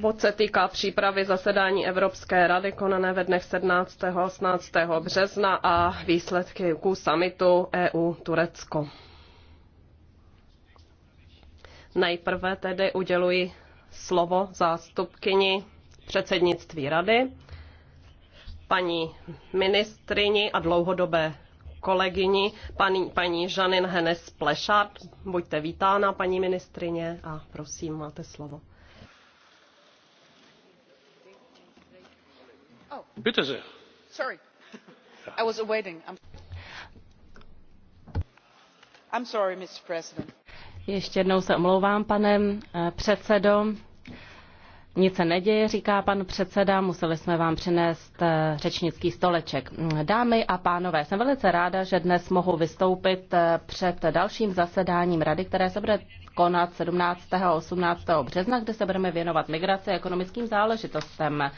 Bod se týká přípravy zasedání Evropské rady konané ve dnech 17. a 18. března a výsledky ku samitu EU-Turecko. Nejprve tedy uděluji slovo zástupkyni předsednictví rady, paní ministrini a dlouhodobé kolegyni, paní, paní Žanin Henes Plešat. Buďte vítána, paní ministrině, a prosím, máte slovo. Oh. ještě jednou se omlouvám pane eh, předsedo nic se neděje říká pan předseda museli jsme vám přinést eh, řečnický stoleček. dámy a pánové jsem velice ráda že dnes mohu vystoupit eh, před dalším zasedáním rady které se bude konat 17. a 18. března, kde se budeme věnovat migraci a ekonomickým záležitostem.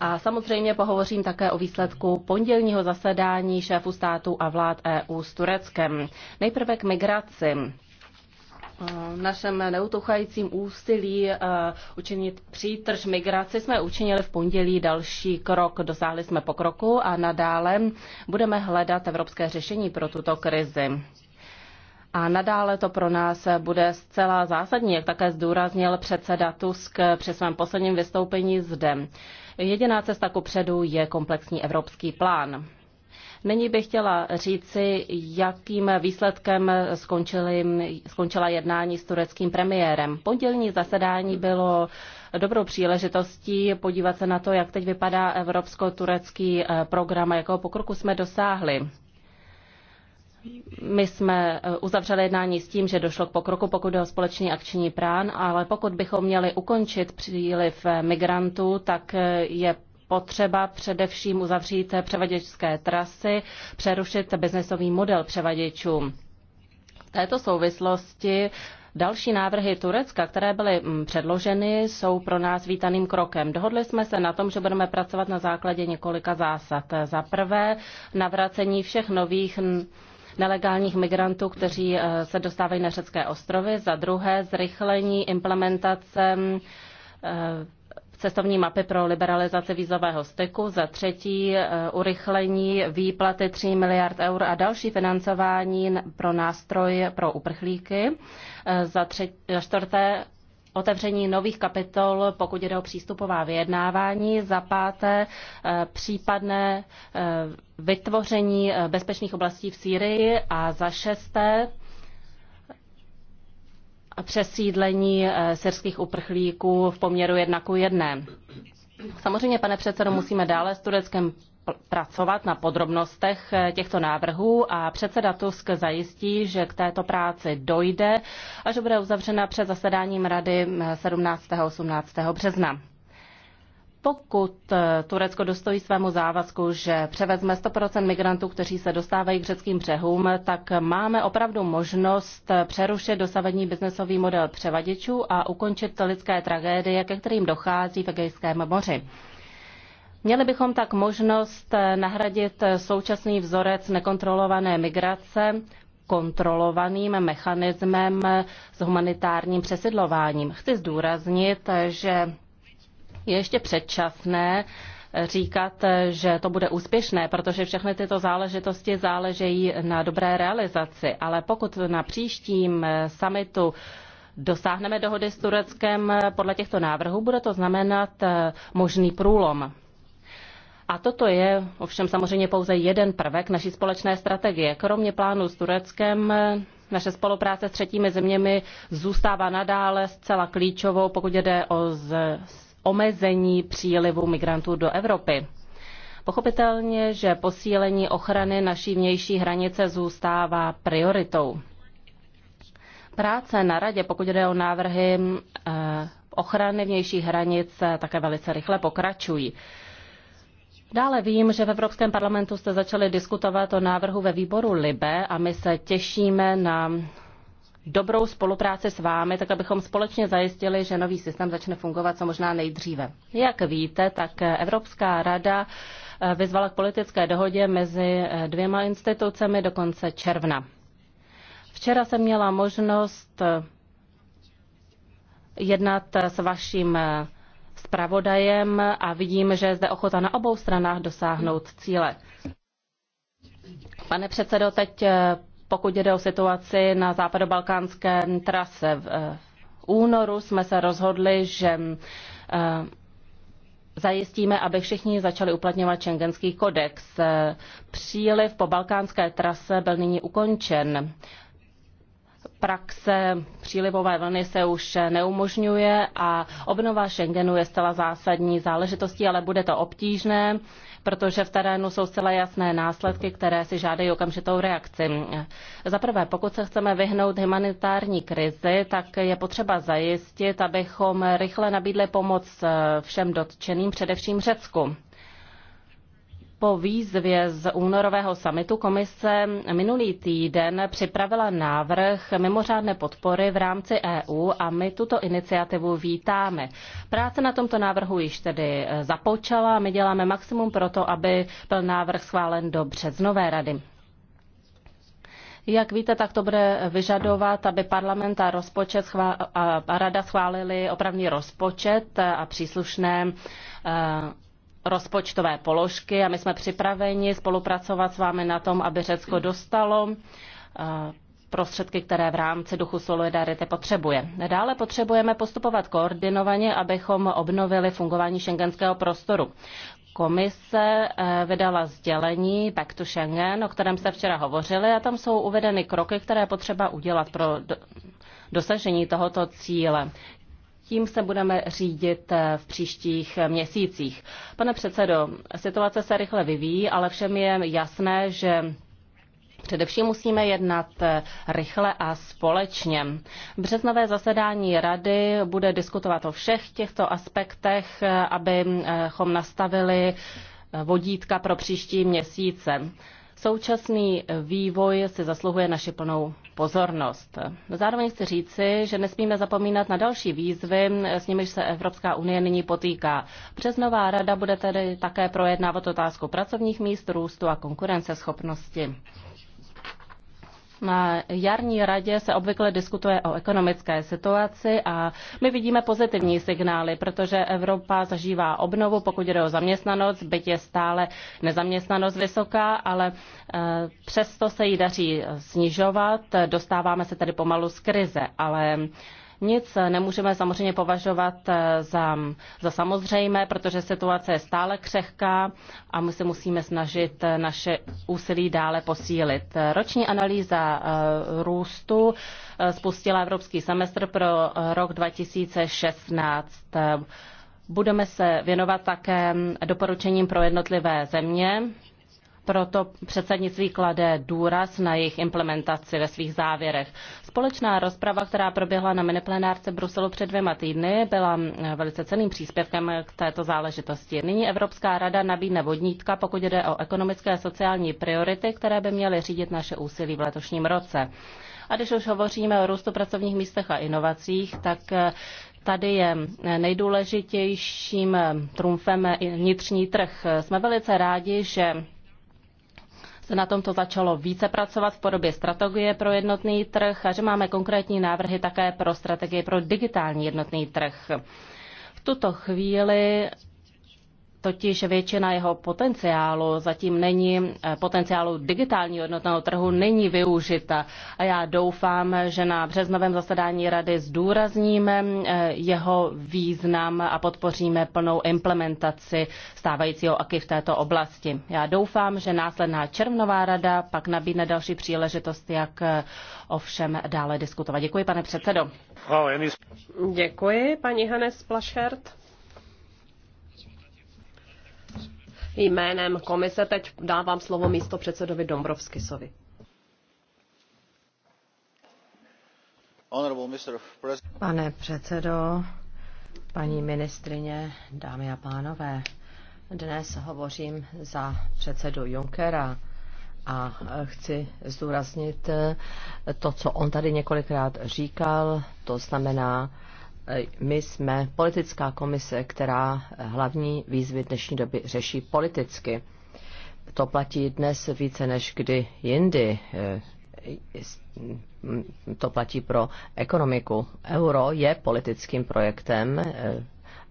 A samozřejmě pohovořím také o výsledku pondělního zasedání šéfů států a vlád EU s Tureckem. Nejprve k migraci našem neutuchajícím úsilí eh, učinit přítrž migraci jsme učinili v pondělí další krok. Dosáhli jsme pokroku a nadále budeme hledat evropské řešení pro tuto krizi a nadále to pro nás bude zcela zásadní, jak také zdůraznil předseda Tusk při svém posledním vystoupení zde. Jediná cesta ku předu je komplexní evropský plán. Nyní bych chtěla říci, jakým výsledkem skončili, skončila jednání s tureckým premiérem. Pondělní zasedání bylo dobrou příležitostí podívat se na to, jak teď vypadá evropsko-turecký eh, program a jakého pokroku jsme dosáhli my jsme e, uzavřeli jednání s tím, že došlo k pokroku, pokud je o společný akční prán, ale pokud bychom měli ukončit příliv e, migrantů, tak e, je potřeba především uzavřít převaděčské trasy, přerušit biznesový model převaděčů. V této souvislosti Další návrhy Turecka, které byly mm, předloženy, jsou pro nás vítaným krokem. Dohodli jsme se na tom, že budeme pracovat na základě několika zásad. Za prvé, navracení všech nových nelegálních migrantů, kteří eh, se dostávají na řecké ostrovy, za druhé zrychlení implementace eh, cestovní mapy pro liberalizaci vízového styku, za třetí eh, urychlení výplaty 3 miliard eur a další financování pro nástroj pro uprchlíky, za, třetí, za čtvrté otevření nových kapitol, pokud jde o přístupová vyjednávání, za páté eh, případné eh, vytvoření eh, bezpečných oblastí v Sýrii a za šesté přesídlení syrských uprchlíků v poměru jedna ku jedné. Samozřejmě, pane předsedo, musíme dále s Tureckem pracovat na podrobnostech eh, těchto návrhů a předseda Tusk zajistí, že k této práci dojde a že bude uzavřena před zasedáním rady 17. Eh, a 18. března. Pokud eh, Turecko dostojí svému závazku, že převezme 100% migrantů, kteří se dostávají k řeckým břehům, tak máme opravdu možnost přerušit dosavadní biznesový model převaděčů a ukončit lidské tragédie, ke kterým dochází v Egejském moři. Měli bychom tak možnost eh, nahradit eh, současný vzorec nekontrolované migrace kontrolovaným mechanismem eh, s humanitárním přesidlováním. Chci zdůraznit, že je ještě předčasné říkat, že to bude úspěšné, protože všechny tyto záležitosti záležejí na dobré realizaci. Ale pokud na příštím summitu dosáhneme dohody s Tureckem podle těchto návrhů, bude to znamenat možný průlom. A toto je ovšem samozřejmě pouze jeden prvek naší společné strategie. Kromě plánu s Tureckem naše spolupráce s třetími zeměmi zůstává nadále zcela klíčovou, pokud jde o z, omezení přílivu migrantů do Evropy. Pochopitelně, že posílení ochrany naší vnější hranice zůstává prioritou. Práce na radě, pokud jde o návrhy eh, ochrany vnější hranice, také velice rychle pokračují. Dále vím, že v Evropském parlamentu jste začali diskutovat o návrhu ve výboru LIBE a my se těšíme na dobrou spolupráci s vámi, tak abychom společně zajistili, že nový systém začne fungovat co možná nejdříve. Jak víte, tak Evropská rada eh, vyzvala k politické dohodě mezi eh, dvěma institucemi do konce června. Včera jsem měla možnost eh, jednat s vaším zpravodajem a vidím, že je zde ochota na obou stranách dosáhnout cíle. Pane předsedo, teď eh, pokud jde o situaci na západobalkánské trase v eh, únoru, jsme se rozhodli, že eh, zajistíme, aby všichni začali uplatňovat šengenský kodex. Příliv po balkánské trase byl nyní ukončen praxe přílivové vlny se už neumožňuje a obnova Schengenu je zcela zásadní záležitostí, ale bude to obtížné, protože v terénu jsou zcela jasné následky, které si žádají okamžitou reakci. Za prvé, pokud se chceme vyhnout humanitární krizi, tak je potřeba zajistit, abychom rychle nabídli pomoc všem dotčeným, především Řecku po výzvě z únorového samitu komise minulý týden připravila návrh mimořádné podpory v rámci EU a my tuto iniciativu vítáme. Práce na tomto návrhu již tedy e, započala a my děláme maximum pro to, aby byl návrh schválen do březnové rady. Jak víte, tak to bude vyžadovat, aby parlament a, rozpočet a rada schválili opravný rozpočet a příslušné e, rozpočtové položky a my jsme připraveni spolupracovat s vámi na tom, aby Řecko dostalo eh, prostředky, které v rámci duchu solidarity potřebuje. Dále potřebujeme postupovat koordinovaně, abychom obnovili fungování šengenského prostoru. Komise eh, vydala sdělení Back to Schengen, o kterém jste včera hovořili, a tam jsou uvedeny kroky, které potřeba udělat pro dosažení tohoto cíle tím se budeme řídit eh, v příštích eh, měsících. Pane předsedo, situace se rychle vyvíjí, ale všem je jasné, že Především musíme jednat eh, rychle a společně. Březnové zasedání rady bude diskutovat o všech těchto aspektech, abychom nastavili vodítka pro příští měsíce. Současný vývoj si zasluhuje naši plnou pozornost. Zároveň chci říci, že nesmíme zapomínat na další výzvy, s nimiž se Evropská unie nyní potýká. Březnová rada bude tedy také projednávat otázku pracovních míst, růstu a konkurenceschopnosti. Na jarní radě se obvykle diskutuje o ekonomické situaci a my vidíme pozitivní signály, protože Evropa zažívá obnovu, pokud jde o zaměstnanost, byť je stále nezaměstnanost vysoká, ale eh, přesto se ji daří snižovat. Dostáváme se tedy pomalu z krize, ale nic nemůžeme samozřejmě považovat eh, za, za samozřejmé, protože situace je stále křehká a my se musíme snažit eh, naše úsilí dále posílit. Roční analýza eh, růstu spustila Evropský semestr pro rok 2016. Budeme se věnovat také mm, doporučením pro jednotlivé země proto předsednictví klade důraz na jejich implementaci ve svých závěrech. Společná rozprava, která proběhla na miniplenárce v Bruselu před dvěma týdny, byla velice ceným příspěvkem k této záležitosti. Nyní Evropská rada nabídne vodnítka, pokud jde o ekonomické a sociální priority, které by měly řídit naše úsilí v letošním roce. A když už hovoříme o růstu pracovních místech a inovacích, tak eh, tady je nejdůležitějším trumfem vnitřní trh. Jsme velice rádi, že na tomto začalo více pracovat v podobě strategie pro jednotný trh a že máme konkrétní návrhy také pro strategii pro digitální jednotný trh. V tuto chvíli totiž většina jeho potenciálu zatím není, eh, potenciálu digitálního jednotného trhu není využita. A já doufám, že na březnovém zasedání rady zdůrazníme eh, jeho význam a podpoříme plnou implementaci stávajícího AKY v této oblasti. Já doufám, že následná červnová rada pak nabídne další příležitost, jak eh, o všem dále diskutovat. Děkuji, pane předsedo. Děkuji, paní Hanes Plašert. Jménem komise teď dávám slovo místo předsedovi Dombrovskisovi. Pane předsedo, paní ministrině, dámy a pánové, dnes hovořím za předsedu Junckera a chci zdůraznit to, co on tady několikrát říkal, to znamená Eh, my jsme politická komise, která eh, hlavní výzvy dnešní doby řeší politicky. To platí dnes více než kdy jindy. Eh, mm, to platí pro ekonomiku. Euro je politickým projektem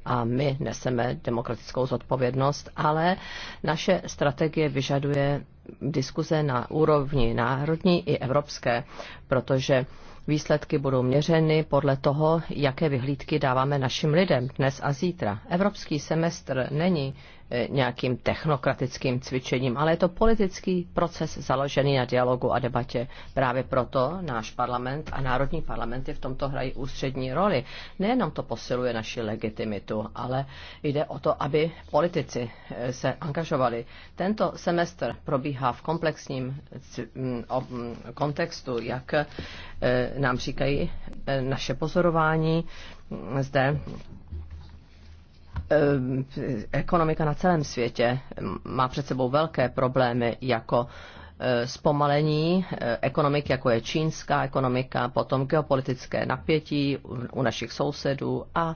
a my neseme demokratickou zodpovědnost, ale naše strategie vyžaduje diskuze na úrovni národní i evropské, protože Výsledky budou měřeny podle toho, jaké vyhlídky dáváme našim lidem dnes a zítra. Evropský semestr není E, nějakým technokratickým cvičením, ale je to politický proces založený na dialogu a debatě. Právě proto náš parlament a národní parlamenty v tomto hrají ústřední roli. Nejenom to posiluje naši legitimitu, ale jde o to, aby politici e, se angažovali. Tento semestr probíhá v komplexním kontextu, jak e, nám říkají naše pozorování zde Eh, ekonomika na celém světě má před sebou velké problémy jako eh, zpomalení eh, ekonomik, jako je čínská ekonomika, potom geopolitické napětí u našich sousedů a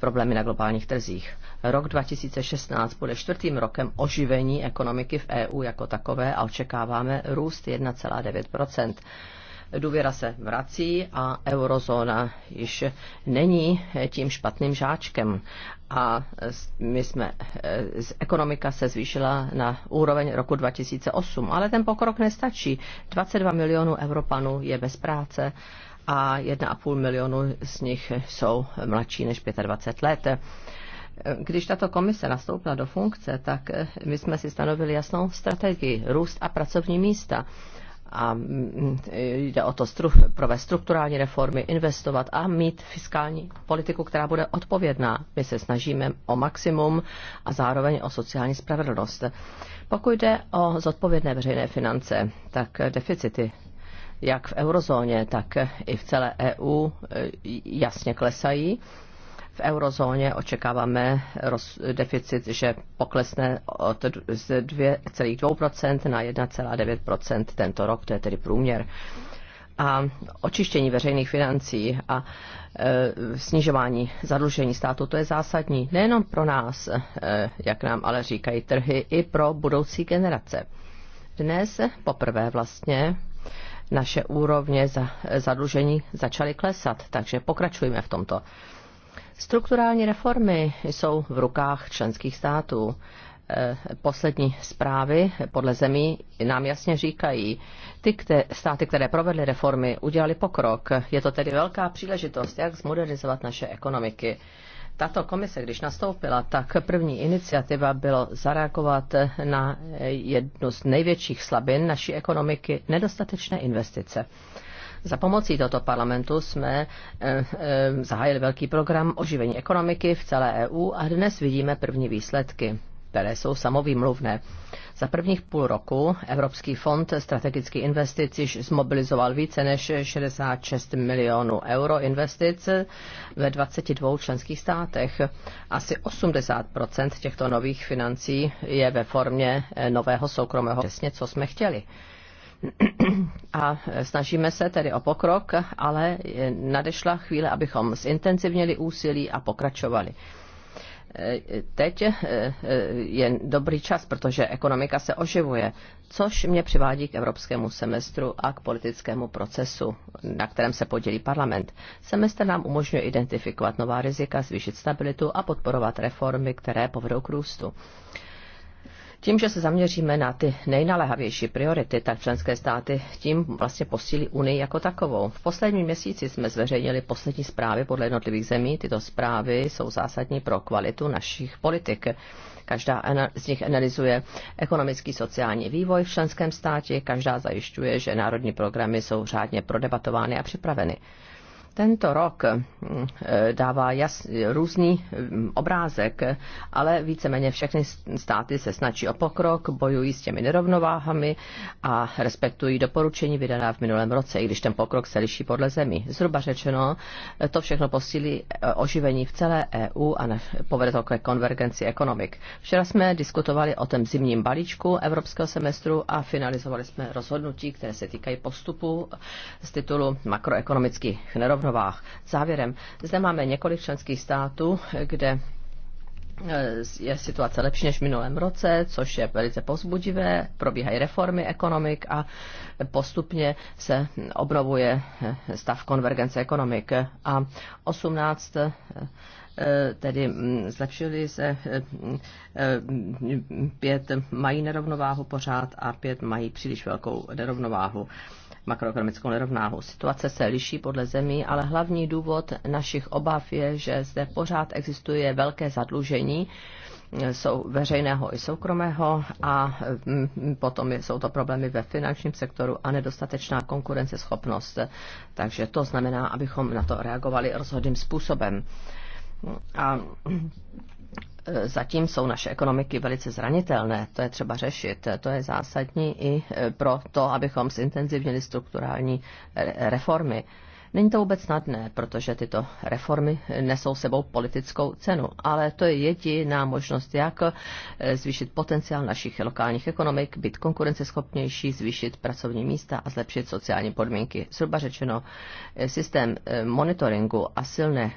problémy na globálních trzích. Rok 2016 bude čtvrtým rokem oživení ekonomiky v EU jako takové a očekáváme růst 1,9 důvěra se vrací a eurozóna již není tím špatným žáčkem a my jsme, e, ekonomika se zvýšila na úroveň roku 2008, ale ten pokrok nestačí. 22 milionů Evropanů je bez práce a 1,5 milionu z nich jsou mladší než 25 let. E, když tato komise nastoupila do funkce, tak e, my jsme si stanovili jasnou strategii růst a pracovní místa a mm, mm, jde o to stru- provést strukturální reformy, investovat a mít fiskální politiku, která bude odpovědná. My se snažíme o maximum a zároveň o sociální spravedlnost. Pokud jde o zodpovědné veřejné finance, tak deficity jak v eurozóně, tak i v celé EU e, jasně klesají v eurozóně očekáváme roz, deficit, že poklesne od z 2,2% na 1,9% tento rok, to je tedy průměr. A očištění veřejných financí a e, snižování zadlužení státu, to je zásadní nejenom pro nás, e, jak nám ale říkají trhy, i pro budoucí generace. Dnes poprvé vlastně naše úrovně zadlužení začaly klesat, takže pokračujeme v tomto. Strukturální reformy jsou v rukách členských států. Eh, poslední zprávy podle zemí nám jasně říkají, ty státy, které provedly reformy, udělali pokrok. Je to tedy velká příležitost, jak zmodernizovat naše ekonomiky. Tato komise, když nastoupila, tak první iniciativa bylo zareagovat na jednu z největších slabin naší ekonomiky, nedostatečné investice. Za pomocí tohoto parlamentu jsme eh, eh, zahájili velký program oživení ekonomiky v celé EU a dnes vidíme první výsledky které jsou samovýmluvné. Za prvních půl roku Evropský fond strategických investic již zmobilizoval více než 66 milionů euro investic ve 22 členských státech. Asi 80 těchto nových financí je ve formě eh, nového soukromého přesně, co jsme chtěli a snažíme se tedy o pokrok, ale nadešla chvíle, abychom zintenzivnili úsilí a pokračovali teď eh, eh, je dobrý čas, protože ekonomika se oživuje, což mě přivádí k evropskému semestru a k politickému procesu, na kterém se podělí parlament. Semestr nám umožňuje identifikovat nová rizika, zvýšit stabilitu a podporovat reformy, které povedou k růstu. Tím, že se zaměříme na ty nejnaléhavější priority, tak členské státy tím vlastně posílí Unii jako takovou. V posledním měsíci jsme zveřejnili poslední zprávy podle jednotlivých zemí. Tyto zprávy jsou zásadní pro kvalitu našich politik. Každá z nich analyzuje ekonomický sociální vývoj v členském státě, každá zajišťuje, že národní programy jsou řádně prodebatovány a připraveny. Tento rok mm, eh, dává jas, různý mm, obrázek, ale víceméně všechny státy se snaží o pokrok, bojují s těmi nerovnováhami a respektují doporučení vydaná v minulém roce, i když ten pokrok se liší podle zemí. Zhruba řečeno, eh, to všechno posílí eh, oživení v celé EU a povede to ke konvergenci ekonomik. Včera jsme diskutovali o tom zimním balíčku evropského semestru a finalizovali jsme rozhodnutí, které se týkají postupu z titulu makroekonomických nerovnováh rovnovách. Závěrem, zde máme několik členských států, kde eh, je situace lepší než v minulém roce, což je velice pozbudivé, probíhají reformy ekonomik a postupně se obnovuje eh, stav konvergence ekonomik. A 18 eh, tedy mm, zlepšili se, mm, pět mají nerovnováhu pořád a pět mají příliš velkou nerovnováhu makroekonomickou nerovnáhu. Situace se liší podle zemí, ale hlavní důvod našich obav je, že zde pořád existuje velké zadlužení jsou veřejného i soukromého a mm, potom jsou to problémy ve finančním sektoru a nedostatečná konkurenceschopnost. Takže to znamená, abychom na to reagovali rozhodným způsobem. A E, zatím jsou naše ekonomiky velice zranitelné. To je třeba řešit. To je zásadní i e, pro to, abychom zintenzivnili strukturální reformy. Není to vůbec snadné, protože tyto reformy nesou sebou politickou cenu, ale to je jediná možnost, jak eh, zvýšit potenciál našich lokálních ekonomik, být konkurenceschopnější, zvýšit pracovní místa a zlepšit sociální podmínky. Zhruba řečeno, eh, systém eh, monitoringu a silné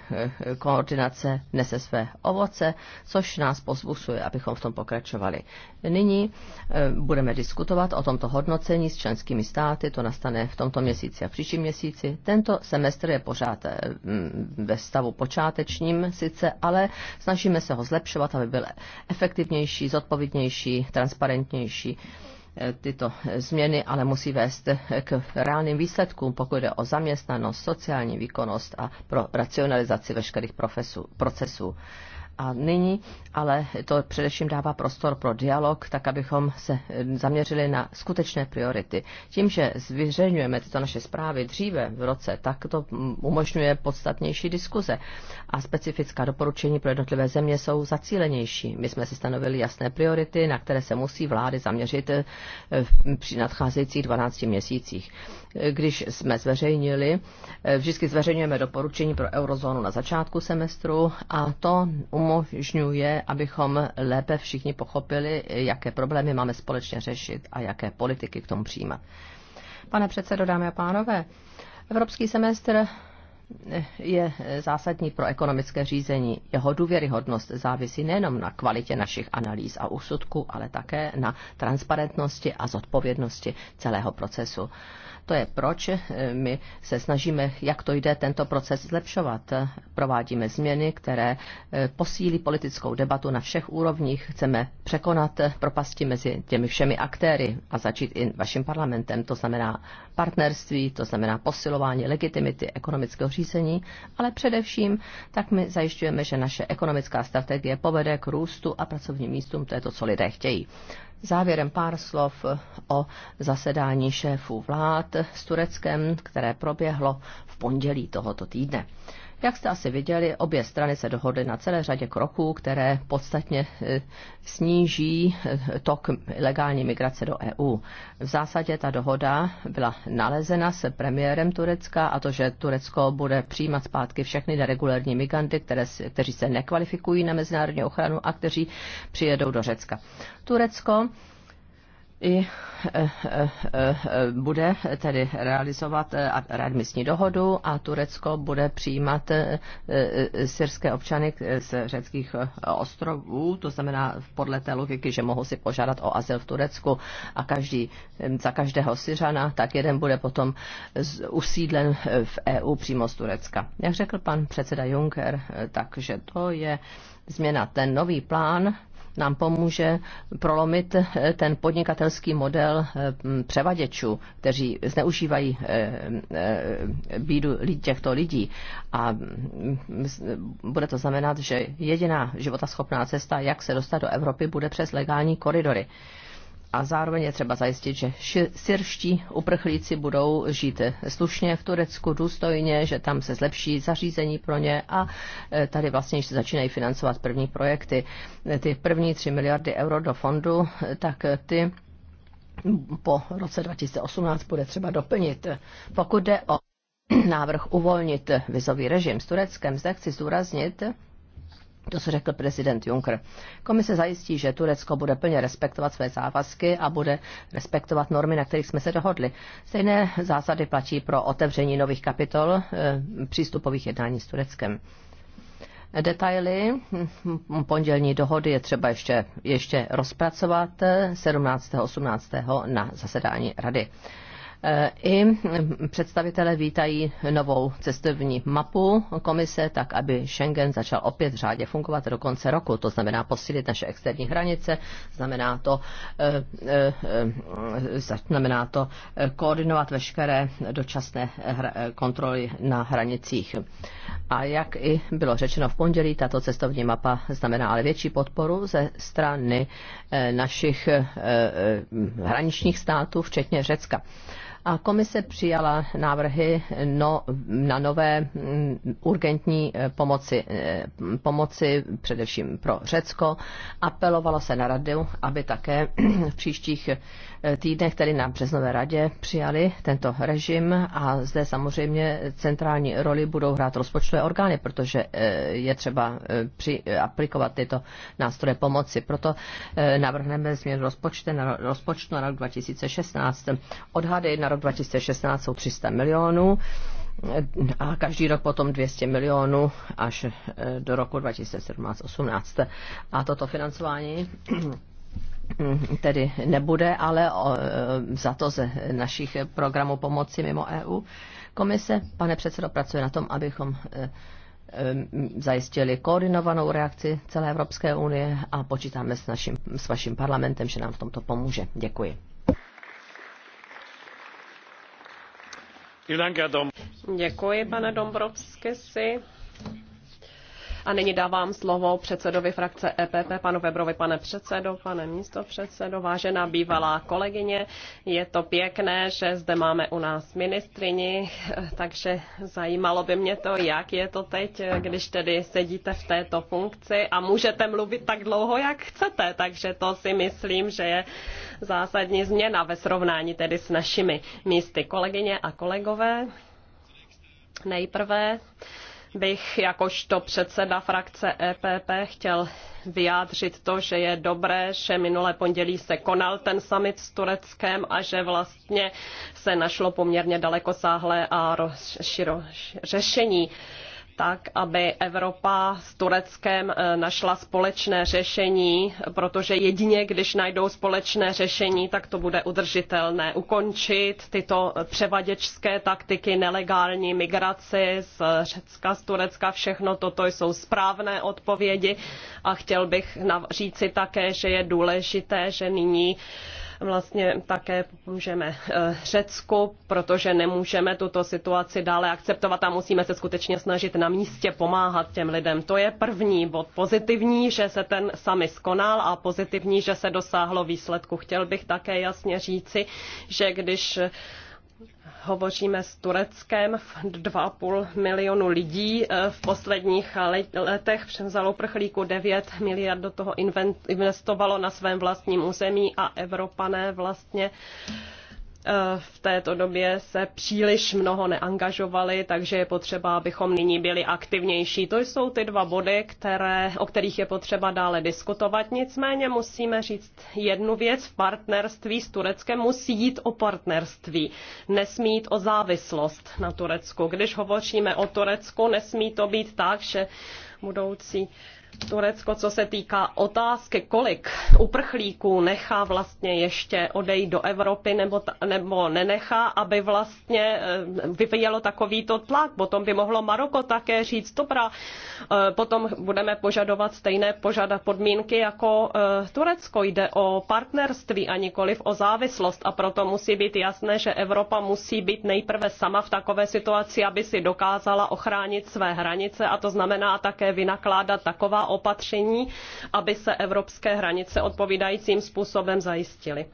koordinace nese své ovoce, což nás pozbusuje, abychom v tom pokračovali. Nyní eh, budeme diskutovat o tomto hodnocení s členskými státy, to nastane v tomto měsíci a příštím měsíci. Tento semestr je pořád eh, mm, ve stavu počátečním sice, ale snažíme se ho zlepšovat, aby byl efektivnější, zodpovědnější, transparentnější eh, tyto změny ale musí vést k reálným výsledkům, pokud jde o zaměstnanost, sociální výkonnost a pro racionalizaci veškerých profesu, procesů a nyní, ale to především dává prostor pro dialog, tak abychom se zaměřili na skutečné priority. Tím, že zveřejňujeme tyto naše zprávy dříve v roce, tak to umožňuje podstatnější diskuze a specifická doporučení pro jednotlivé země jsou zacílenější. My jsme si stanovili jasné priority, na které se musí vlády zaměřit eh, při nadcházejících 12 měsících. Když jsme zveřejnili, eh, vždycky zveřejňujeme doporučení pro eurozónu na začátku semestru a to umožňuje umožňuje, abychom lépe všichni pochopili, jaké problémy máme společně řešit a jaké politiky k tomu přijímat. Pane předsedo, dámy a pánové, evropský semestr je zásadní pro ekonomické řízení. Jeho důvěryhodnost závisí nejenom na kvalitě našich analýz a úsudků, ale také na transparentnosti a zodpovědnosti celého procesu. To je proč eh, my se snažíme, jak to jde, tento proces zlepšovat. Provádíme změny, které eh, posílí politickou debatu na všech úrovních. Chceme překonat eh, propasti mezi těmi všemi aktéry a začít i vaším parlamentem. To znamená partnerství, to znamená posilování legitimity ekonomického řízení, ale především tak my zajišťujeme, že naše ekonomická strategie povede k růstu a pracovním místům. To je to, co lidé chtějí. Závěrem pár slov o zasedání šéfů vlád s Tureckem, které proběhlo v pondělí tohoto týdne. Jak jste asi viděli, obě strany se dohodly na celé řadě kroků, které podstatně e, sníží e, tok legální migrace do EU. V zásadě ta dohoda byla nalezena se premiérem Turecka a to, že Turecko bude přijímat zpátky všechny neregulární migranty, které, kteří se nekvalifikují na mezinárodní ochranu a kteří přijedou do Řecka. Turecko i eh, eh, eh, bude tedy realizovat readmisní dohodu a Turecko bude přijímat syrské občany z řeckých ostrovů, to znamená podle té logiky, že mohou si požádat o azyl v Turecku a každý, za každého Syřana, tak jeden bude potom usídlen v EU přímo z Turecka. Jak řekl pan předseda Juncker, takže to je změna. Ten nový plán nám pomůže prolomit eh, ten podnikatelský model eh, převaděčů, kteří zneužívají eh, bídu těchto lidí. A mm, bude to znamenat, že jediná životaschopná cesta, jak se dostat do Evropy, bude přes legální koridory a zároveň je třeba zajistit, že syrští uprchlíci budou žít slušně v Turecku, důstojně, že tam se zlepší zařízení pro ně a e, tady vlastně se začínají financovat první projekty. E, ty první 3 miliardy euro do fondu, e, tak ty po roce 2018 bude třeba doplnit. Pokud jde o návrh uvolnit vizový režim s Tureckem, zde chci zdůraznit, to, se řekl prezident Juncker. Komise zajistí, že Turecko bude plně respektovat své závazky a bude respektovat normy, na kterých jsme se dohodli. Stejné zásady platí pro otevření nových kapitol eh, přístupových jednání s Tureckem. Detaily hm, pondělní dohody je třeba ještě, ještě rozpracovat eh, 17. 18. na zasedání rady. Eh, I představitelé vítají novou cestovní mapu komise, tak aby Schengen začal opět řádě fungovat do konce roku. To znamená posílit naše externí hranice, znamená to, eh, eh, znamená to koordinovat veškeré dočasné kontroly na hranicích. A jak i bylo řečeno v pondělí, tato cestovní mapa znamená ale větší podporu ze strany našich hraničních států, včetně Řecka a komise přijala návrhy no, na nové mm, urgentní eh, pomoci, eh, pomoci především pro Řecko. Apelovalo se na radu, aby také v příštích týdnech, tedy na březnové radě, přijali tento režim a zde samozřejmě centrální roli budou hrát rozpočtové orgány, protože eh, je třeba eh, při, eh, aplikovat tyto nástroje pomoci. Proto navrhneme změnu rozpočtu na, rozpočtu na rok 2016. Odhady na rok 2016 jsou 300 milionů a každý rok potom 200 milionů až do roku 2017-18. A toto financování tedy nebude, ale za to ze našich programů pomoci mimo EU. Komise, pane předsedo, pracuje na tom, abychom e, e, zajistili koordinovanou reakci celé Evropské unie a počítáme s, naším, s vaším parlamentem, že nám v tomto pomůže. Děkuji. Děkuji, pane Dombrovskisi. A nyní dávám slovo předsedovi frakce EPP, panu Webrovi, pane předsedo, pane místo předsedo, vážená bývalá kolegyně. Je to pěkné, že zde máme u nás ministrini, takže zajímalo by mě to, jak je to teď, když tedy sedíte v této funkci a můžete mluvit tak dlouho, jak chcete, takže to si myslím, že je zásadní změna ve srovnání tedy s našimi místy. Kolegyně a kolegové, nejprve bych jakožto předseda frakce EPP chtěl vyjádřit to, že je dobré, že minulé pondělí se konal ten summit s Tureckem a že vlastně se našlo poměrně dalekosáhlé a rozširo, řešení. Uh, tak, aby Evropa s Tureckem eh, našla společné řešení, protože jedině když najdou společné řešení, tak to bude udržitelné. Ukončit tyto převaděčské taktiky, nelegální migraci z Řecka, z Turecka, všechno toto jsou správné odpovědi a chtěl bych říci také, že je důležité, že nyní vlastně také pomůžeme eh, Řecku, protože nemůžeme tuto situaci dále akceptovat a musíme se skutečně snažit na místě pomáhat těm lidem. To je první bod. Pozitivní, že se ten sami skonal a pozitivní, že se dosáhlo výsledku. Chtěl bych také jasně říci, že když hovoříme s Tureckem, 2,5 milionu lidí eh, v posledních letech převzalo prchlíku 9 miliard do toho investovalo na svém vlastním území a Evropané vlastně uh, Eh, v této době se příliš mnoho neangažovali, takže je potřeba, abychom nyní byli aktivnější. To jsou ty dva body, které, o kterých je potřeba dále diskutovat. Nicméně musíme říct jednu věc. V partnerství s Tureckem musí jít o partnerství. Nesmí jít o závislost na Turecku. Když hovoříme o Turecku, nesmí to být tak, že budoucí uh, Turecko, co se týká otázky, kolik uprchlíků nechá vlastně ještě odejít do Evropy nebo, nebo nenechá, aby vlastně eh, vyvíjelo takovýto tlak. Potom by mohlo Maroko také říct, dobrá, eh, potom budeme požadovat stejné požada podmínky jako eh, Turecko. Jde o partnerství a nikoliv o závislost a proto musí být jasné, že Evropa musí být nejprve sama v takové situaci, aby si dokázala ochránit své hranice a to znamená také vynakládat taková nová opatření, aby se evropské hranice odpovídajícím způsobem zajistily.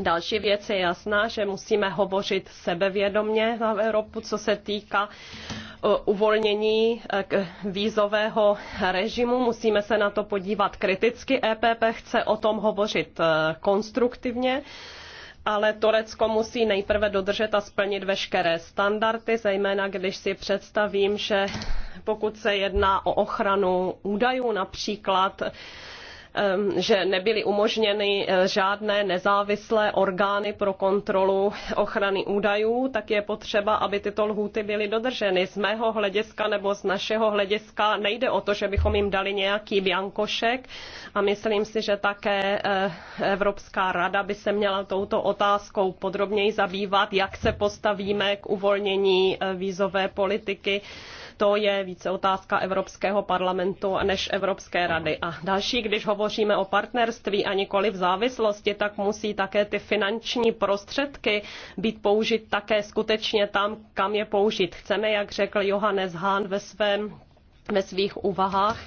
Další věc je jasná, že musíme hovořit sebevědomně na Evropu, co se týká e, uvolnění e, vízového režimu. Musíme se na to podívat kriticky. EPP chce o tom hovořit e, konstruktivně ale Turecko musí nejprve dodržet a splnit veškeré standardy, zejména když si představím, že pokud se jedná o ochranu údajů například, že nebyly umožněny eh, žádné nezávislé orgány pro kontrolu ochrany údajů, tak je potřeba, aby tyto lhůty byly dodrženy. Z mého hlediska nebo z našeho hlediska nejde o to, že bychom jim dali nějaký biankošek a myslím si, že také eh, Evropská rada by se měla touto otázkou podrobněji zabývat, jak se postavíme k uvolnění eh, vízové politiky to je více otázka Evropského parlamentu než Evropské rady. A další, když hovoříme o partnerství a nikoli v závislosti, tak musí také ty finanční prostředky být použit také skutečně tam, kam je použit. chceme, jak řekl Johannes Hahn ve, svém, ve svých úvahách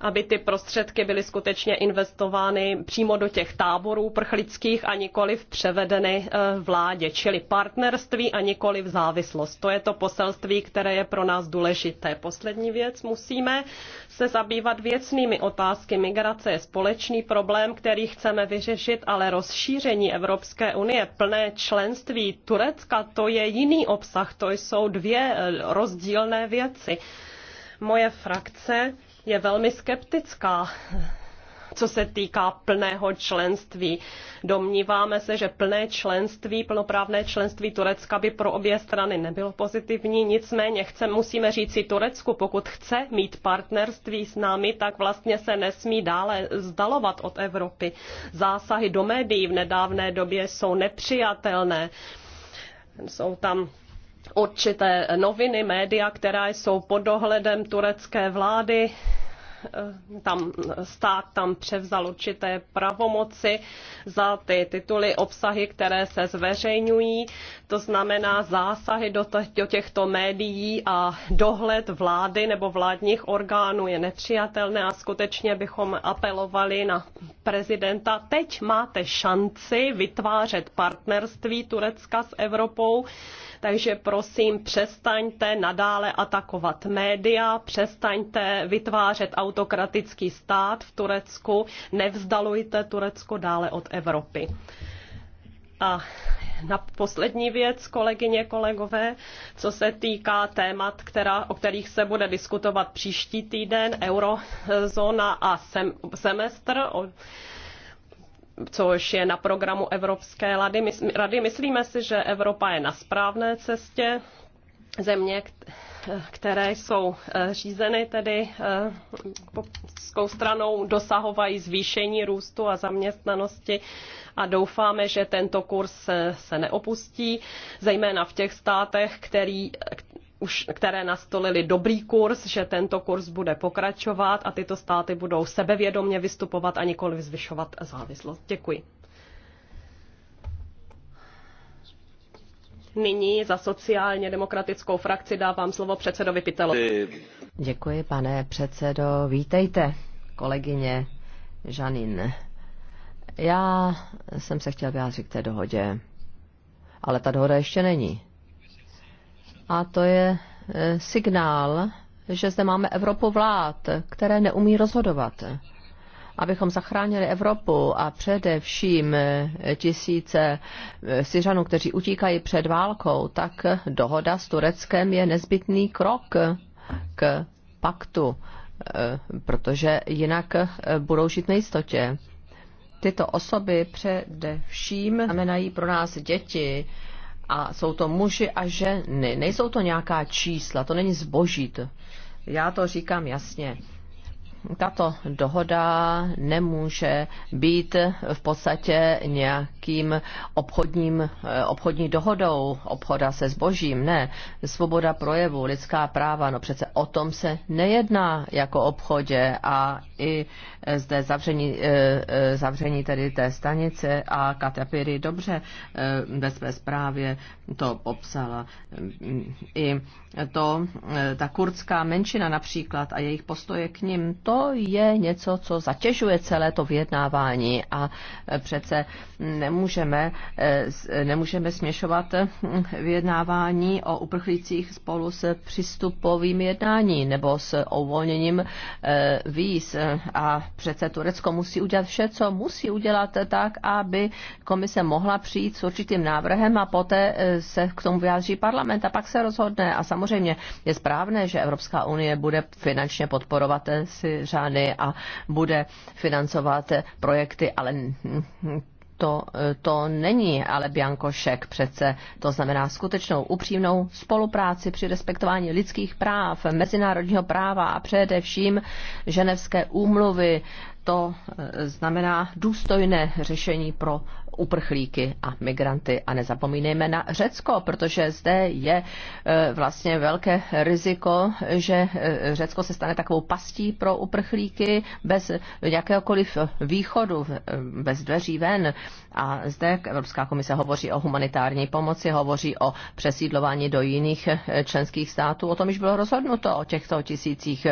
aby ty prostředky byly skutečně investovány přímo do těch táborů prchlických a nikoliv převedeny eh, vládě, čili partnerství a nikoliv závislost. To je to poselství, které je pro nás důležité. Poslední věc, musíme se zabývat věcnými otázky. Migrace je společný problém, který chceme vyřešit, ale rozšíření Evropské unie, plné členství Turecka, to je jiný obsah, to jsou dvě eh, rozdílné věci. Moje frakce je velmi skeptická co se týká plného členství. Domníváme se, že plné členství, plnoprávné členství Turecka by pro obě strany nebylo pozitivní, nicméně chce, musíme říct si Turecku, pokud chce mít partnerství s námi, tak vlastně se nesmí dále zdalovat od Evropy. Zásahy do médií v nedávné době jsou nepřijatelné. Jsou tam určité noviny, média, která jsou pod dohledem turecké vlády, tam stát tam převzal určité pravomoci za ty tituly, obsahy, které se zveřejňují, to znamená zásahy do, do těchto médií a dohled vlády nebo vládních orgánů je nepřijatelné a skutečně bychom apelovali na prezidenta. Teď máte šanci vytvářet partnerství Turecka s Evropou takže prosím, přestaňte nadále atakovat média, přestaňte vytvářet autokratický stát v Turecku, nevzdalujte Turecko dále od Evropy. A na poslední věc, kolegyně, kolegové, co se týká témat, která, o kterých se bude diskutovat příští týden, eurozóna a sem, semestr. O, což je na programu Evropské rady. Myslíme si, že Evropa je na správné cestě. Země, které jsou eh, řízeny tedy eh, politickou stranou, dosahovají zvýšení růstu a zaměstnanosti a doufáme, že tento kurz se neopustí, zejména v těch státech, který, už, které nastolili dobrý kurz, že tento kurz bude pokračovat a tyto státy budou sebevědomně vystupovat a nikoli zvyšovat závislost. Děkuji. Nyní za sociálně demokratickou frakci dávám slovo předsedovi Pitelovi. Děkuji, pane předsedo. Vítejte, kolegyně Žanin. Já jsem se chtěl vyjádřit k té dohodě, ale ta dohoda ještě není. A to je e, signál, že zde máme Evropu vlád, které neumí rozhodovat. Abychom zachránili Evropu a především e, tisíce e, Syřanů, kteří utíkají před válkou, tak dohoda s Tureckem je nezbytný krok k paktu, protože jinak budou žít nejistotě. Tyto osoby především znamenají pro nás děti, a jsou to muži a ženy. Nejsou to nějaká čísla, to není zboží. Já to říkám jasně tato dohoda nemůže být v podstatě nějakým obchodním, eh, obchodní dohodou, obchoda se zbožím, ne. Svoboda projevu, lidská práva, no přece o tom se nejedná jako obchodě a i eh, zde zavření, eh, zavření tedy té stanice a Katapiry dobře ve své zprávě to popsala. Mm, I to, ta kurdská menšina například a jejich postoje k ním, to to je něco, co zatěžuje celé to vyjednávání a e, přece nemůžeme, e, nemůžeme směšovat hm, vyjednávání o uprchlících spolu s přístupovým jednání nebo s uvolněním e, víz. A přece Turecko musí udělat vše, co musí udělat tak, aby komise mohla přijít s určitým návrhem a poté se k tomu vyjádří parlament a pak se rozhodne. A samozřejmě je správné, že Evropská unie bude finančně podporovat si řády a bude financovat projekty, ale to, to není ale biankošek přece. To znamená skutečnou upřímnou spolupráci při respektování lidských práv, mezinárodního práva a především ženevské úmluvy. To e, znamená důstojné řešení pro uprchlíky a migranty. A nezapomínejme na Řecko, protože zde je e, vlastně velké riziko, že e, Řecko se stane takovou pastí pro uprchlíky bez jakéhokoliv východu, e, bez dveří ven. A zde Evropská komise hovoří o humanitární pomoci, hovoří o přesídlování do jiných členských států. O tom již bylo rozhodnuto, o těchto tisících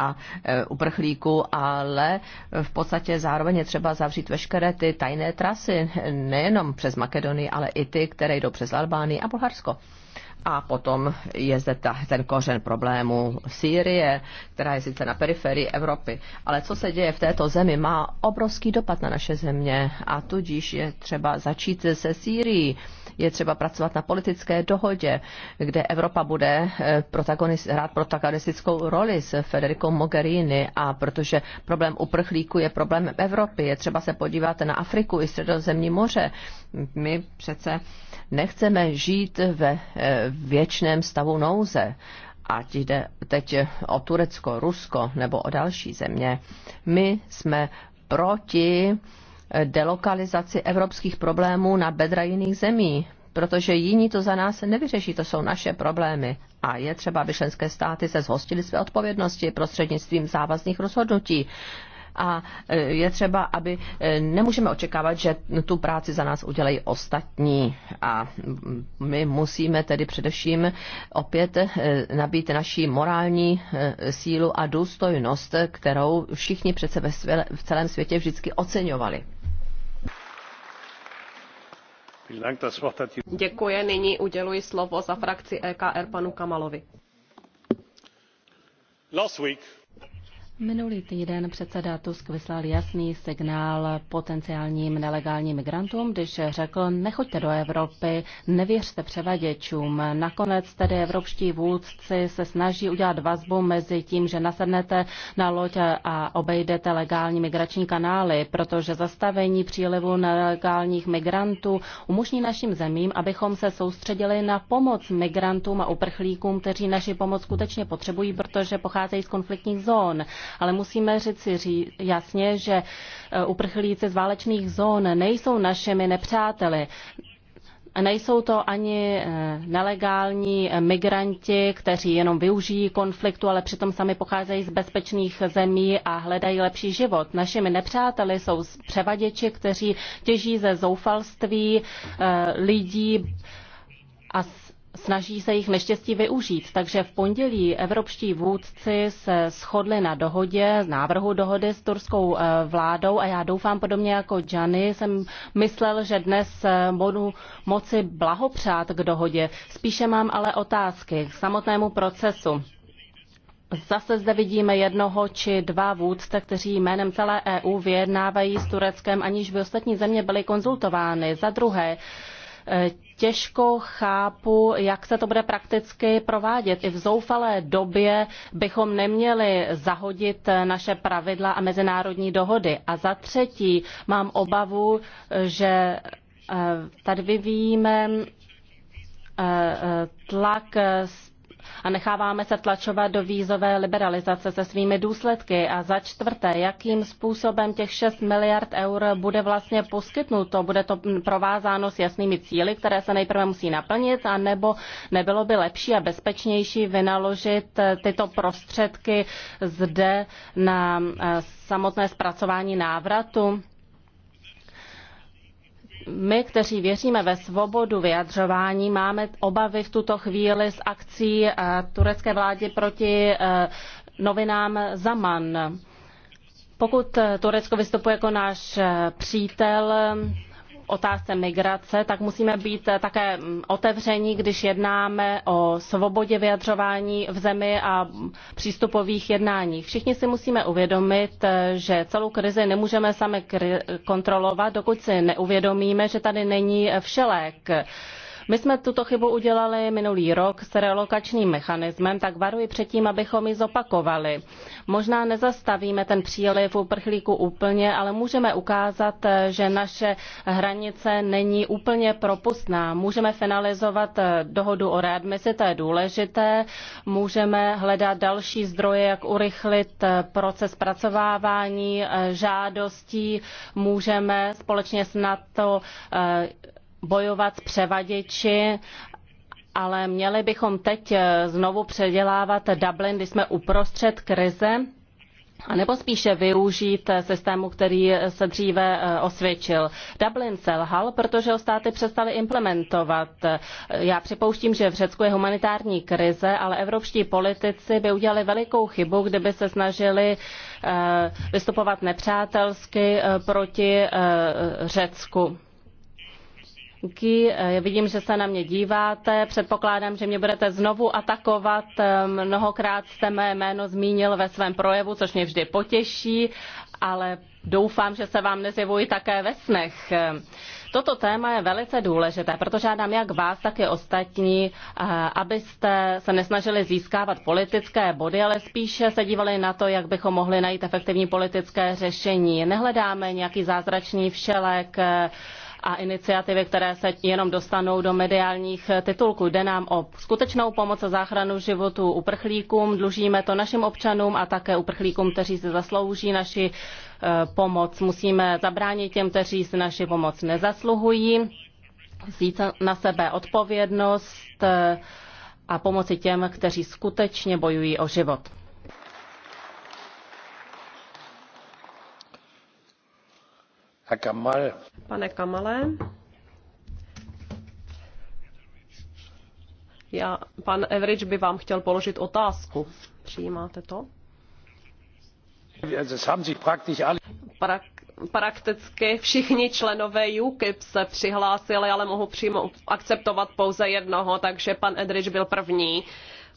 a e, uprchlíků, ale v podstatě zároveň je třeba zavřít veškeré ty tajné trasy, nejenom přes Makedonii, ale i ty, které jdou přes Albánii a Bulharsko. A potom je zde ta, ten kořen problému Sýrie, která je sice na periferii Evropy. Ale co se děje v této zemi, má obrovský dopad na naše země a tudíž je třeba začít se Sýrií je třeba pracovat na politické dohodě, kde Evropa bude eh, protagonist, hrát protagonistickou roli s Federico Mogherini a protože problém uprchlíku je problémem Evropy, je třeba se podívat na Afriku i Středozemní moře. My přece nechceme žít ve eh, věčném stavu nouze ať jde teď o Turecko, Rusko nebo o další země. My jsme proti delokalizaci evropských problémů na bedra jiných zemí, protože jiní to za nás nevyřeší, to jsou naše problémy. A je třeba, aby členské státy se zhostily své odpovědnosti prostřednictvím závazných rozhodnutí, a e, je třeba, aby e, nemůžeme očekávat, že tu práci za nás udělají ostatní a my musíme tedy především opět e, nabít naší morální sílu a důstojnost, kterou všichni přece ve svěle, v celém světě vždycky oceňovali. Děkuji. Nyní uděluji slovo za frakci EKR panu Kamalovi. Minulý týden předseda Tusk vyslal jasný signál potenciálním nelegálním migrantům, když řekl, nechoďte do Evropy, nevěřte převaděčům. Nakonec tedy evropští vůdci se snaží udělat vazbu mezi tím, že nasednete na loď a obejdete legální migrační kanály, protože zastavení přílivu nelegálních migrantů umožní našim zemím, abychom se soustředili na pomoc migrantům a uprchlíkům, kteří naši pomoc skutečně potřebují, protože pocházejí z konfliktních zón ale musíme říci ří, jasně, že e, uprchlíci z válečných zón nejsou našimi nepřáteli. Nejsou to ani e, nelegální migranti, kteří jenom využijí konfliktu, ale přitom sami pocházejí z bezpečných zemí a hledají lepší život. Našimi nepřáteli jsou převaděči, kteří těží ze zoufalství e, lidí a snaží se jich neštěstí využít. Takže v pondělí evropští vůdci se shodli na dohodě, návrhu dohody s turskou eh, vládou a já doufám podobně jako Gianni jsem myslel, že dnes eh, budu moci blahopřát k dohodě. Spíše mám ale otázky k samotnému procesu. Zase zde vidíme jednoho či dva vůdce, kteří jménem celé EU vyjednávají s Tureckem, aniž by ostatní země byly konzultovány. Za druhé, těžko chápu, jak se to bude prakticky provádět. I v zoufalé době bychom neměli zahodit naše pravidla a mezinárodní dohody. A za třetí mám obavu, že eh, tady vyvíjíme eh, eh, tlak a necháváme se tlačovat do vízové liberalizace se svými důsledky. A za čtvrté, jakým způsobem těch 6 miliard eur bude vlastně poskytnuto? Bude to provázáno s jasnými cíly, které se nejprve musí naplnit, anebo nebylo by lepší a bezpečnější vynaložit eh, tyto prostředky zde na eh, samotné zpracování návratu? my, kteří věříme ve svobodu vyjadřování, máme obavy v tuto chvíli z akcí eh, turecké vládě proti eh, novinám Zaman. Pokud eh, Turecko vystupuje jako náš přítel, otázce migrace, tak musíme být také otevření, když jednáme o svobodě vyjadřování v zemi a přístupových jednáních. Všichni si musíme uvědomit, že celou krizi nemůžeme sami kontrolovat, dokud si neuvědomíme, že tady není všelék. My jsme tuto chybu udělali minulý rok s relokačním mechanismem, tak varuji před tím, abychom ji zopakovali. Možná nezastavíme ten příliv uprchlíků úplně, ale můžeme ukázat, že naše hranice není úplně propustná. Můžeme finalizovat dohodu o readmisi, to je důležité. Můžeme hledat další zdroje, jak urychlit proces pracovávání žádostí. Můžeme společně s NATO bojovat s převaděči, ale měli bychom teď eh, znovu předělávat Dublin, když jsme uprostřed krize, a nebo spíše využít eh, systému, který eh, se dříve osvědčil. Dublin selhal, protože ho státy přestaly implementovat. Já připouštím, že v Řecku je humanitární krize, ale evropští politici by udělali velikou chybu, kdyby se snažili vystupovat nepřátelsky proti Řecku. Eh, vidím, že se na mě díváte. Předpokládám, že mě budete znovu atakovat. Eh, mnohokrát jste mé jméno zmínil ve svém projevu, což mě vždy potěší, ale doufám, že se vám nezjevuji také ve snech. Eh, toto téma je velice důležité, proto žádám jak vás, tak i ostatní, abyste se nesnažili získávat politické body, ale spíše se dívali na to, jak bychom mohli najít efektivní politické řešení. Nehledáme nějaký zázračný všelek, a iniciativy, které se jenom dostanou do mediálních titulků. Jde nám o skutečnou pomoc a záchranu životu uprchlíkům, dlužíme to našim občanům a také uprchlíkům, kteří si zaslouží naši eh, pomoc. Musíme zabránit těm, kteří si naši pomoc nezasluhují, vzít na sebe odpovědnost eh, a pomoci těm, kteří skutečně bojují o život. Pane Kamale, pan Everič by vám chtěl položit otázku. Přijímáte to? prakticky všichni členové UKIP se přihlásili, ale mohu přímo akceptovat pouze jednoho, takže pan Edrich byl první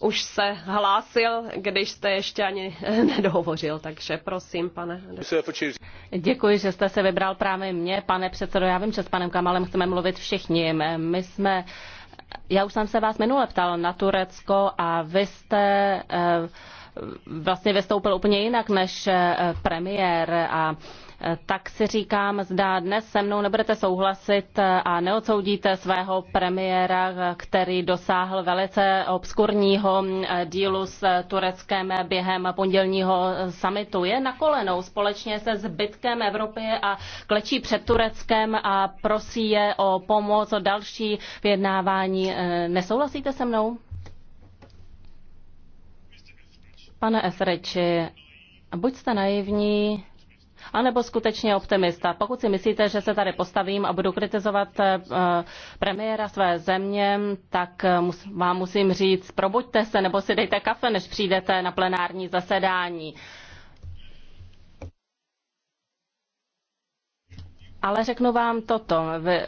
už se hlásil, když jste ještě ani nedohovořil, takže prosím, pane. Děkuji, že jste se vybral právě mě, pane předsedo. Já vím, že s panem Kamalem chceme mluvit všichni. My jsme, já už jsem se vás minule ptal na Turecko a vy jste eh, vlastně vystoupil úplně jinak než eh, premiér a tak si říkám, zda dnes se mnou nebudete souhlasit a neodsoudíte svého premiéra, který dosáhl velice obskurního eh, dílu s Tureckem během pondělního samitu. Je na kolenou společně se zbytkem Evropy a klečí před Tureckem a prosí je o pomoc, o další vyjednávání. Eh, nesouhlasíte se mnou? Pane Esreči, buďte naivní, anebo skutečně optimista. Pokud si myslíte, že se tady postavím a budu kritizovat eh, premiéra své země, tak eh, vám musím říct, probuďte se nebo si dejte kafe, než přijdete na plenární zasedání. Ale řeknu vám toto. Vy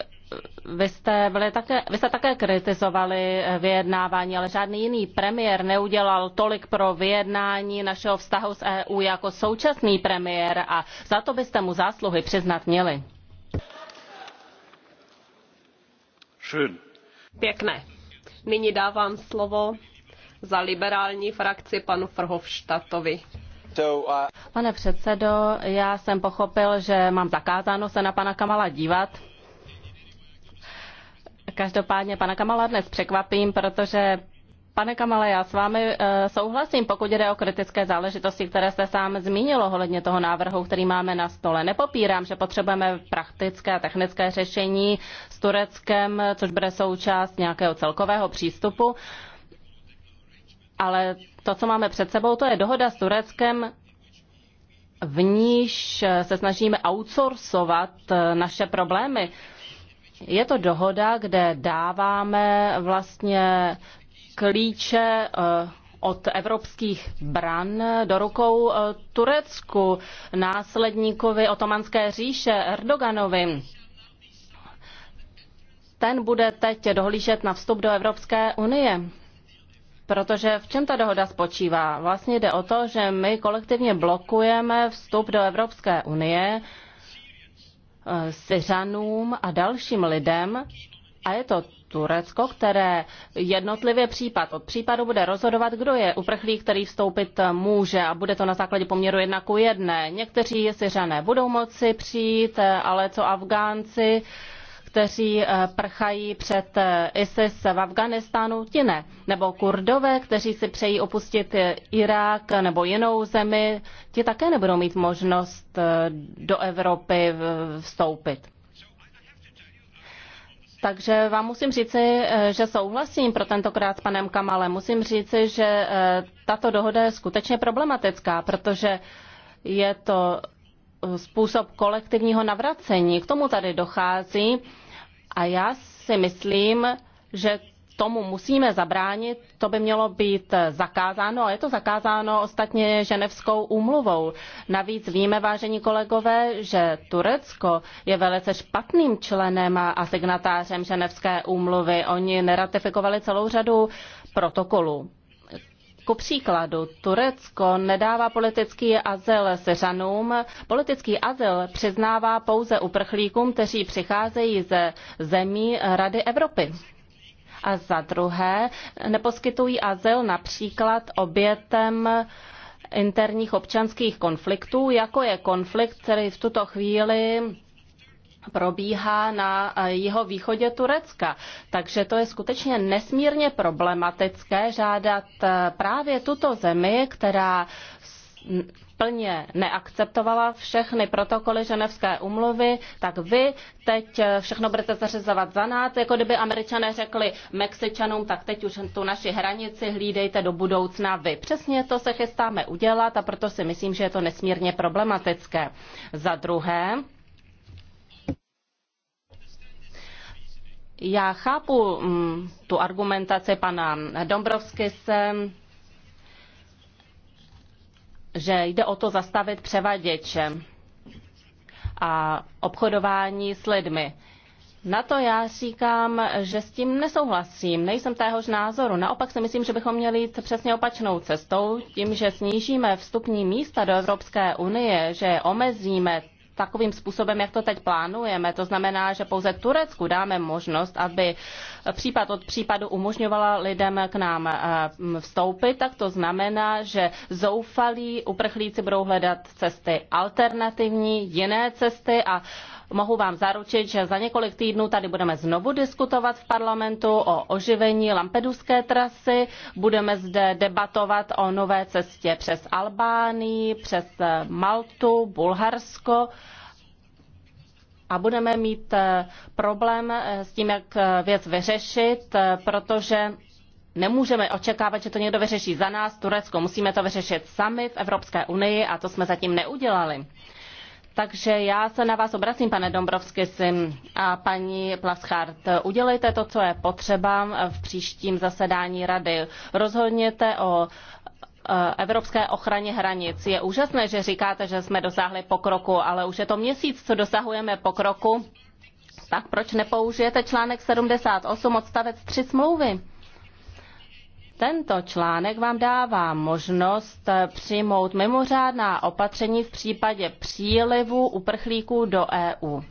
vy jste, byli také, vy jste také kritizovali eh, vyjednávání, ale žádný jiný premiér neudělal tolik pro vyjednání našeho vztahu s EU jako současný premiér a za to byste mu zásluhy přiznat měli. Schön. Pěkné. Nyní dávám slovo za liberální frakci panu Frhovštatovi. Uh, Pane předsedo, já jsem pochopil, že mám zakázáno se na pana Kamala dívat. Každopádně pana Kamala dnes překvapím, protože Pane Kamale, já s vámi eh, souhlasím, pokud jde o kritické záležitosti, které jste sám zmínil ohledně toho návrhu, který máme na stole. Nepopírám, že potřebujeme praktické a technické řešení s Tureckem, což bude součást nějakého celkového přístupu. Ale to, co máme před sebou, to je dohoda s Tureckem, v níž se snažíme outsourcovat eh, naše problémy. Je to dohoda, kde dáváme vlastně klíče eh, od evropských bran do rukou eh, Turecku, následníkovi otomanské říše Erdoganovi. Ten bude teď dohlížet na vstup do Evropské unie. Protože v čem ta dohoda spočívá? Vlastně jde o to, že my kolektivně blokujeme vstup do Evropské unie Syřanům a dalším lidem a je to Turecko, které jednotlivě případ od případu bude rozhodovat, kdo je uprchlý, který vstoupit může a bude to na základě poměru jedna ku jedné. Někteří Syřané budou moci přijít, ale co Afgánci, kteří eh, prchají před eh, ISIS v Afganistánu, ti ne. Nebo kurdové, kteří si přejí opustit eh, Irák nebo jinou zemi, ti také nebudou mít možnost do Evropy vstoupit. Takže vám musím říci, že souhlasím pro tentokrát s panem Kamalem. Musím říci, že tato dohoda je skutečně problematická, protože je to způsob kolektivního navracení. K tomu tady dochází. A já si myslím, že tomu musíme zabránit, to by mělo být zakázáno, ale je to zakázáno ostatně ženevskou úmluvou. Navíc víme, vážení kolegové, že Turecko je velice špatným členem a signatářem ženevské úmluvy. Oni neratifikovali celou řadu protokolů. Ku příkladu, Turecko nedává politický azyl Syřanům. Politický azyl přiznává pouze uprchlíkům, kteří přicházejí ze zemí Rady Evropy. A za druhé, neposkytují azyl například obětem interních občanských konfliktů, jako je konflikt, který v tuto chvíli probíhá na eh, jeho východě Turecka. Takže to je skutečně nesmírně problematické žádat eh, právě tuto zemi, která plně neakceptovala všechny protokoly ženevské umluvy, tak vy teď eh, všechno budete zařizovat za nás, jako kdyby američané řekli Mexičanům, tak teď už tu naši hranici hlídejte do budoucna vy. Přesně to se chystáme udělat a proto si myslím, že je to nesmírně problematické. Za druhé, Já chápu mm, tu argumentaci pana Dombrovsky že jde o to zastavit převaděče a obchodování s lidmi. Na to já říkám, že s tím nesouhlasím, nejsem téhož názoru. Naopak si myslím, že bychom měli jít přesně opačnou cestou, tím, že snížíme vstupní místa do Evropské unie, že omezíme takovým způsobem, jak to teď plánujeme. To znamená, že pouze Turecku dáme možnost, aby případ od případu umožňovala lidem k nám eh, vstoupit, tak to znamená, že zoufalí uprchlíci budou hledat cesty alternativní, jiné cesty a mohu vám zaručit, že za několik týdnů tady budeme znovu diskutovat v parlamentu o oživení Lampeduské trasy, budeme zde debatovat o nové cestě přes Albánii, přes eh, Maltu, Bulharsko a budeme mít eh, problém eh, s tím, jak věc vyřešit, protože nemůžeme očekávat, že to někdo vyřeší za nás, Turecko. Musíme to vyřešit sami v Evropské unii a to jsme zatím neudělali. Takže já se na vás obracím, pane Dombrovsky a paní Plaschart. Udělejte to, co je potřeba v příštím zasedání rady. Rozhodněte o e, evropské ochraně hranic. Je úžasné, že říkáte, že jsme dosáhli pokroku, ale už je to měsíc, co dosahujeme pokroku. Tak proč nepoužijete článek 78 odstavec 3 smlouvy? Tento článek vám dává možnost eh, přijmout mimořádná opatření v případě přílivu uprchlíků do EU.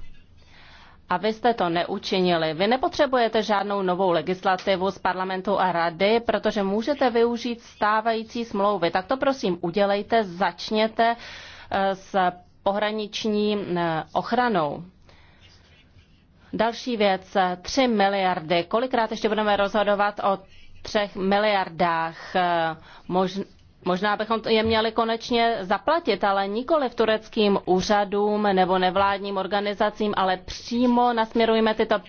A vy jste to neučinili. Vy nepotřebujete žádnou novou legislativu z parlamentu a rady, protože můžete využít stávající smlouvy. Tak to prosím udělejte, začněte eh, s pohraniční eh, ochranou. Další věc, 3 miliardy. Kolikrát ještě budeme rozhodovat o třech miliardách. Možná bychom je měli konečně zaplatit, ale nikoli v tureckým úřadům nebo nevládním organizacím, ale přímo nasměrujeme tyto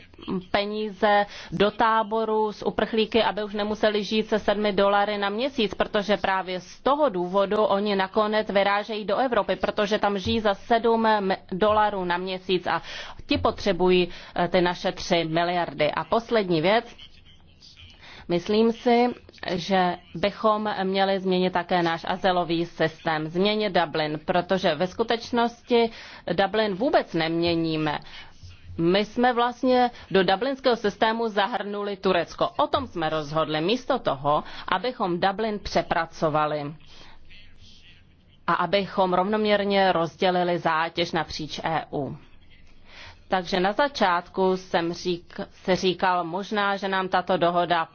peníze do táboru s uprchlíky, aby už nemuseli žít se sedmi dolary na měsíc, protože právě z toho důvodu oni nakonec vyrážejí do Evropy, protože tam žijí za sedm dolarů na měsíc a ti potřebují eh, ty naše tři miliardy. A poslední věc, Myslím si, že bychom měli změnit také náš azylový systém, změnit Dublin, protože ve skutečnosti Dublin vůbec neměníme. My jsme vlastně do dublinského systému zahrnuli Turecko. O tom jsme rozhodli místo toho, abychom Dublin přepracovali a abychom rovnoměrně rozdělili zátěž napříč EU. Takže na začátku jsem řík, se říkal možná, že nám tato dohoda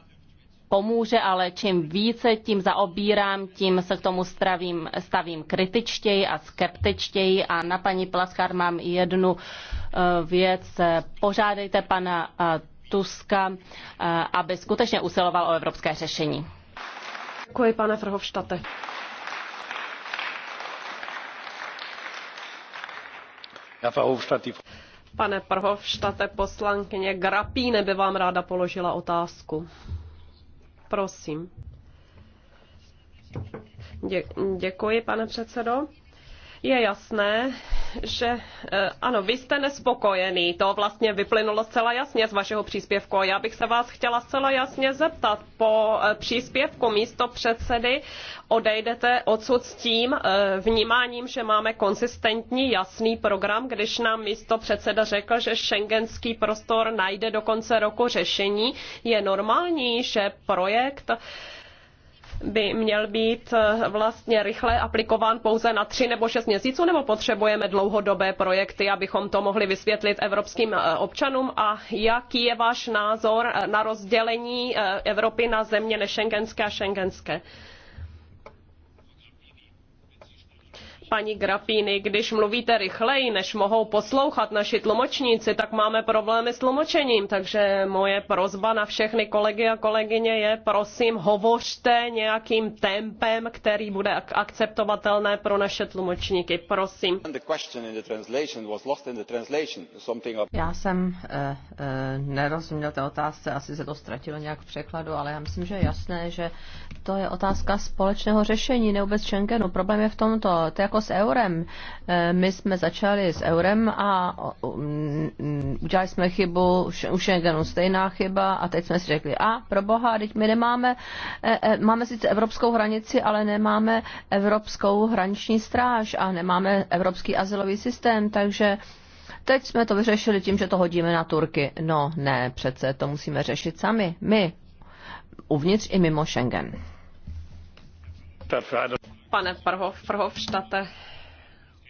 pomůže, ale čím více tím zaobírám, tím se k tomu stravím, stavím kritičtěji a skeptičtěji. A na paní Plaschar mám jednu eh, věc. Požádejte pana eh, Tuska, eh, aby skutečně usiloval o evropské řešení. Děkuji, pane Frhovštate. Pane Prhovštate, poslankyně Grapíne by vám ráda položila otázku. Prosím. Děkuji, pane předsedo. Je jasné, že eh, ano, vy jste nespokojený, to vlastně vyplynulo zcela jasně z vašeho příspěvku. Já bych se vás chtěla zcela jasně zeptat po eh, příspěvku místo předsedy odejdete odsud s tím eh, vnímáním, že máme konsistentní, jasný program, když nám místo předseda řekl, že šengenský prostor najde do konce roku řešení. Je normální, že projekt by měl být eh, vlastně rychle aplikován pouze na tři nebo šest měsíců, nebo potřebujeme dlouhodobé projekty, abychom to mohli vysvětlit evropským eh, občanům? A jaký je váš názor eh, na rozdělení Evropy na země nešengenské a šengenské? paní Grapini, když mluvíte rychleji, než mohou poslouchat naši tlumočníci, tak máme problémy s tlumočením, takže moje prozba na všechny kolegy a kolegyně je, prosím, hovořte nějakým tempem, který bude akceptovatelné pro naše tlumočníky, prosím. Já jsem eh, eh, nerozuměl té otázce, asi se to ztratilo nějak v překladu, ale já myslím, že je jasné, že to je otázka společného řešení, ne vůbec Schengenu. Problém je v tomto, to je jako s eurem. Eh, my jsme začali s eurem a mm, udělali jsme chybu u Schengenu, stejná chyba a teď jsme si řekli, a pro boha, teď my nemáme, eh, eh, máme sice evropskou hranici, ale nemáme evropskou hraniční stráž a nemáme evropský asilový systém, takže Teď jsme to vyřešili tím, že to hodíme na Turky. No ne, přece to musíme řešit sami, my, uvnitř i mimo Schengen. Pane Frhovštate,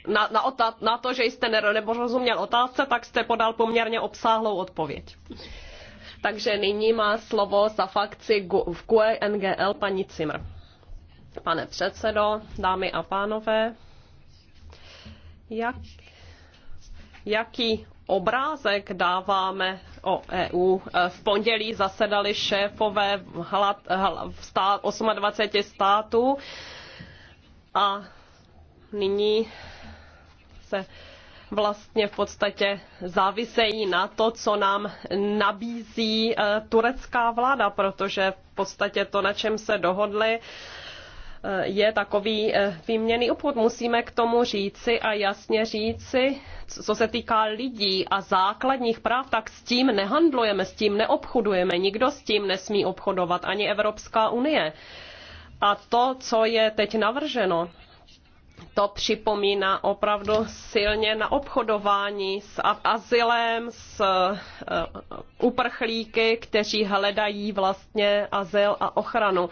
na, na, otá- na to, že jste nerozuměl otázce, tak jste podal poměrně obsáhlou odpověď. Takže nyní má slovo za fakci v QNGL paní Cimr. Pane předsedo, dámy a pánové, jak, jaký obrázek dáváme o EU. V pondělí zasedali šéfové 28 států a nyní se vlastně v podstatě závisejí na to, co nám nabízí eh, turecká vláda, protože v podstatě to, na čem se dohodli, Eh, je takový eh, výměný obchod. Musíme k tomu říci a jasně říci, co se týká lidí a základních práv, tak s tím nehandlujeme, s tím neobchodujeme. Nikdo s tím nesmí obchodovat, ani Evropská unie. A to, co je teď navrženo, to připomíná opravdu silně na obchodování s azylem, s eh, uprchlíky, kteří hledají vlastně azyl a ochranu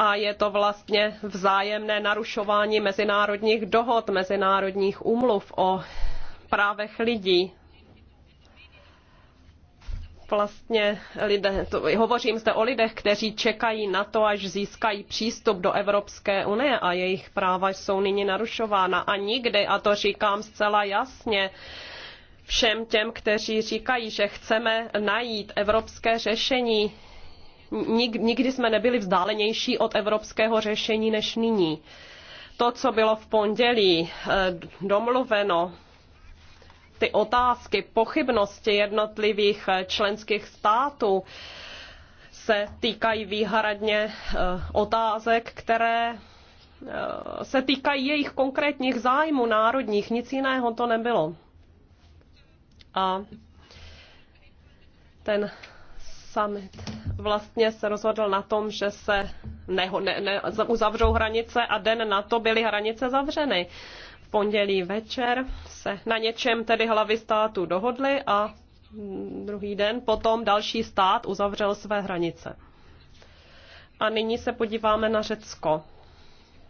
a je to vlastně vzájemné narušování mezinárodních dohod, mezinárodních úmluv o právech lidí. Vlastně lidé, to, hovořím zde o lidech, kteří čekají na to, až získají přístup do Evropské unie a jejich práva jsou nyní narušována. A nikdy, a to říkám zcela jasně, všem těm, kteří říkají, že chceme najít evropské řešení, nikdy jsme nebyli vzdálenější od evropského řešení než nyní. To, co bylo v pondělí eh, domluveno, ty otázky, pochybnosti jednotlivých eh, členských států se týkají výhradně eh, otázek, které se týkají jejich konkrétních zájmů národních. Nic jiného to nebylo. A ten summit vlastně se rozhodl na tom, že se ne, ne, ne, uzavřou hranice a den na to byly hranice zavřeny. V pondělí večer se na něčem tedy hlavy státu dohodly a druhý den potom další stát uzavřel své hranice. A nyní se podíváme na Řecko.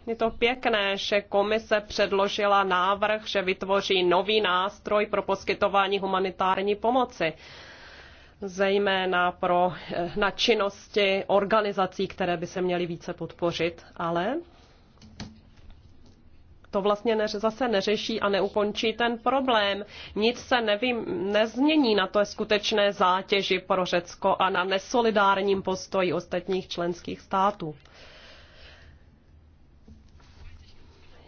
Je to pěkné, že komise předložila návrh, že vytvoří nový nástroj pro poskytování humanitární pomoci zejména pro, eh, na činnosti organizací, které by se měly více podpořit, ale to vlastně neř, zase neřeší a neukončí ten problém. Nic se nevím, nezmění na to je skutečné zátěži pro Řecko a na nesolidárním postoji ostatních členských států.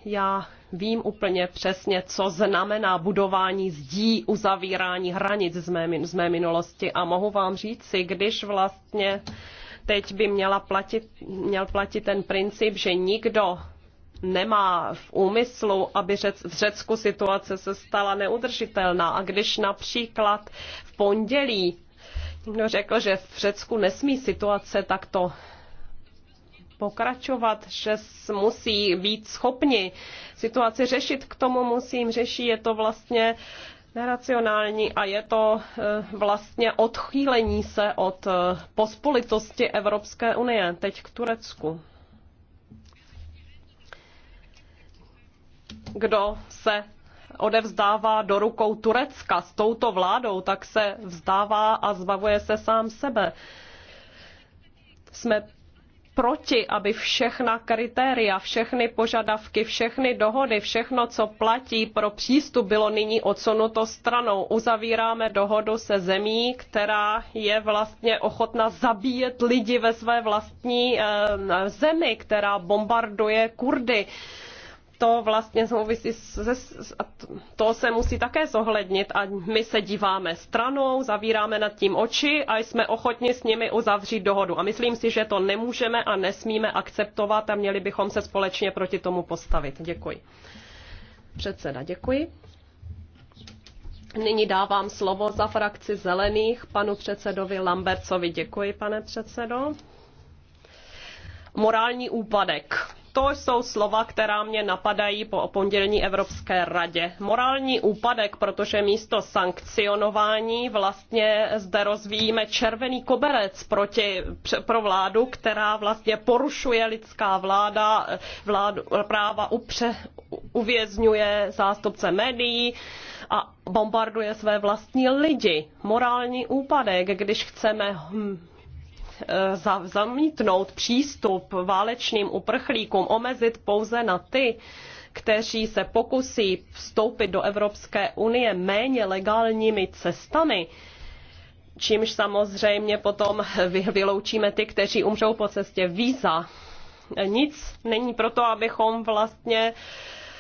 Já vím úplně přesně, co znamená budování zdí, uzavírání hranic z mé, z mé minulosti a mohu vám říci, když vlastně teď by měla platit, měl platit ten princip, že nikdo nemá v úmyslu, aby řec, v Řecku situace se stala neudržitelná. A když například v pondělí někdo řekl, že v Řecku nesmí situace takto pokračovat, že musí být schopni situaci řešit. K tomu musím řešit, je to vlastně neracionální a je to eh, vlastně odchýlení se od eh, pospolitosti Evropské unie. Teď k Turecku. Kdo se odevzdává do rukou Turecka s touto vládou, tak se vzdává a zbavuje se sám sebe. Jsme proti, aby všechna kritéria, všechny požadavky, všechny dohody, všechno, co platí pro přístup, bylo nyní odsunuto stranou. Uzavíráme dohodu se zemí, která je vlastně ochotna zabíjet lidi ve své vlastní eh, zemi, která bombarduje Kurdy to vlastně souvisí se, to se musí také zohlednit a my se díváme stranou, zavíráme nad tím oči a jsme ochotni s nimi uzavřít dohodu. A myslím si, že to nemůžeme a nesmíme akceptovat a měli bychom se společně proti tomu postavit. Děkuji. Předseda, děkuji. Nyní dávám slovo za frakci zelených panu předsedovi Lambercovi. Děkuji, pane předsedo. Morální úpadek to jsou slova, která mě napadají po pondělní Evropské radě. Morální úpadek, protože místo sankcionování vlastně zde rozvíjíme červený koberec proti, pro vládu, která vlastně porušuje lidská vláda, vládu, práva upře, uvězňuje zástupce médií a bombarduje své vlastní lidi. Morální úpadek, když chceme hm, Eh, zamítnout přístup válečným uprchlíkům, omezit pouze na ty, kteří se pokusí vstoupit do Evropské unie méně legálními cestami, čímž samozřejmě potom vyloučíme ty, kteří umřou po cestě víza. Nic není proto, abychom vlastně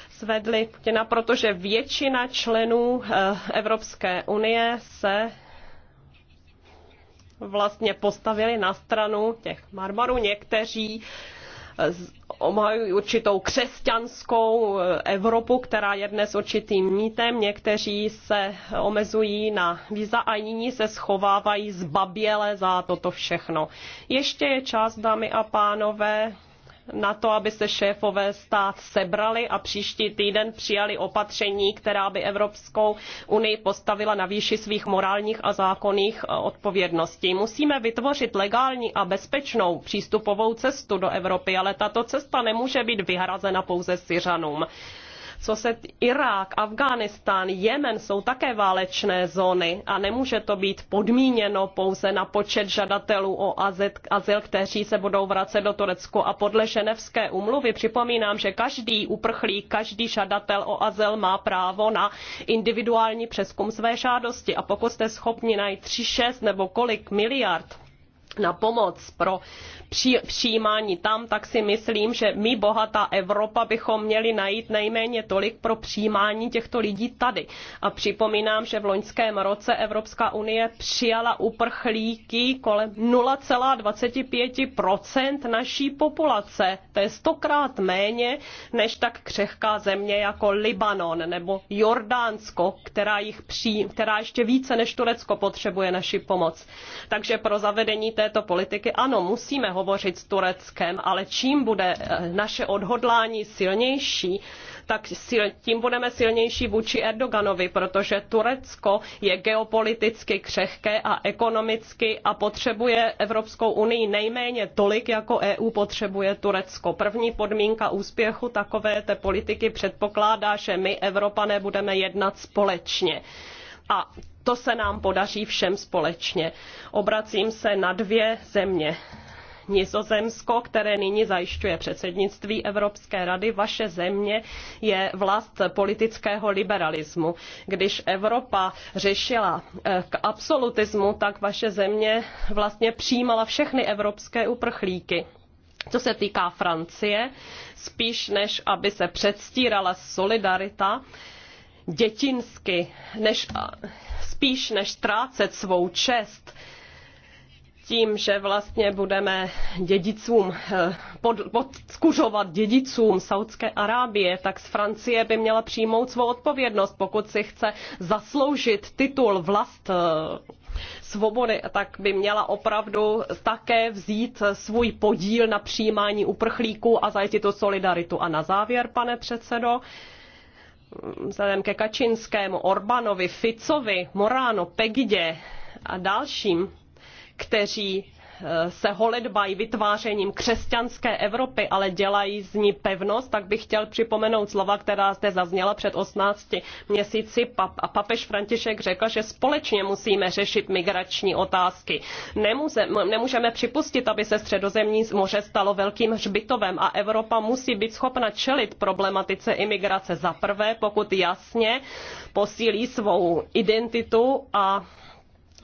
svedli Putina, protože většina členů eh, Evropské unie se vlastně postavili na stranu těch Marmarů někteří, eh, mají určitou křesťanskou eh, Evropu, která je dnes určitým mítem. Někteří se omezují na víza a jiní se schovávají zbaběle za toto všechno. Ještě je čas, dámy a pánové, na to, aby se šéfové stát sebrali a příští týden přijali opatření, která by Evropskou unii postavila na výši svých morálních a zákonných eh, odpovědností. Musíme vytvořit legální a bezpečnou přístupovou cestu do Evropy, ale tato cesta nemůže být vyhrazena pouze Syřanům. Co se Irák, Afghánistán, Jemen jsou také válečné zóny a nemůže to být podmíněno pouze na počet žadatelů o azyl, kteří se budou vracet do Turecku. A podle ženevské umluvy připomínám, že každý uprchlík, každý žadatel o azyl má právo na individuální přeskum své žádosti. A pokud jste schopni najít 3, 6 nebo kolik miliard na pomoc pro při, přijímání tam, tak si myslím, že my, bohatá Evropa, bychom měli najít nejméně tolik pro přijímání těchto lidí tady. A připomínám, že v loňském roce Evropská unie přijala uprchlíky kolem 0,25 naší populace. To je stokrát méně než tak křehká země jako Libanon nebo Jordánsko, která, jich přijím, která ještě více než Turecko potřebuje naši pomoc. Takže pro zavedení té této politiky. Ano, musíme hovořit s Tureckem, ale čím bude eh, naše odhodlání silnější, tak tím budeme silnější vůči Erdoganovi, protože Turecko je geopoliticky křehké a ekonomicky a potřebuje Evropskou unii nejméně tolik, jako EU potřebuje Turecko. První podmínka úspěchu takové té politiky předpokládá, že my, Evropané, budeme jednat společně. A to se nám podaří všem společně. Obracím se na dvě země. Nizozemsko, které nyní zajišťuje předsednictví Evropské rady, vaše země je vlast politického liberalismu. Když Evropa řešila eh, k absolutismu, tak vaše země vlastně přijímala všechny evropské uprchlíky. Co se týká Francie, spíš než aby se předstírala solidarita, dětinsky, než, spíš než ztrácet svou čest tím, že vlastně budeme dědicům, eh, pod, podskužovat dědicům Saudské Arábie, tak z Francie by měla přijmout svou odpovědnost, pokud si chce zasloužit titul vlast eh, svobody, tak by měla opravdu také vzít svůj podíl na přijímání uprchlíků a zajít tu solidaritu. A na závěr, pane předsedo, vzhledem ke Kačinskému, Orbánovi, Ficovi, Moráno, Pegidě a dalším, kteří Eh, se holedbají vytvářením křesťanské Evropy, ale dělají z ní pevnost, tak bych chtěl připomenout slova, která zde zazněla před 18 měsíci. A papež František řekl, že společně musíme řešit migrační otázky. Nemůžeme připustit, aby se středozemní moře stalo velkým hřbitovem a Evropa musí být schopna čelit problematice imigrace za prvé, pokud jasně posílí svou identitu a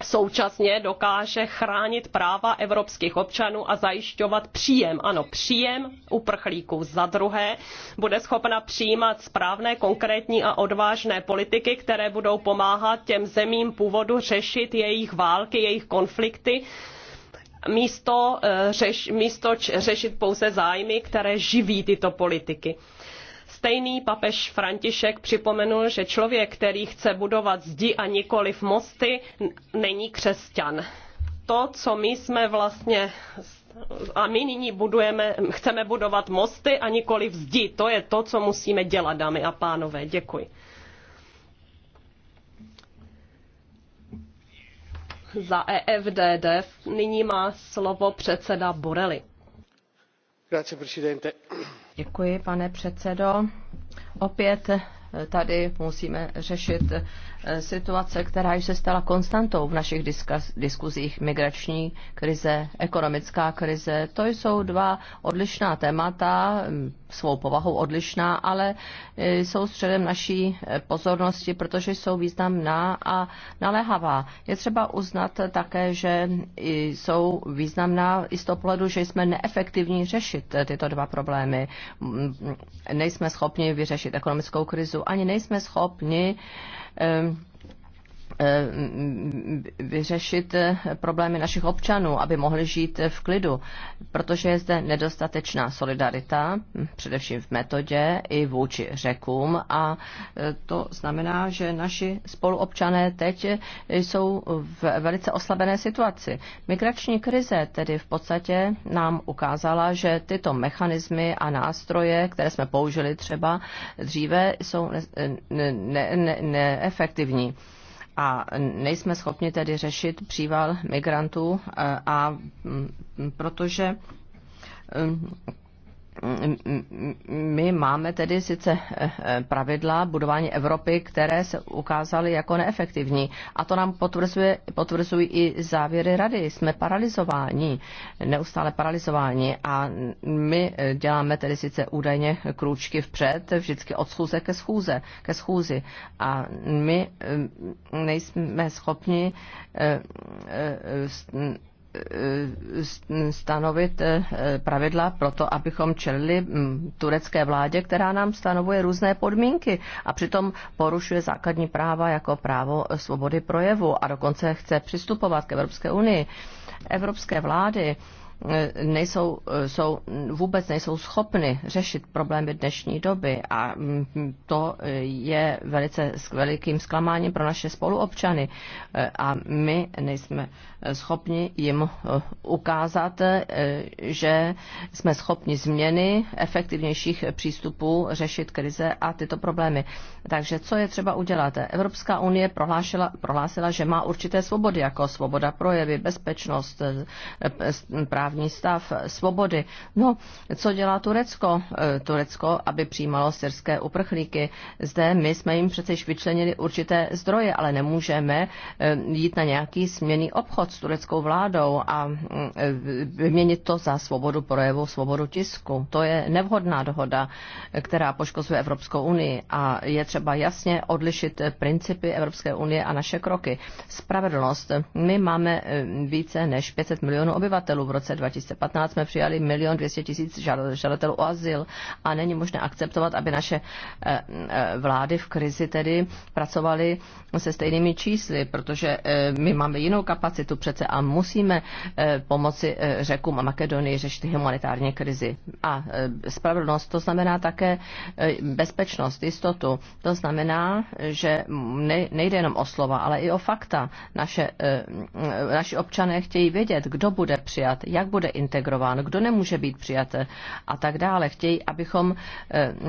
současně dokáže chránit práva evropských občanů a zajišťovat příjem, ano, příjem uprchlíků. Za druhé, bude schopna přijímat správné, konkrétní a odvážné politiky, které budou pomáhat těm zemím původu řešit jejich války, jejich konflikty, místo, eh, řeš, místo řešit pouze zájmy, které živí tyto politiky. Stejný papež František připomenul, že člověk, který chce budovat zdi a nikoliv mosty, není křesťan. To, co my jsme vlastně a my nyní budujeme, chceme budovat mosty a nikoli zdi. To je to, co musíme dělat, dámy a pánové. Děkuji. Za EFDD nyní má slovo předseda Borely. Grazie, presidente. Děkuji, pane předsedo. Opět tady musíme řešit situace, která již se stala konstantou v našich diskuzích. Migrační krize, ekonomická krize, to jsou dva odlišná témata, mm, svou povahou odlišná, ale e, jsou středem naší pozornosti, protože jsou významná a naléhavá. Je třeba uznat také, že jsou významná i z toho pohledu, že jsme neefektivní řešit tyto dva problémy. Mm, nejsme schopni vyřešit ekonomickou krizu, ani nejsme schopni um, Eh, vyřešit eh, problémy našich občanů, aby mohli žít eh, v klidu, protože je zde nedostatečná solidarita, hm, především v metodě i vůči řekům a to znamená, že naši spoluobčané teď jsou v velice oslabené situaci. Migrační krize tedy v podstatě nám ukázala, že tyto mechanismy a nástroje, které jsme použili třeba dříve, jsou neefektivní. Ne, ne, ne, ne a nejsme schopni tedy řešit příval migrantů a protože my máme tedy sice eh, eh, pravidla budování Evropy, které se ukázaly jako neefektivní. A to nám potvrzuje, potvrzují i závěry rady. Jsme paralizováni, neustále paralizováni a my eh, děláme tedy sice údajně krůčky vpřed, vždycky od schůze ke schůze, ke schůzi. A my nejsme schopni Eh, stanovit eh, pravidla pro to, abychom čelili mm, turecké vládě, která nám stanovuje různé podmínky a přitom porušuje základní práva jako právo svobody projevu a dokonce chce přistupovat k Evropské unii. Evropské vlády eh, nejsou, jsou, vůbec nejsou schopny řešit problémy dnešní doby a mm, to je velice velikým zklamáním pro naše spoluobčany a my nejsme schopni jim eh, ukázat, eh, že jsme schopni změny, efektivnějších přístupů řešit krize a tyto problémy. Takže co je třeba udělat? Evropská unie prohlásila, prohlásila že má určité svobody, jako svoboda projevy, bezpečnost, eh, právní stav, svobody. No, co dělá Turecko? Turecko, aby přijímalo syrské uprchlíky. Zde my jsme jim přece již vyčlenili určité zdroje, ale nemůžeme jít na nějaký směný obchod dohod s tureckou vládou a mm, e, vyměnit to za svobodu projevu, svobodu tisku. To je nevhodná dohoda, která poškozuje Evropskou unii a je třeba jasně odlišit principy Evropské unie a naše kroky. Spravedlnost. My máme e, více než 500 milionů obyvatelů. V roce 2015 jsme přijali milion 200 tisíc žadatelů o azyl a není možné akceptovat, aby naše e, vlády v krizi tedy pracovaly se stejnými čísly, protože my máme jinou kapacitu přece a musíme eh, pomoci eh, řekům a Makedonii řešit humanitární krizi. A eh, spravedlnost to znamená také bezpečnost, jistotu. To znamená, že nejde jenom o slova, ale i o fakta. Naše, naši občané chtějí vědět, kdo bude přijat, jak bude integrován, kdo nemůže být přijat a tak dále. Chtějí, abychom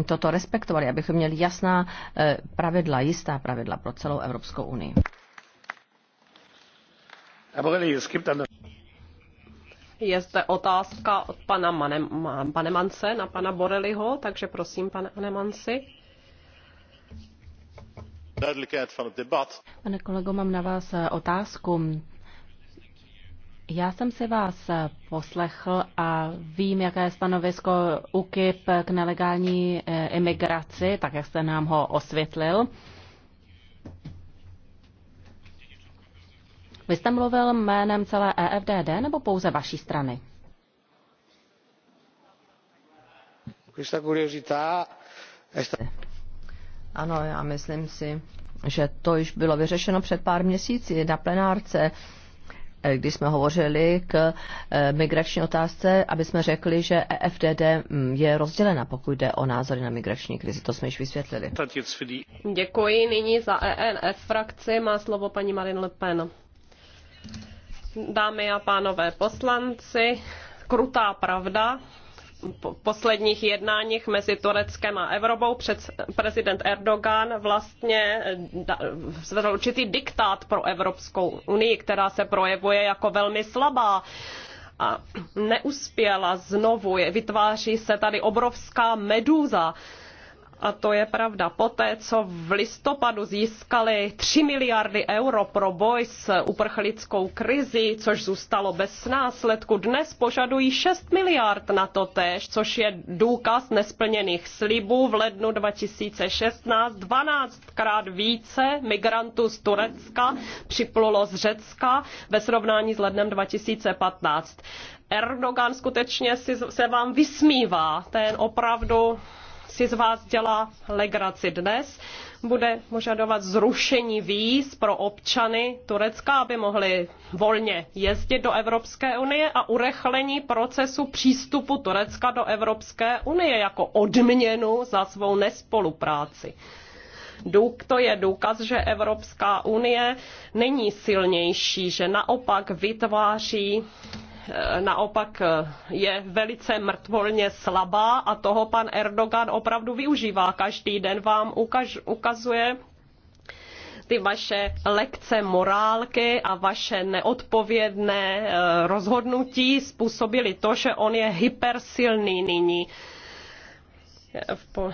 toto respektovali, abychom měli jasná pravidla, jistá pravidla pro celou Evropskou unii. Je zde otázka od pana Panemance na pana Boreliho, takže prosím, pane Anemansi. Pane kolego, mám na vás eh, otázku. Já jsem si vás eh, poslechl a vím, jaké je stanovisko UKIP k nelegální eh, imigraci, tak jak jste nám ho osvětlil. Vy jste mluvil jménem celé EFDD nebo pouze vaší strany? Ano, já myslím si, že to již bylo vyřešeno před pár měsíci na plenárce eh, když jsme hovořili k eh, migrační otázce, aby jsme řekli, že EFDD mm, je rozdělena, pokud jde o názory na migrační krizi. To jsme již vysvětlili. Děkuji. Nyní za ENF frakci má slovo paní Marin Le Pen. Dámy a pánové poslanci, krutá pravda. V posledních jednáních mezi Tureckem a Evropou před prezident Erdogan vlastně zvedl určitý diktát pro Evropskou unii, která se projevuje jako velmi slabá a neuspěla znovu. Vytváří se tady obrovská medúza, a to je pravda. Poté, co v listopadu získali 3 miliardy euro pro boj s uprchlickou krizi, což zůstalo bez následku, dnes požadují 6 miliard na to též, což je důkaz nesplněných slibů v lednu 2016. 12krát více migrantů z Turecka připlulo z Řecka ve srovnání s lednem 2015. Erdogan skutečně si, se vám vysmívá. Ten opravdu si z vás dělá legraci dnes, bude požadovat zrušení víz pro občany Turecka, aby mohli volně jezdit do Evropské unie a urychlení procesu přístupu Turecka do Evropské unie jako odměnu za svou nespolupráci. Důk to je důkaz, že Evropská unie není silnější, že naopak vytváří Eh, naopak eh, je velice mrtvolně slabá a toho pan Erdogan opravdu využívá. Každý den vám ukaž, ukazuje ty vaše lekce morálky a vaše neodpovědné eh, rozhodnutí způsobily to, že on je hypersilný nyní v,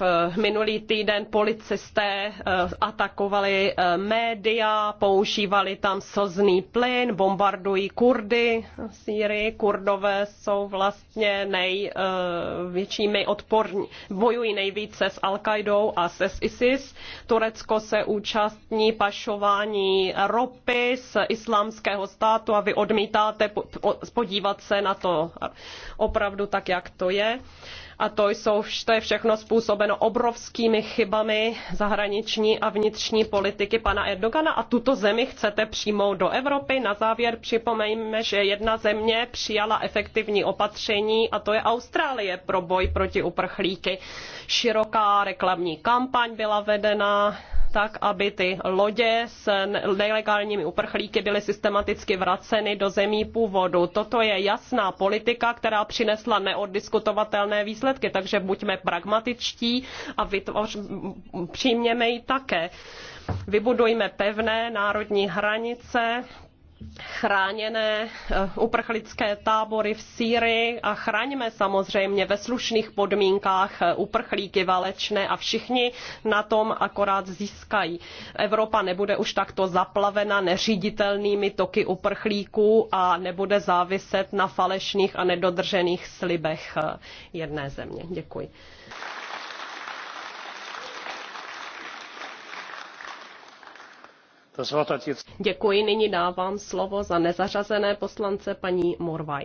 v minulý týden policisté eh, atakovali eh, média, používali tam slzný plyn, bombardují Kurdy v Sýrii. Kurdové jsou vlastně největšími eh, odporní, bojují nejvíce s Al-Qaidou a se ISIS. Turecko se účastní pašování ropy z islámského státu a vy odmítáte podívat se na to opravdu tak, jak to je a to, jsou, to je všechno způsobeno obrovskými chybami zahraniční a vnitřní politiky pana Erdogana a tuto zemi chcete přijmout do Evropy. Na závěr připomeňme, že jedna země přijala efektivní opatření a to je Austrálie pro boj proti uprchlíky. Široká reklamní kampaň byla vedena, tak, aby ty lodě s nelegálními uprchlíky byly systematicky vraceny do zemí původu. Toto je jasná politika, která přinesla neoddiskutovatelné výsledky, takže buďme pragmatičtí a vytvoř, přijměme ji také. Vybudujme pevné národní hranice, chráněné eh, uprchlické tábory v Sýrii a chraňme samozřejmě ve slušných podmínkách eh, uprchlíky válečné a všichni na tom akorát získají. Evropa nebude už takto zaplavena neříditelnými toky uprchlíků a nebude záviset na falešných a nedodržených slibech eh, jedné země. Děkuji. Děkuji, nyní dávám slovo za nezařazené poslance paní Morvaj.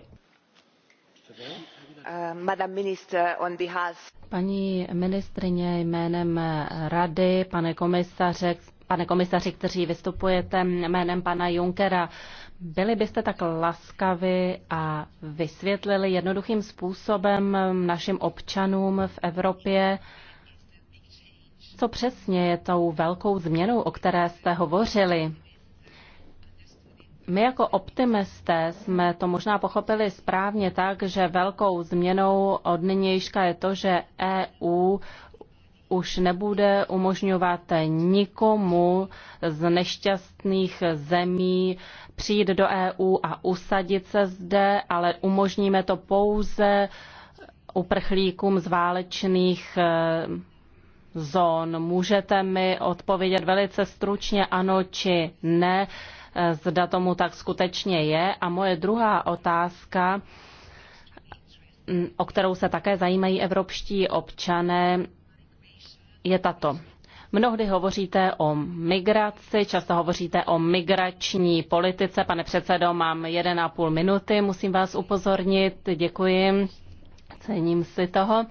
Eh, paní ministrině jménem Rady, pane komisaře, pane komisaři, kteří vystupujete jménem pana Junkera, byli byste tak laskavi a vysvětlili jednoduchým způsobem našim občanům v Evropě, co přesně je tou velkou změnou, o které jste hovořili? My jako optimisté jsme to možná pochopili správně tak, že velkou změnou od nynějška je to, že EU už nebude umožňovat nikomu z nešťastných zemí přijít do EU a usadit se zde, ale umožníme to pouze uprchlíkům z válečných eh, zón. Můžete mi odpovědět velice stručně ano či ne, eh, zda tomu tak skutečně je. A moje druhá otázka, mm, o kterou se také zajímají evropští občané, je tato. Mnohdy hovoříte o migraci, často hovoříte o migrační politice. Pane předsedo, mám 1,5 minuty, musím vás upozornit. Děkuji, cením si toho. Uh,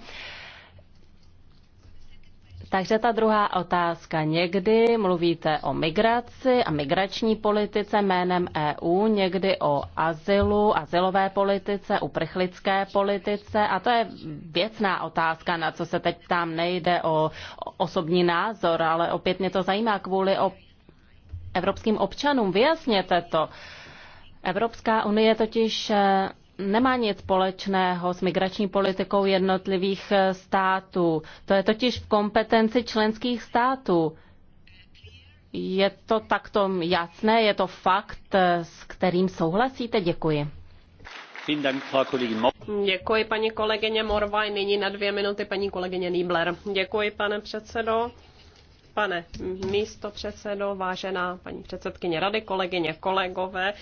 takže ta druhá otázka. Někdy mluvíte o migraci a migrační politice jménem EU, někdy o azylu, azylové politice, uprchlické politice a to je věcná otázka, na co se teď tam nejde o osobní názor, ale opět mě to zajímá kvůli o evropským občanům. Vyjasněte to. Evropská unie totiž eh, nemá nic společného s migrační politikou jednotlivých eh, států. To je totiž v kompetenci členských států. Je to takto jasné, je to fakt, eh, s kterým souhlasíte? Děkuji. Děkuji paní kolegyně Morvaj. Nyní na dvě minuty paní kolegyně Niebler. Děkuji pane předsedo. Pane místo předsedo, vážená paní předsedkyně rady, kolegyně, kolegové,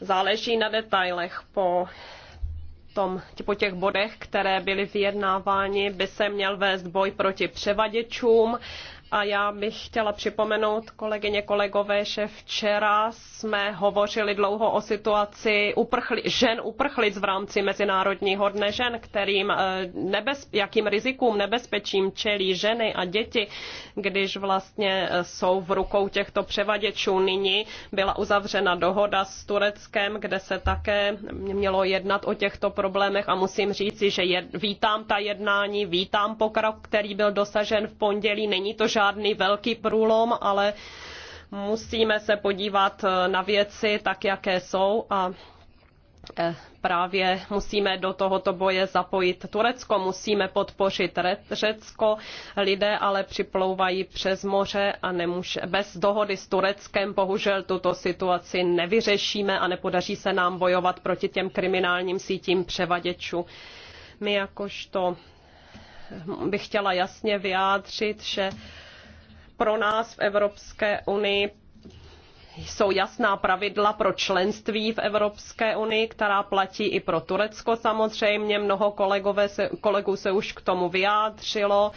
Záleží na detailech po tom, po těch bodech, které byly vyjednávány, by se měl vést boj proti převaděčům, a já bych chtěla připomenout, kolegyně, kolegové, že včera jsme hovořili dlouho o situaci uprchli, žen uprchlic v rámci Mezinárodního dne žen, kterým eh, nebez, jakým rizikům, nebezpečím čelí ženy a děti, když vlastně eh, jsou v rukou těchto převaděčů. Nyní byla uzavřena dohoda s Tureckem, kde se také mělo jednat o těchto problémech a musím říci, že je, vítám ta jednání, vítám pokrok, který byl dosažen v pondělí. Není to, žádný velký průlom, ale musíme se podívat na věci tak, jaké jsou a eh, právě musíme do tohoto boje zapojit Turecko, musíme podpořit Řecko. Lidé ale připlouvají přes moře a nemůže, bez dohody s Tureckem bohužel tuto situaci nevyřešíme a nepodaří se nám bojovat proti těm kriminálním sítím převaděčů. My jakožto hm, bych chtěla jasně vyjádřit, že pro nás v Evropské unii jsou jasná pravidla pro členství v Evropské unii, která platí i pro Turecko samozřejmě. Mnoho kolegové se, kolegů se už k tomu vyjádřilo,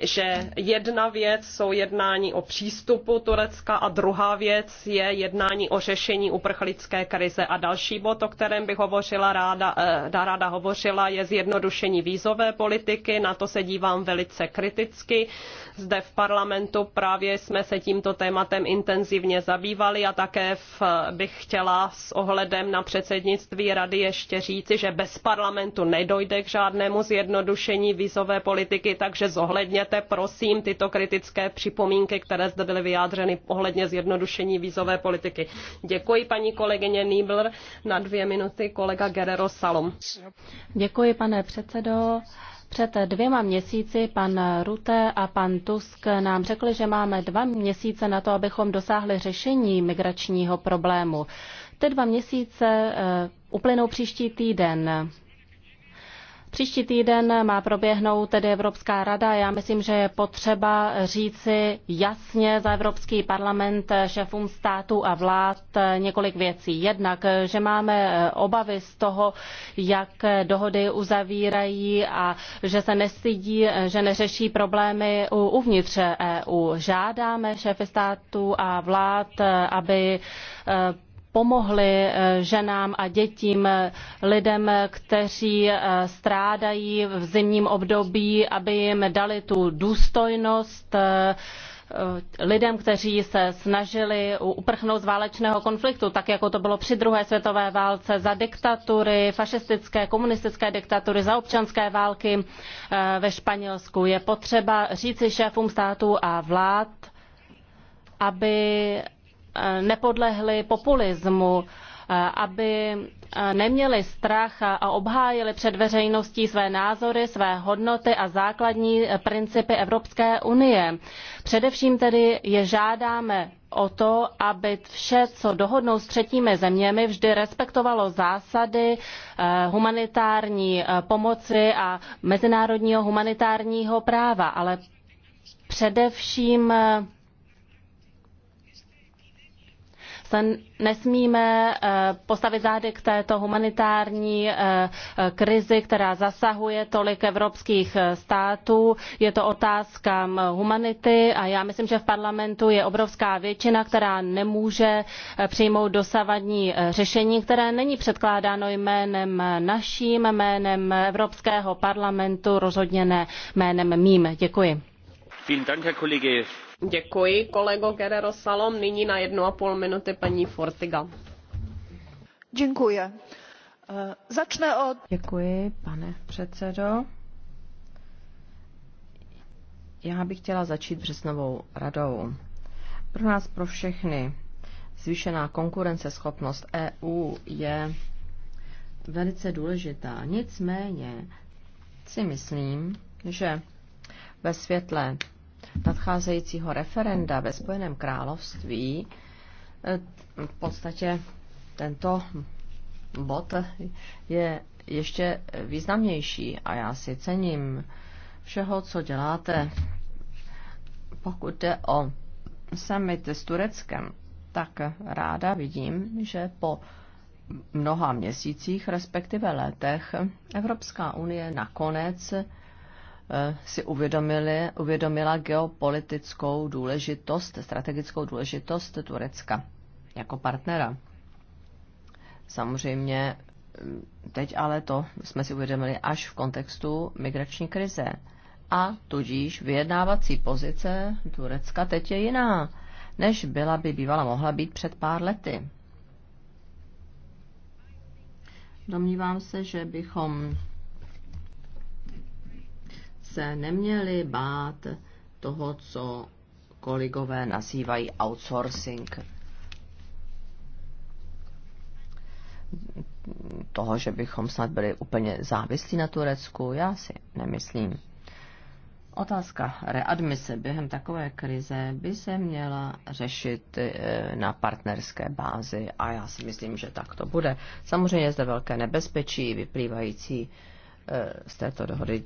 že jedna věc jsou jednání o přístupu Turecka a druhá věc je jednání o řešení uprchlické krize. A další bod, o kterém bych hovořila ráda, eh, ráda hovořila, je zjednodušení vízové politiky. Na to se dívám velice kriticky. Zde v parlamentu právě jsme se tímto tématem intenzivně zabývali a také v, bych chtěla s ohledem na předsednictví rady ještě říci, že bez parlamentu nedojde k žádnému zjednodušení vízové politiky, takže zohledněte prosím tyto kritické připomínky, které zde byly vyjádřeny ohledně zjednodušení vízové politiky. Děkuji paní kolegyně Nýbler. Na dvě minuty kolega Guerrero Salom. Děkuji pane předsedo. Před dvěma měsíci pan Rute a pan Tusk nám řekli, že máme dva měsíce na to, abychom dosáhli řešení migračního problému. Ty dva měsíce eh, uplynou příští týden. Příští týden má proběhnout tedy Evropská rada. Já myslím, že je potřeba říci jasně za Evropský parlament šéfům států a vlád několik věcí. Jednak, že máme obavy z toho, jak dohody uzavírají a že se nestydí, že neřeší problémy uvnitř EU. Žádáme šéfy států a vlád, aby eh, pomohli eh, ženám a dětím, eh, lidem, eh, kteří strádají v zimním období, aby jim dali tu důstojnost, lidem, kteří se snažili uprchnout z válečného konfliktu, tak jako to bylo při druhé světové válce, za diktatury, fašistické, komunistické diktatury, za občanské války ve Španělsku. Je potřeba říci šéfům států a vlád, aby Eh, nepodlehli populismu, eh, aby eh, neměli strach a obhájili před veřejností své názory, své hodnoty a základní principy Evropské unie. Především tedy je žádáme o to, aby vše, co dohodnou s třetími zeměmi, vždy respektovalo zásady humanitární pomoci a mezinárodního humanitárního práva, ale především se nesmíme eh, postavit zády k této humanitární eh, eh, krizi, která zasahuje tolik evropských států. Je to otázka mm, humanity a já myslím, že v parlamentu je obrovská většina, která nemůže přijmout dosavadní řešení, které není předkládáno jménem naším, jménem Evropského parlamentu, rozhodně ne jménem mým. Děkuji. Vielen Dank, Herr Kollege Děkuji, kolego Guerrero Salom. Nyní na jednu a půl minuty paní Fortiga. Děkuji. Začne od... Děkuji, pane předsedo. Já bych chtěla začít březnovou radou. Pro nás, pro všechny, zvýšená konkurenceschopnost EU je velice důležitá. Nicméně si myslím, že ve světle nadcházejícího referenda ve Spojeném království e, v podstatě tento bod je ještě významnější a já si cením všeho, co děláte. Pokud jde o summit s Tureckem, tak ráda vidím, že po mnoha měsících, respektive letech, Evropská unie nakonec Eh, si uvědomili, uvědomila geopolitickou důležitost, strategickou důležitost Turecka jako partnera. Samozřejmě mm, teď ale to jsme si uvědomili až v kontextu migrační krize. A tudíž vyjednávací pozice Turecka teď je jiná, než byla by bývala mohla být před pár lety. Domnívám se, že bychom se neměli bát toho, co kolegové nazývají outsourcing. Toho, že bychom snad byli úplně závislí na Turecku, já si nemyslím. Otázka readmise během takové krize by se měla řešit eh, na partnerské bázi a já si myslím, že tak to bude. Samozřejmě je zde velké nebezpečí vyplývající eh, z této dohody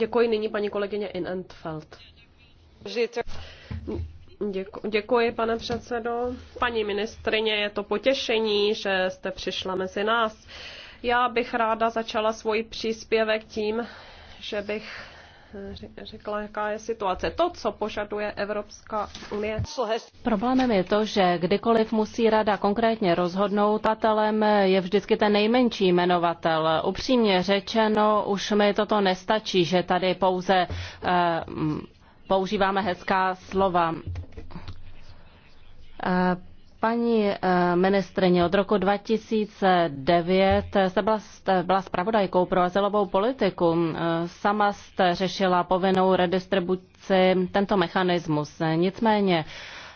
Děkuji nyní paní kolegyně Inentfeld. Děku, děkuji, pane předsedo. Paní ministrině, je to potěšení, že jste přišla mezi nás. Já bych ráda začala svůj příspěvek tím, že bych Eh, řekla, jaká je situace. To, co požaduje Evropská unie. Problémem je to, že kdykoliv musí rada konkrétně rozhodnout, tatelem je vždycky ten nejmenší jmenovatel. Upřímně řečeno, už mi toto nestačí, že tady pouze eh, používáme hezká slova. Eh, Paní eh, ministrině, od roku 2009 jste byla, jste byla spravodajkou pro azylovou politiku. Eh, sama jste řešila povinnou redistribuci tento mechanismus. Nicméně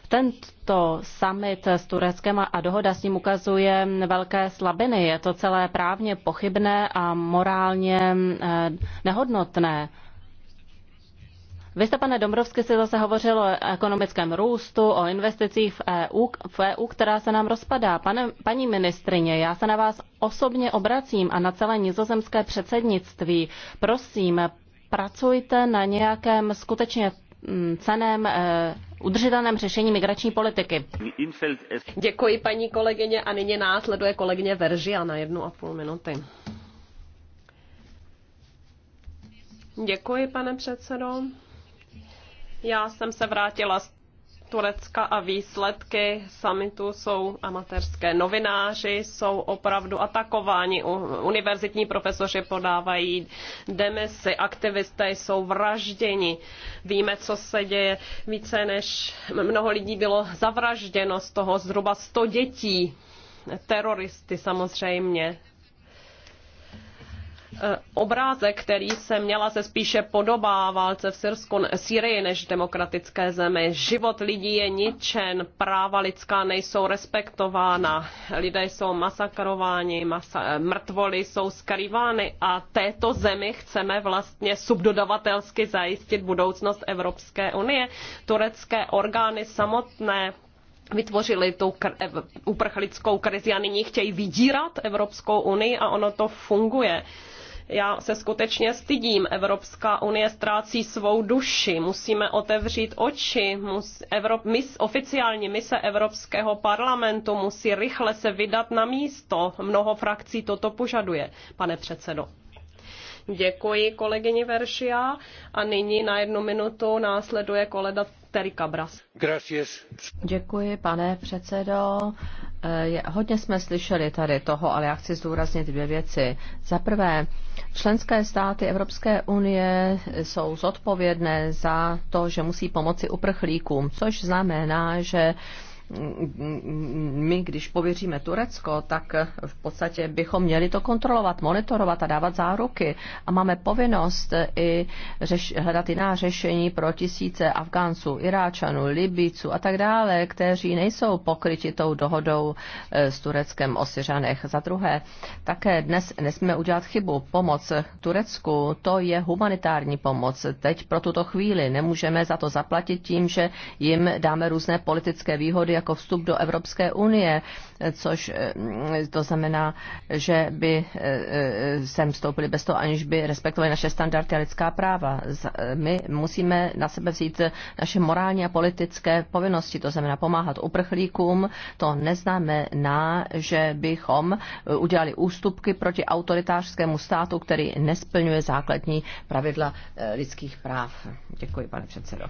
tento summit s Tureckem a dohoda s ním ukazuje velké slabiny. Je to celé právně pochybné a morálně eh, nehodnotné. Vy jste, pane Dombrovsky, si zase hovořil o ekonomickém růstu, o investicích v EU, v EU která se nám rozpadá. Pane, paní ministrině, já se na vás osobně obracím a na celé nizozemské předsednictví. Prosím, pracujte na nějakém skutečně mm, ceném eh, udržitelném řešení migrační politiky. Děkuji paní kolegyně a nyní následuje kolegyně Veržia na jednu a půl minuty. Děkuji, pane předsedo. Já jsem se vrátila z Turecka a výsledky samitu jsou amatérské. Novináři jsou opravdu atakováni, univerzitní profesoři podávají demisy, aktivisté jsou vražděni. Víme, co se děje. Více než mnoho lidí bylo zavražděno, z toho zhruba 100 dětí. Teroristy samozřejmě Eh, obrázek, který se měla, se spíše podobá válce v Syrsku, Syrii než demokratické zemi. Život lidí je ničen, práva lidská nejsou respektována, lidé jsou masakrováni, masa, eh, mrtvoly jsou skrývány a této zemi chceme vlastně subdodavatelsky zajistit budoucnost Evropské unie. Turecké orgány samotné vytvořili tu kr- eh, uprchlickou krizi a nyní chtějí vydírat Evropskou unii a ono to funguje. Já se skutečně stydím. Evropská unie ztrácí svou duši. Musíme otevřít oči. Mus, Evrop, mis, oficiální mise Evropského parlamentu musí rychle se vydat na místo. Mnoho frakcí toto požaduje, pane předsedo. Děkuji kolegyni Veršia a nyní na jednu minutu následuje kolega Terry Cabras. Gracias. Děkuji, pane předsedo. Eh, hodně jsme slyšeli tady toho, ale já chci zdůraznit dvě věci. Za prvé, členské státy Evropské unie jsou zodpovědné za to, že musí pomoci uprchlíkům, což znamená, že my, když pověříme Turecko, tak v podstatě bychom měli to kontrolovat, monitorovat a dávat záruky. A máme povinnost i řeš, hledat jiná řešení pro tisíce Afgánců, Iráčanů, Libíců a tak dále, kteří nejsou pokryti tou dohodou eh, s Tureckem o Syřanech. Za druhé, také dnes nesmíme udělat chybu. Pomoc Turecku, to je humanitární pomoc. Teď pro tuto chvíli nemůžeme za to zaplatit tím, že jim dáme různé politické výhody, jako jako vstup do Evropské unie, což eh, to znamená, že by eh, eh, sem vstoupili bez toho, aniž by respektovali naše standardy a lidská práva. My musíme na sebe vzít naše morální a politické povinnosti, to znamená pomáhat uprchlíkům. To neznamená, že bychom udělali ústupky proti autoritářskému státu, který nesplňuje základní pravidla lidských práv. Děkuji, pane předsedo.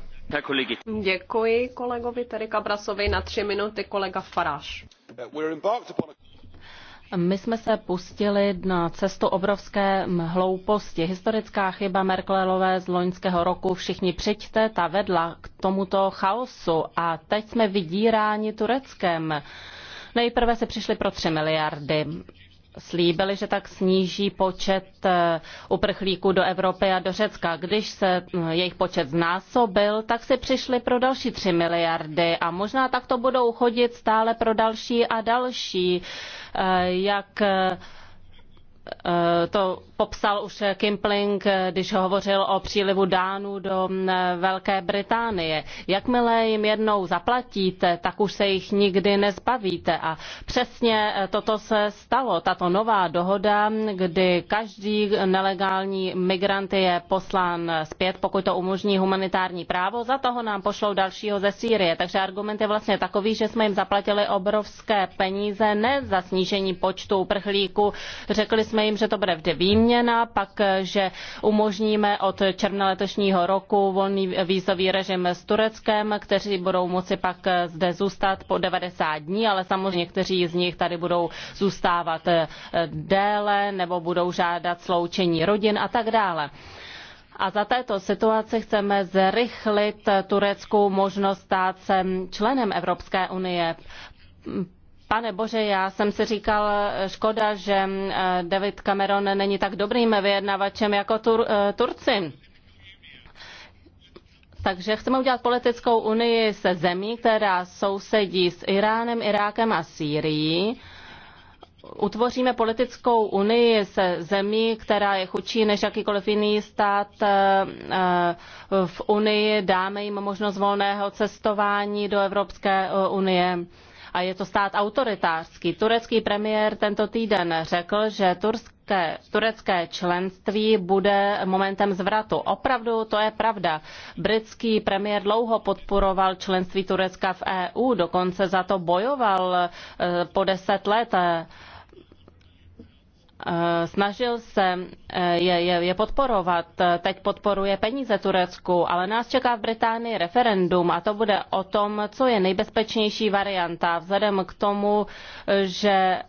Děkuji kolegovi Tady Brasovi na tři minuty kolega Faráš. My jsme se pustili na cestu obrovské hlouposti. Historická chyba Merkelové z loňského roku všichni přijďte, ta vedla k tomuto chaosu a teď jsme vydíráni Tureckem. Nejprve se přišli pro 3 miliardy slíbili, že tak sníží počet eh, uprchlíků do Evropy a do Řecka. Když se eh, jejich počet znásobil, tak si přišli pro další 3 miliardy a možná tak to budou chodit stále pro další a další. Eh, jak Eh, to popsal už Kimpling, eh, když hovořil o přílivu Dánů do mm, Velké Británie. Jakmile jim jednou zaplatíte, tak už se jich nikdy nezbavíte. A přesně eh, toto se stalo, tato nová dohoda, kdy každý nelegální migrant je poslán zpět, pokud to umožní humanitární právo, za toho nám pošlou dalšího ze Sýrie. Takže argument je vlastně takový, že jsme jim zaplatili obrovské peníze, ne za snížení počtu uprchlíků. Řekli jsme, jsme jim, že to bude vždy výměna, pak, eh, že umožníme od června letošního roku volný vízový režim s Tureckem, kteří budou moci pak eh, zde zůstat po 90 dní, ale samozřejmě někteří z nich tady budou zůstávat eh, déle nebo budou žádat sloučení rodin a tak dále. A za této situace chceme zrychlit Turecku možnost stát se členem Evropské unie Pane Bože, já jsem si říkal, škoda, že eh, David Cameron není tak dobrým vyjednavačem jako Tur- eh, Turci. Takže chceme udělat politickou unii se zemí, která sousedí s Iránem, Irákem a Sýrií. Utvoříme politickou unii se zemí, která je chudší než jakýkoliv jiný stát eh, v unii. Dáme jim možnost volného cestování do Evropské unie a je to stát autoritářský. Turecký premiér tento týden řekl, že turské, turecké členství bude momentem zvratu. Opravdu to je pravda. Britský premiér dlouho podporoval členství Turecka v EU, dokonce za to bojoval eh, po deset let. Eh, snažil se eh, je, je, je podporovat. Eh, teď podporuje peníze Turecku, ale nás čeká v Británii referendum a to bude o tom, co je nejbezpečnější varianta. Vzhledem k tomu, že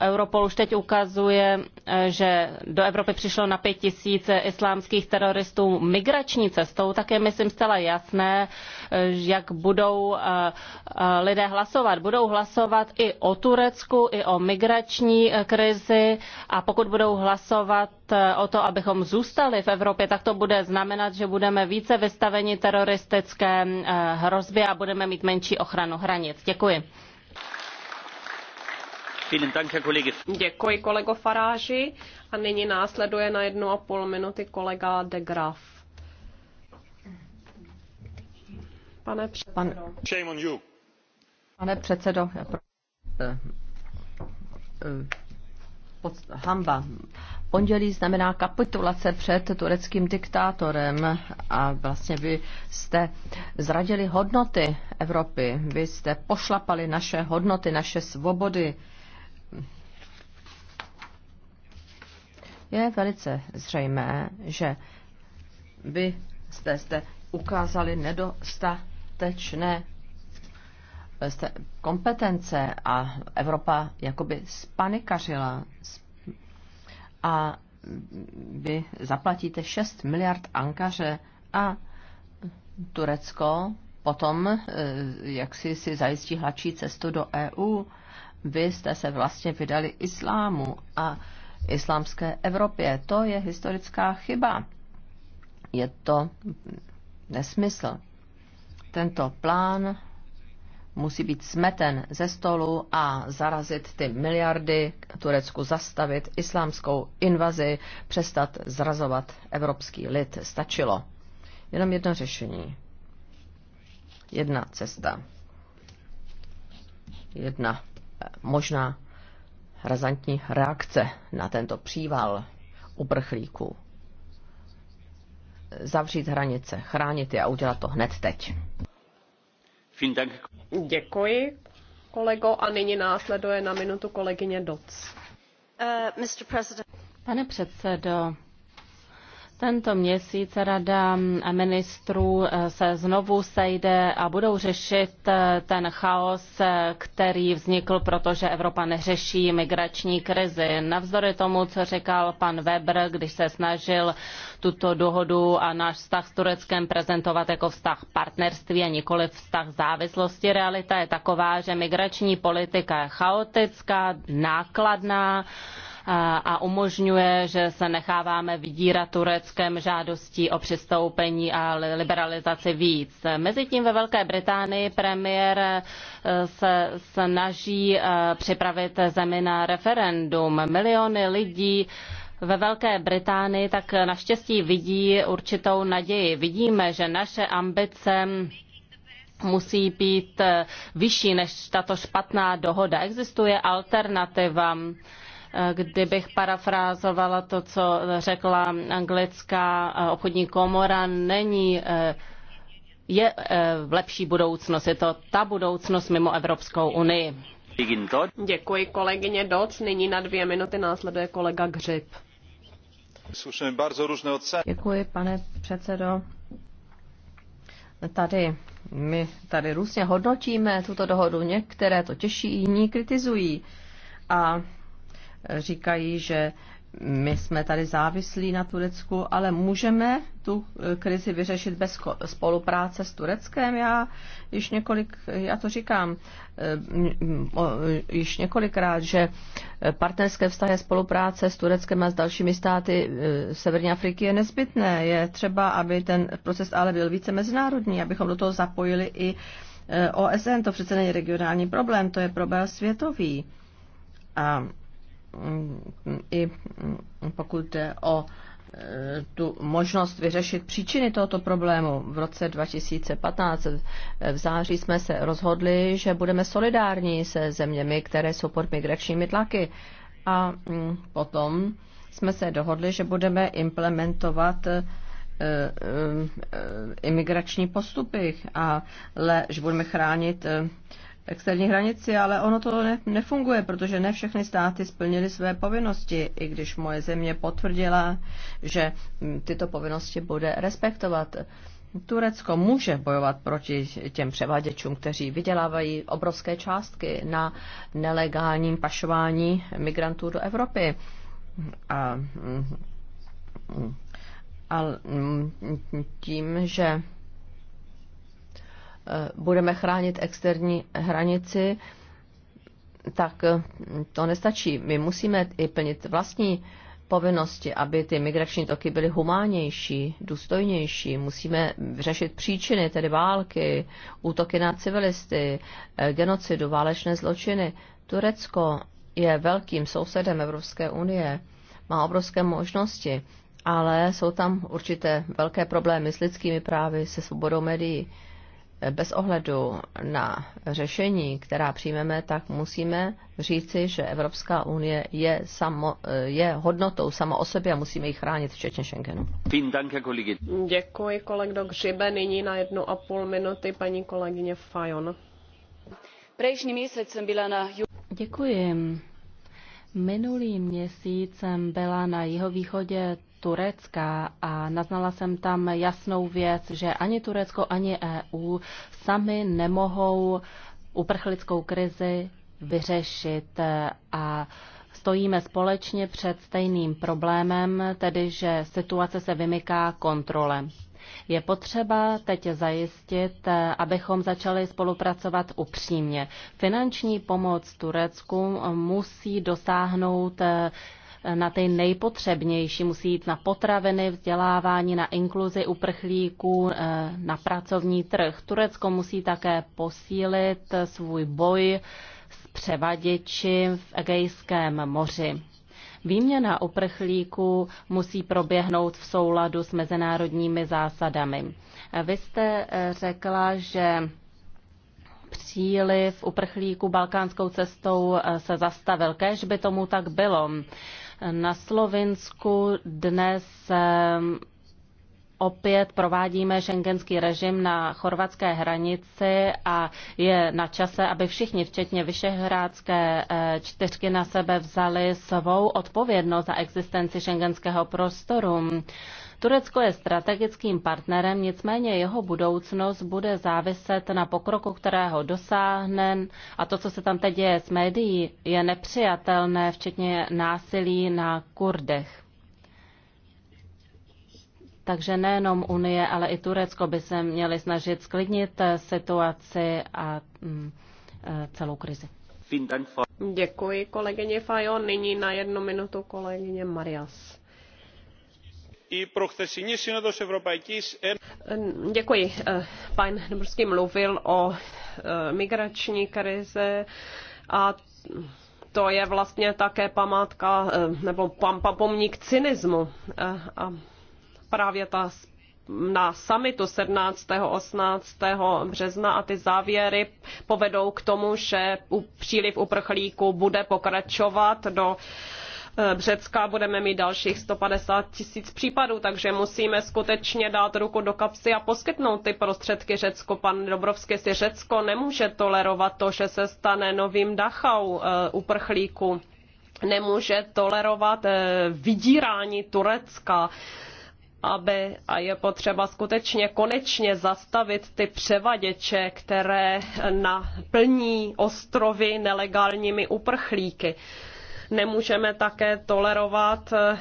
Europol už teď ukazuje, že do Evropy přišlo na pět tisíc islámských teroristů migrační cestou, tak je myslím zcela jasné, jak budou lidé hlasovat. Budou hlasovat i o Turecku, i o migrační krizi a a pokud budou hlasovat eh, o to, abychom zůstali v Evropě, tak to bude znamenat, že budeme více vystaveni teroristické eh, hrozbě a budeme mít menší ochranu hranic. Děkuji. Děkuji kolego Faráži a nyní následuje na jednu a půl minuty kolega de Graaf. Pane předsedo. Shame on you. pane předsedo, já pro, eh, hamba. Pondělí znamená kapitulace před tureckým diktátorem a vlastně vy jste zradili hodnoty Evropy, vy jste pošlapali naše hodnoty, naše svobody. Je velice zřejmé, že vy jste zde ukázali nedostatečné kompetence a Evropa jakoby spanikařila a vy zaplatíte 6 miliard ankaře a Turecko potom eh, jak si, si zajistí hladší cestu do EU. Vy jste se vlastně vydali islámu a islámské Evropě. To je historická chyba. Je to nesmysl. Tento plán musí být smeten ze stolu a zarazit ty miliardy, Turecku zastavit islámskou invazi, přestat zrazovat evropský lid. Stačilo. Jenom jedno řešení. Jedna cesta. Jedna eh, možná razantní reakce na tento příval uprchlíků. Zavřít hranice, chránit je a udělat to hned teď. Děkuji, kolego. A nyní následuje na minutu kolegyně Doc. Uh, Pane předsedo, tento měsíc Rada ministrů eh, se znovu sejde a budou řešit eh, ten chaos, eh, který vznikl, protože Evropa neřeší migrační krizi. Navzdory tomu, co říkal pan Weber, když se snažil tuto dohodu a náš vztah s Tureckem prezentovat jako vztah partnerství a nikoli vztah závislosti, realita je taková, že migrační politika je chaotická, nákladná, a umožňuje, že se necháváme vydírat tureckém žádostí o přistoupení a liberalizaci víc. Mezitím ve Velké Británii premiér e, se snaží e, připravit zemi na referendum. Miliony lidí ve Velké Británii tak naštěstí vidí určitou naději. Vidíme, že naše ambice musí být e, vyšší než tato špatná dohoda. Existuje alternativa Kdybych parafrázovala to, co řekla anglická obchodní komora, není eh, je eh, v lepší budoucnost, je to ta budoucnost mimo Evropskou unii. Děkuji kolegyně Doc, nyní na dvě minuty následuje kolega Gřib. Slyším různé Děkuji, pane předsedo. Tady my tady různě hodnotíme tuto dohodu. Některé to těší, jiní kritizují. A říkají, že my jsme tady závislí na Turecku, ale můžeme tu eh, krizi vyřešit bez spolupráce s Tureckem. Já již několik, já to říkám eh, již několikrát, že partnerské vztahy spolupráce s Tureckem a s dalšími státy eh, Severní Afriky je nezbytné. Je třeba, aby ten proces ale byl více mezinárodní, abychom do toho zapojili i OSN. To přece není regionální problém, to je problém světový. A i pokud jde o e, tu možnost vyřešit příčiny tohoto problému. V roce 2015 e, v září jsme se rozhodli, že budeme solidární se zeměmi, které jsou pod migračními tlaky. A mm, potom jsme se dohodli, že budeme implementovat e, imigrační postupy a že budeme chránit externí hranici, ale ono to ne, nefunguje, protože ne všechny státy splnily své povinnosti, i když moje země potvrdila, že mm, tyto povinnosti bude respektovat. Turecko může bojovat proti těm převaděčům, kteří vydělávají obrovské částky na nelegálním pašování migrantů do Evropy. A, mm, mm, a tím, že Eh, budeme chránit externí hranici, tak hm, to nestačí. My musíme i plnit vlastní povinnosti, aby ty migrační toky byly humánější, důstojnější. Musíme řešit příčiny, tedy války, útoky na civilisty, eh, genocidu, válečné zločiny. Turecko je velkým sousedem Evropské unie, má obrovské možnosti, ale jsou tam určité velké problémy s lidskými právy, se svobodou médií bez ohledu na řešení, která přijmeme, tak musíme říci, že Evropská unie je, samo, je hodnotou sama o sobě a musíme ji chránit, včetně Schengenu. Děkuji, kolego Gřibe. Nyní na jednu a půl minuty paní kolegyně Fajon. Prejšnji měsíc jsem byla na... Děkuji. Minulý měsíc jsem byla na jihovýchodě Turecka a naznala jsem tam jasnou věc, že ani Turecko, ani EU sami nemohou uprchlickou krizi vyřešit a stojíme společně před stejným problémem, tedy že situace se vymyká kontrole. Je potřeba teď zajistit, abychom začali spolupracovat upřímně. Finanční pomoc Turecku musí dosáhnout na ty nejpotřebnější. Musí jít na potraviny, vzdělávání, na inkluzi uprchlíků, eh, na pracovní trh. Turecko musí také posílit eh, svůj boj s převaděči v Egejském moři. Výměna uprchlíků musí proběhnout v souladu s mezinárodními zásadami. Eh, vy jste řekla, že příliv uprchlíků balkánskou cestou se zastavil. Kéž by tomu tak bylo. Na Slovinsku dnes ehm, opět provádíme šengenský režim na chorvatské hranici a je na čase, aby všichni, včetně Vyšehrádské eh, čtyřky, na sebe vzali svou odpovědnost za existenci šengenského prostoru. Turecko je strategickým partnerem, nicméně jeho budoucnost bude záviset na pokroku, kterého dosáhne a to, co se tam teď děje s médií, je nepřijatelné, včetně násilí na Kurdech. Takže nejenom Unie, ale i Turecko by se měly snažit sklidnit situaci a mm, e, celou krizi. Děkuji kolegyně Fajon. Nyní na jednu minutu kolegyně Marias. Eh, pan dombrovskis mluvil o eh, migrační krizi a to je vlastně také památka eh, nebo pomník cynismu. A právě ta na summitu 17. 18. března a ty závěry povedou k tomu, že příliv uprchlíků bude pokračovat do Eh, Řecka budeme mít dalších 150 tisíc případů, takže musíme skutečně dát ruku do kapsy a poskytnout ty prostředky Řecko, Pan Dobrovský si Řecko nemůže tolerovat to, že se stane novým Dachau eh, uprchlíků. Nemůže tolerovat eh, vydírání Turecka aby a je potřeba skutečně konečně zastavit ty převaděče, které naplní ostrovy nelegálními uprchlíky. Nemůžeme také tolerovat eh,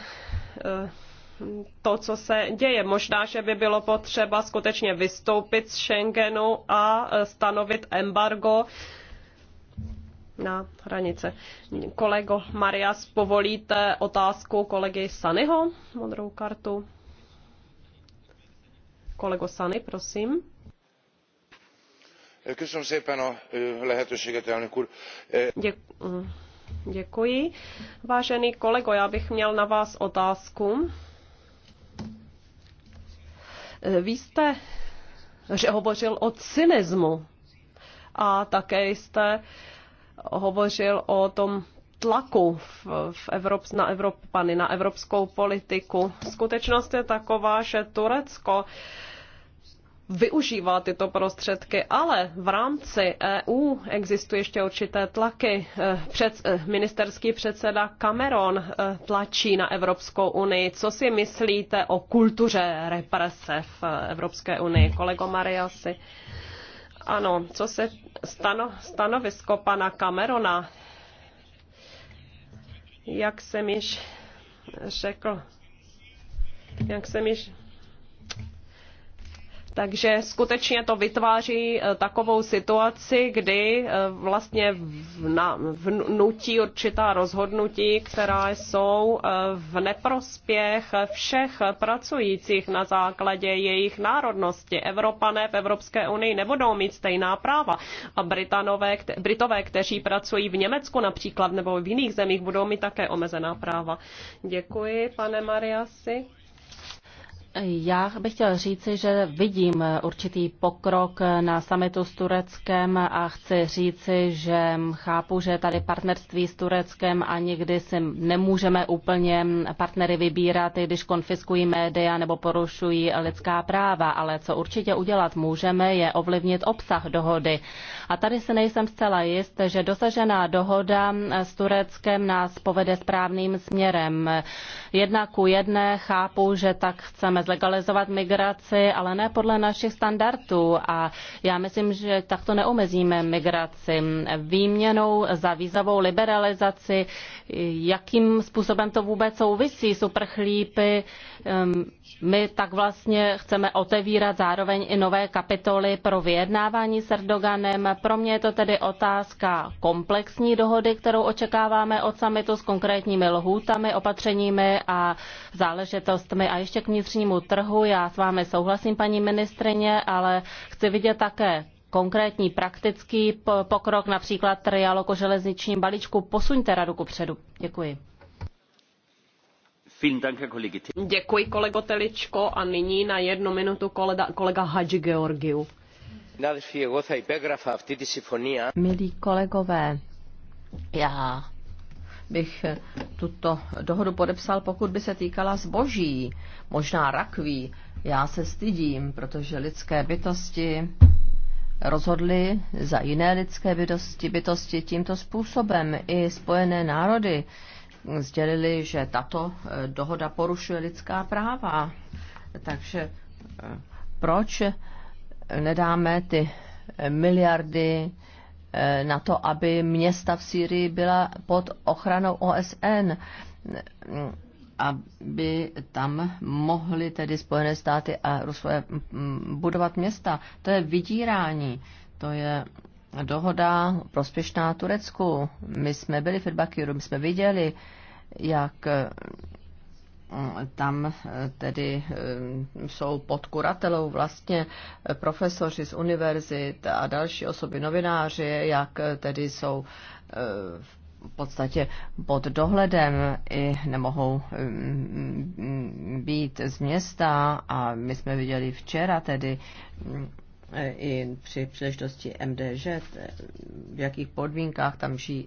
to, co se děje. Možná, že by bylo potřeba skutečně vystoupit z Schengenu a eh, stanovit embargo na hranice. Kolego Marias, povolíte otázku kolegy Sanyho? Modrou kartu. Kolego Sany, prosím. Eh, Děkuji Děkuji. Vážený kolego, já bych měl na vás otázku. Vy jste hovořil o cynismu a také jste hovořil o tom tlaku v, v Evrop, na Evropany, na evropskou politiku. Skutečnost je taková, že Turecko eh, využívá tyto prostředky, ale v rámci EU existují ještě určité tlaky. Eh, před, eh, ministerský předseda Cameron eh, tlačí na Evropskou unii. Co si myslíte o kultuře represe v Evropské unii? Kolego Mariasi. Ano, co se stano, stanovisko pana Camerona, jak jsem již řekl, jak jsem již takže skutečně to vytváří eh, takovou situaci, kdy eh, vlastně vnutí určitá rozhodnutí, která jsou eh, v neprospěch všech pracujících na základě jejich národnosti. Evropané v Evropské unii nebudou mít stejná práva a Britanové, Britové, kteří pracují v Německu například nebo v jiných zemích, budou mít také omezená práva. Děkuji, pane Mariasi. Já bych chtěl říci, že vidím určitý pokrok na sametu s Tureckem a chci říci, že chápu, že tady partnerství s Tureckem a nikdy si nemůžeme úplně partnery vybírat, i když konfiskují média nebo porušují lidská práva, ale co určitě udělat můžeme, je ovlivnit obsah dohody. A tady si nejsem zcela jist, že dosažená dohoda s Tureckem nás povede správným směrem. Jedna ku jedné chápu, že tak chceme zlegalizovat migraci, ale ne podle našich standardů. A já myslím, že takto neomezíme migraci. Výměnou za vízovou liberalizaci, jakým způsobem to vůbec souvisí s uprchlípy, my tak vlastně chceme otevírat zároveň i nové kapitoly pro vyjednávání s Erdoganem. Pro mě je to tedy otázka komplexní dohody, kterou očekáváme od samitu s konkrétními lhůtami, opatřeními a záležitostmi. A ještě k vnitřnímu vnitřnímu trhu. Já s vámi souhlasím, paní ministrině, ale chci vidět také konkrétní praktický pokrok, například trialog o železničním balíčku. Posuňte radu ku předu. Děkuji. Děkuji, kolego Teličko. A nyní na jednu minutu kolega, kolega Hadži Georgiu. Milí kolegové, já bych eh, tuto dohodu podepsal, pokud by se týkala zboží, možná rakví. Já se stydím, protože lidské bytosti rozhodly za jiné lidské bytosti, bytosti tímto způsobem. I Spojené národy sdělili, že tato eh, dohoda porušuje lidská práva. Takže eh, proč nedáme ty miliardy Eh, na to, aby města v Sýrii byla pod ochranou OSN, eh, aby tam mohly tedy Spojené státy a Rusové eh, mm, budovat města. To je vydírání, to je dohoda prospěšná Turecku. My jsme byli v Bakiru, my jsme viděli, jak tam eh, tedy eh, jsou pod kuratelou vlastně eh, profesoři z univerzit a další osoby, novináři, jak tedy jsou v podstatě pod dohledem i nemohou mm, mm, být z města a my jsme viděli včera tedy mm, i při příležitosti MDŽ, v jakých podmínkách tam žijí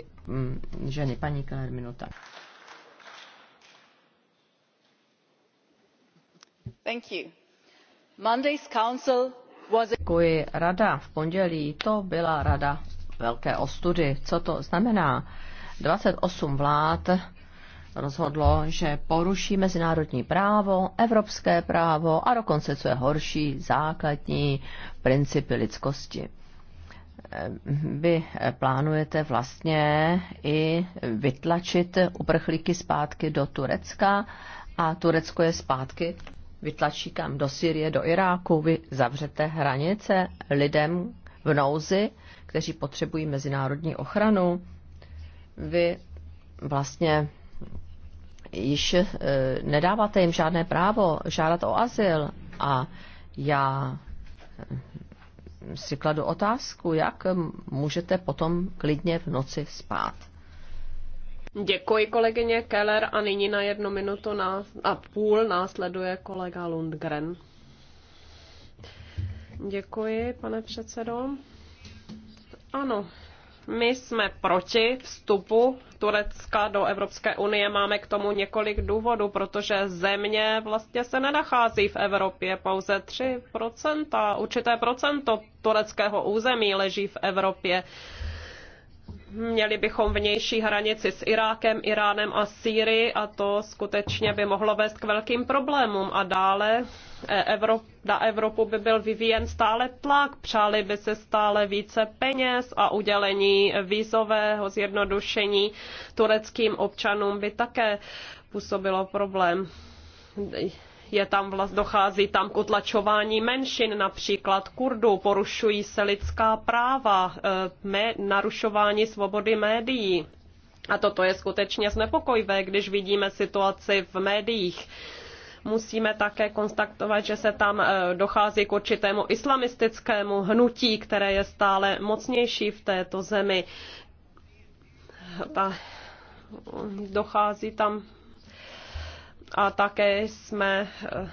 ženy. Paní Kalerminuta. minuta. Děkuji. Rada v pondělí, to byla rada velké ostudy. Co to znamená? 28 vlád rozhodlo, že poruší mezinárodní právo, evropské právo a dokonce, co je horší, základní principy lidskosti. Vy plánujete vlastně i vytlačit uprchlíky zpátky do Turecka a Turecko je zpátky vytlačí kam do Syrie, do Iráku, vy zavřete hranice lidem v nouzi, kteří potřebují mezinárodní ochranu. Vy vlastně již e, nedáváte jim žádné právo žádat o azyl a já e, si kladu otázku, jak můžete potom klidně v noci spát. Děkuji kolegyně Keller a nyní na jednu minutu na, a půl následuje kolega Lundgren. Děkuji, pane předsedo. Ano, my jsme proti vstupu Turecka do Evropské unie. Máme k tomu několik důvodů, protože země vlastně se nenachází v Evropě. Pouze 3%, určité procento tureckého území leží v Evropě. Měli bychom vnější hranici s Irákem, Iránem a Sýrií a to skutečně by mohlo vést k velkým problémům. A dále eh, Evropa na Evropu by byl vyvíjen stále tlak, přáli by se stále více peněz a udělení vízového zjednodušení tureckým občanům by také působilo problém je tam vlast, dochází tam k utlačování menšin, například Kurdů, porušují se lidská práva, eh, mé, narušování svobody médií. A toto je skutečně znepokojivé, když vidíme situaci v médiích musíme také konstatovat, že se tam eh, dochází k určitému islamistickému hnutí, které je stále mocnější v této zemi. Ta, dochází tam a také jsme eh,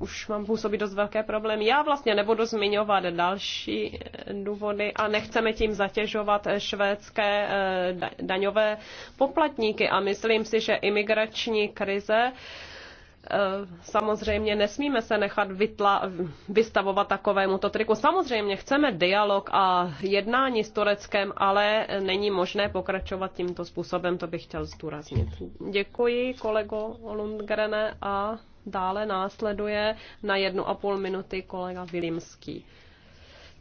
už mám působit dost velké problémy. Já vlastně nebudu zmiňovat další důvody a nechceme tím zatěžovat švédské eh, daňové poplatníky a myslím si, že imigrační krize Eh, samozřejmě nesmíme se nechat vytla, vystavovat takovému to triku. Samozřejmě chceme dialog a jednání s Tureckem, ale není možné pokračovat tímto způsobem, to bych chtěl zdůraznit. Děkuji kolego Lundgrene a dále následuje na jednu a půl minuty kolega Vilimský.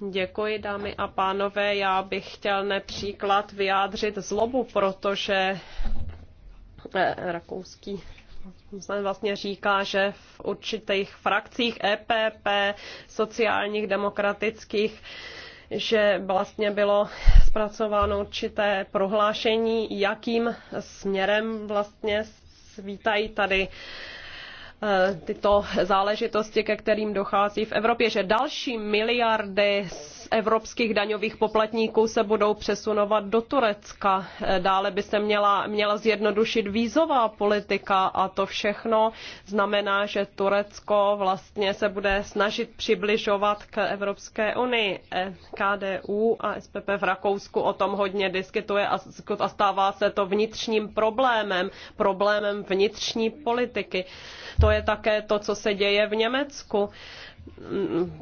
Děkuji, dámy a pánové. Já bych chtěl nepříklad vyjádřit zlobu, protože eh, rakouský vlastně říká, že v určitých frakcích EPP, sociálních demokratických, že vlastně bylo zpracováno určité prohlášení, jakým směrem vlastně svítají tady eh, tyto záležitosti, ke kterým dochází v Evropě, že další miliardy z evropských daňových poplatníků se budou přesunovat do Turecka. Dále by se měla, měla zjednodušit vízová politika a to všechno znamená, že Turecko vlastně se bude snažit přibližovat k Evropské unii. E KDU a SPP v Rakousku o tom hodně diskutuje a stává se to vnitřním problémem, problémem vnitřní politiky. To je také to, co se děje v Německu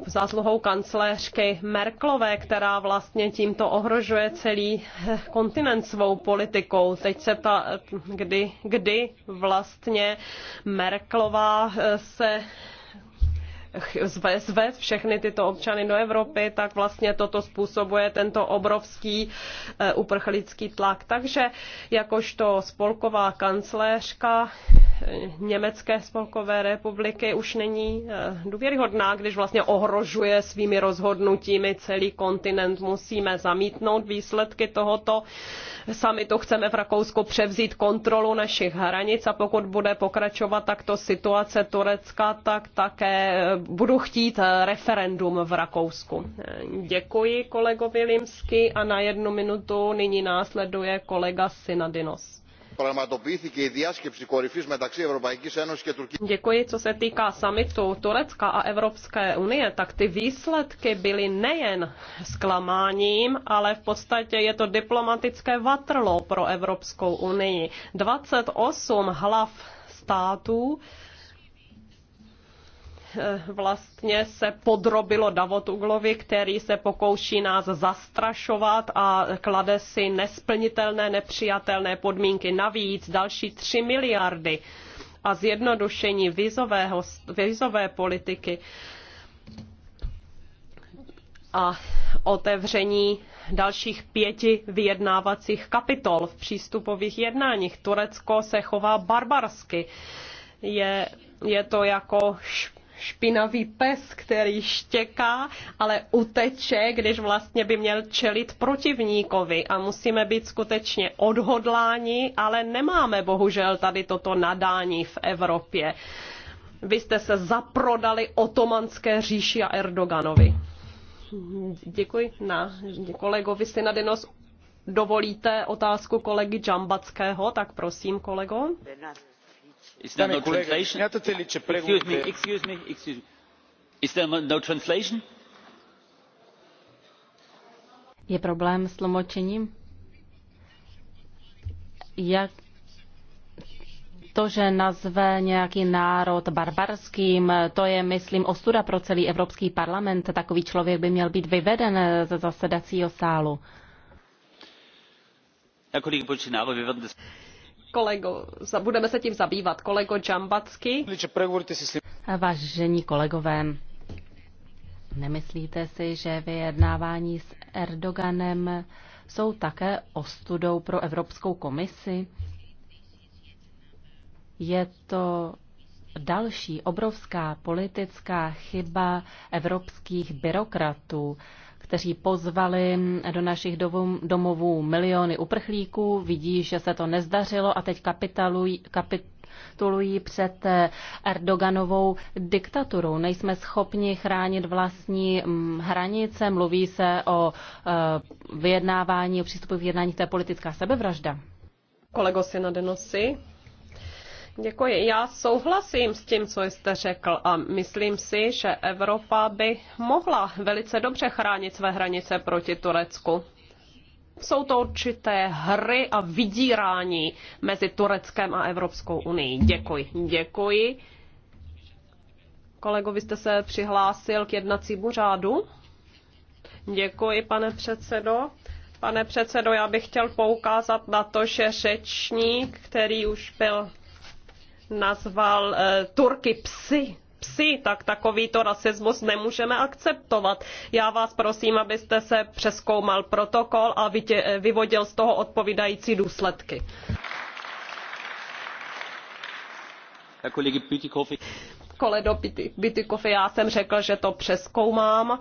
zásluhou kancléřky Merklové, která vlastně tímto ohrožuje celý kontinent svou politikou. Teď se ta, kdy, kdy vlastně Merklová se zve všechny tyto občany do Evropy, tak vlastně toto způsobuje tento obrovský eh, uprchlický tlak. Takže jakožto spolková kancléřka eh, Německé spolkové republiky už není eh, důvěryhodná, když vlastně ohrožuje svými rozhodnutími celý kontinent. Musíme zamítnout výsledky tohoto. Sami to chceme v Rakousku převzít kontrolu našich hranic a pokud bude pokračovat takto situace Turecka, tak také budu chtít eh, referendum v Rakousku. Eh, děkuji kolegovi Limsky a na jednu minutu nyní následuje kolega Synadinos. Děkuji, co se týká samitu Turecka a Evropské unie, tak ty výsledky byly nejen zklamáním, ale v podstatě je to diplomatické vatrlo pro Evropskou unii. 28 hlav států Eh, vlastně se podrobilo Uglovi, který se pokouší nás zastrašovat a klade si nesplnitelné, nepřijatelné podmínky. Navíc další 3 miliardy a zjednodušení vizového, vizové politiky a otevření dalších pěti vyjednávacích kapitol v přístupových jednáních. Turecko se chová barbarsky. Je, je to jako šp špinavý pes, který štěká, ale uteče, když vlastně by měl čelit protivníkovi a musíme být skutečně odhodláni, ale nemáme bohužel tady toto nadání v Evropě. Vy jste se zaprodali otomanské říši a Erdoganovi. Děkuji na kolegovi Synadinos. Dovolíte otázku kolegy Džambackého, tak prosím kolego. Is there no translation? Excuse me, excuse me, excuse me. Is there no translation? Je problém s tlumočením? Jak to, že nazve nějaký národ barbarským, to je, myslím, ostuda pro celý Evropský parlament. Takový člověk by měl být vyveden ze zasedacího sálu kolego, budeme se tím zabývat. Kolego Džambacky. Vážení kolegové, nemyslíte si, že vyjednávání s Erdoganem jsou také ostudou pro Evropskou komisi? Je to další obrovská politická chyba evropských byrokratů kteří pozvali do našich domovů miliony uprchlíků, vidí, že se to nezdařilo a teď kapitalují, kapit, tulují před Erdoganovou diktaturou. Nejsme schopni chránit vlastní mm, hranice. Mluví se o e, vyjednávání, o přístupu k jednání, to je politická sebevražda. Kolego Denosi, Děkuji. Já souhlasím s tím, co jste řekl a myslím si, že Evropa by mohla velice dobře chránit své hranice proti Turecku. Jsou to určité hry a vydírání mezi Tureckem a Evropskou unii. Děkuji. Děkuji. Kolego, vy jste se přihlásil k jednacímu řádu. Děkuji, pane předsedo. Pane předsedo, já bych chtěl poukázat na to, že řečník, který už byl nazval eh, Turky psy, psy, tak takovýto rasismus nemůžeme akceptovat. Já vás prosím, abyste se přeskoumal protokol a vytě, eh, vyvodil z toho odpovídající důsledky. Kolego Pitykofi, já jsem řekl, že to přeskoumám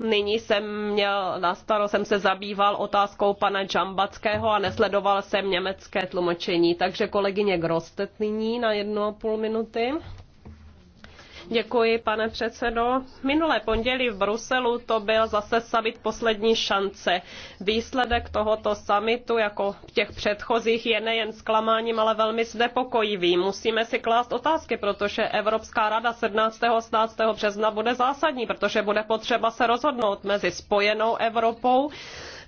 nyní jsem měl na starost, jsem se zabýval otázkou pana Džambackého a nesledoval jsem německé tlumočení. Takže kolegyně Grostet nyní na jednu a půl minuty. Děkuji, pane předsedo. Minulé pondělí v Bruselu to byl zase summit poslední šance. Výsledek tohoto summitu, jako těch předchozích, je nejen zklamáním, ale velmi znepokojivý. Musíme si klást otázky, protože Evropská rada 17. 18. března bude zásadní, protože bude potřeba se rozhodnout mezi spojenou Evropou,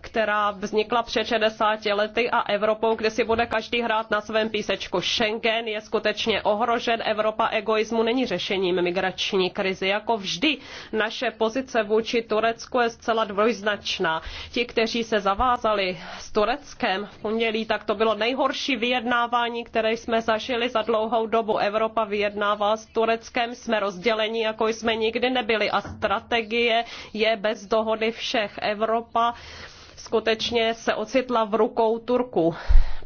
která vznikla před 60 lety a Evropou, kde si bude každý hrát na svém písečku. Schengen je skutečně ohrožen, Evropa egoismu není řešením migrační krizi. Jako vždy naše pozice vůči Turecku je zcela dvojznačná. Ti, kteří se zavázali s Tureckem v pondělí, tak to bylo nejhorší vyjednávání, které jsme zažili za dlouhou dobu. Evropa vyjednává s Tureckem, jsme rozděleni, jako jsme nikdy nebyli a strategie je bez dohody všech. Evropa skutečně se ocitla v rukou Turku.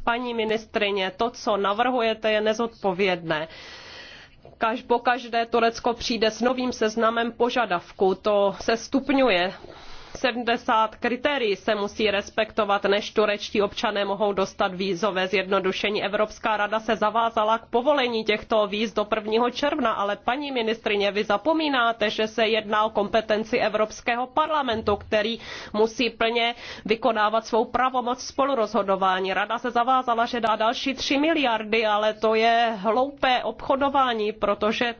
Paní ministrině, to, co navrhujete, je nezodpovědné kaž, pokaždé Turecko přijde s novým seznamem požadavků. To se stupňuje 70 kritérií se musí respektovat, než turečtí občané mohou dostat vízové zjednodušení. Evropská rada se zavázala k povolení těchto víz do 1. června, ale paní ministrině, vy zapomínáte, že se jedná o kompetenci Evropského parlamentu, který musí plně vykonávat svou pravomoc spolurozhodování. Rada se zavázala, že dá další 3 miliardy, ale to je hloupé obchodování, protože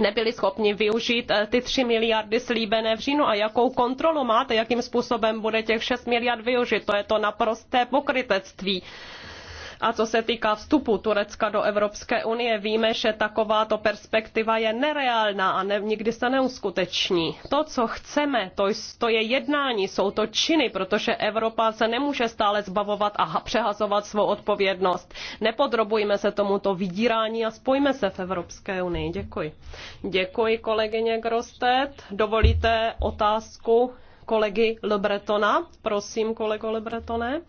nebyli schopni využít eh, ty 3 miliardy slíbené v říjnu a jakou kontrolu máte, jakým způsobem bude těch 6 miliard využit. To je to naprosté pokrytectví. A co se týká vstupu Turecka do Evropské unie, víme, že takováto perspektiva je nereálná a ne, nikdy se neuskuteční. To, co chceme, to, to je jednání, jsou to činy, protože Evropa se nemůže stále zbavovat a přehazovat svou odpovědnost. Nepodrobujme se tomuto vydírání a spojme se v Evropské unii. Děkuji. Děkuji kolegyně Grostet. Dovolíte otázku kolegy Lebretona? Prosím, kolego Lebretone.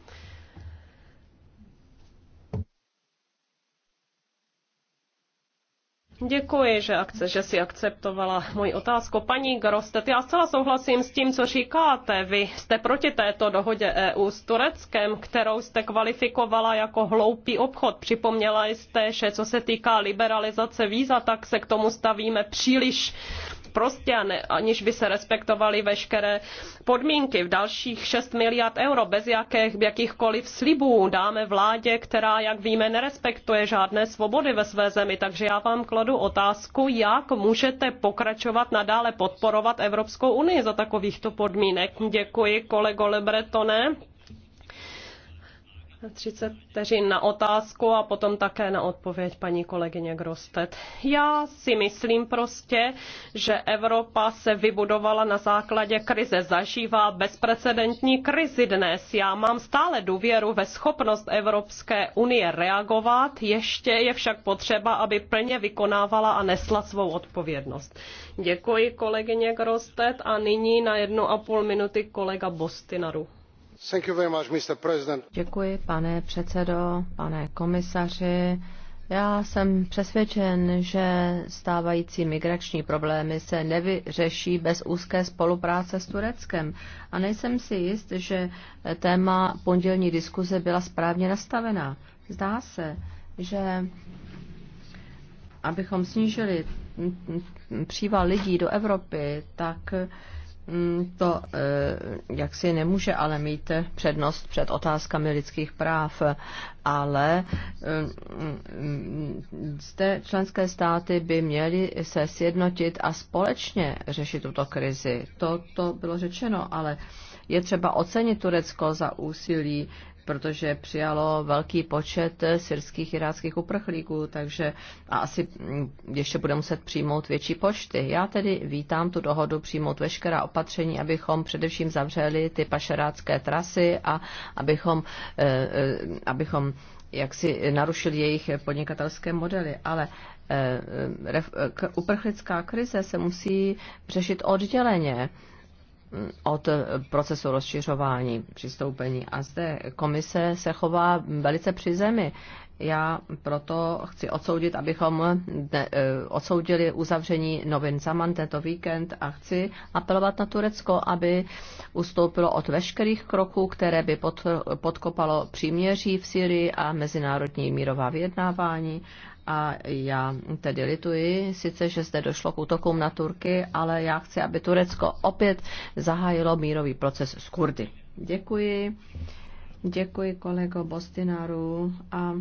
Děkuji, že, akce, že si akceptovala moji otázku. Paní Grostet, já zcela souhlasím s tím, co říkáte. Vy jste proti této dohodě EU s Tureckem, kterou jste kvalifikovala jako hloupý obchod. Připomněla jste, že co se týká liberalizace víza, tak se k tomu stavíme příliš prostě, a ne, aniž by se respektovaly veškeré podmínky. V dalších 6 miliard euro bez jakých, jakýchkoliv slibů dáme vládě, která, jak víme, nerespektuje žádné svobody ve své zemi. Takže já vám kladu otázku, jak můžete pokračovat nadále podporovat Evropskou unii za takovýchto podmínek. Děkuji, kolego Lebretone. 30 vteřin na otázku a potom také na odpověď paní kolegyně Grostet. Já si myslím prostě, že Evropa se vybudovala na základě krize, zažívá bezprecedentní krizi dnes. Já mám stále důvěru ve schopnost Evropské unie reagovat, ještě je však potřeba, aby plně vykonávala a nesla svou odpovědnost. Děkuji kolegyně Grostet a nyní na jednu a půl minuty kolega Bostinaru. Děkuji, pane předsedající pane komisaři. Já jsem přesvědčen, že stávající migrační problémy se nevyřeší bez úzké spolupráce s Tureckem. A nejsem si jist, že téma pondělní diskuse byla správně nastavená. Zdá se, že abychom snížili příval lidí do Evropy, tak Mm, to eh, jaksi nemůže ale mít přednost před otázkami lidských práv, ale eh, mm, zde členské státy by měly se sjednotit a společně řešit tuto krizi. To, to bylo řečeno, ale je třeba ocenit Turecko za úsilí protože přijalo velký počet syrských iráckých uprchlíků, takže a asi mm, ještě bude muset přijmout větší počty. Já tedy vítám tu dohodu přijmout veškerá opatření, abychom především zavřeli ty pašerácké trasy a abychom, eh, eh, abychom jak si narušili jejich podnikatelské modely, ale eh, uprchlická krize se musí řešit odděleně od procesu rozšiřování, přistoupení. A zde komise se chová velice při zemi. Já proto chci odsoudit, abychom ne, eh, odsoudili uzavření novin Zaman tento víkend a chci apelovat na Turecko, aby ustoupilo od veškerých kroků, které by pod, podkopalo příměří v Syrii a mezinárodní mírová vyjednávání a já tedy lituji, sice, že zde došlo k útokům na Turky, ale já chci, aby Turecko opět zahájilo mírový proces s Kurdy. Děkuji. Děkuji kolego Bostinaru. A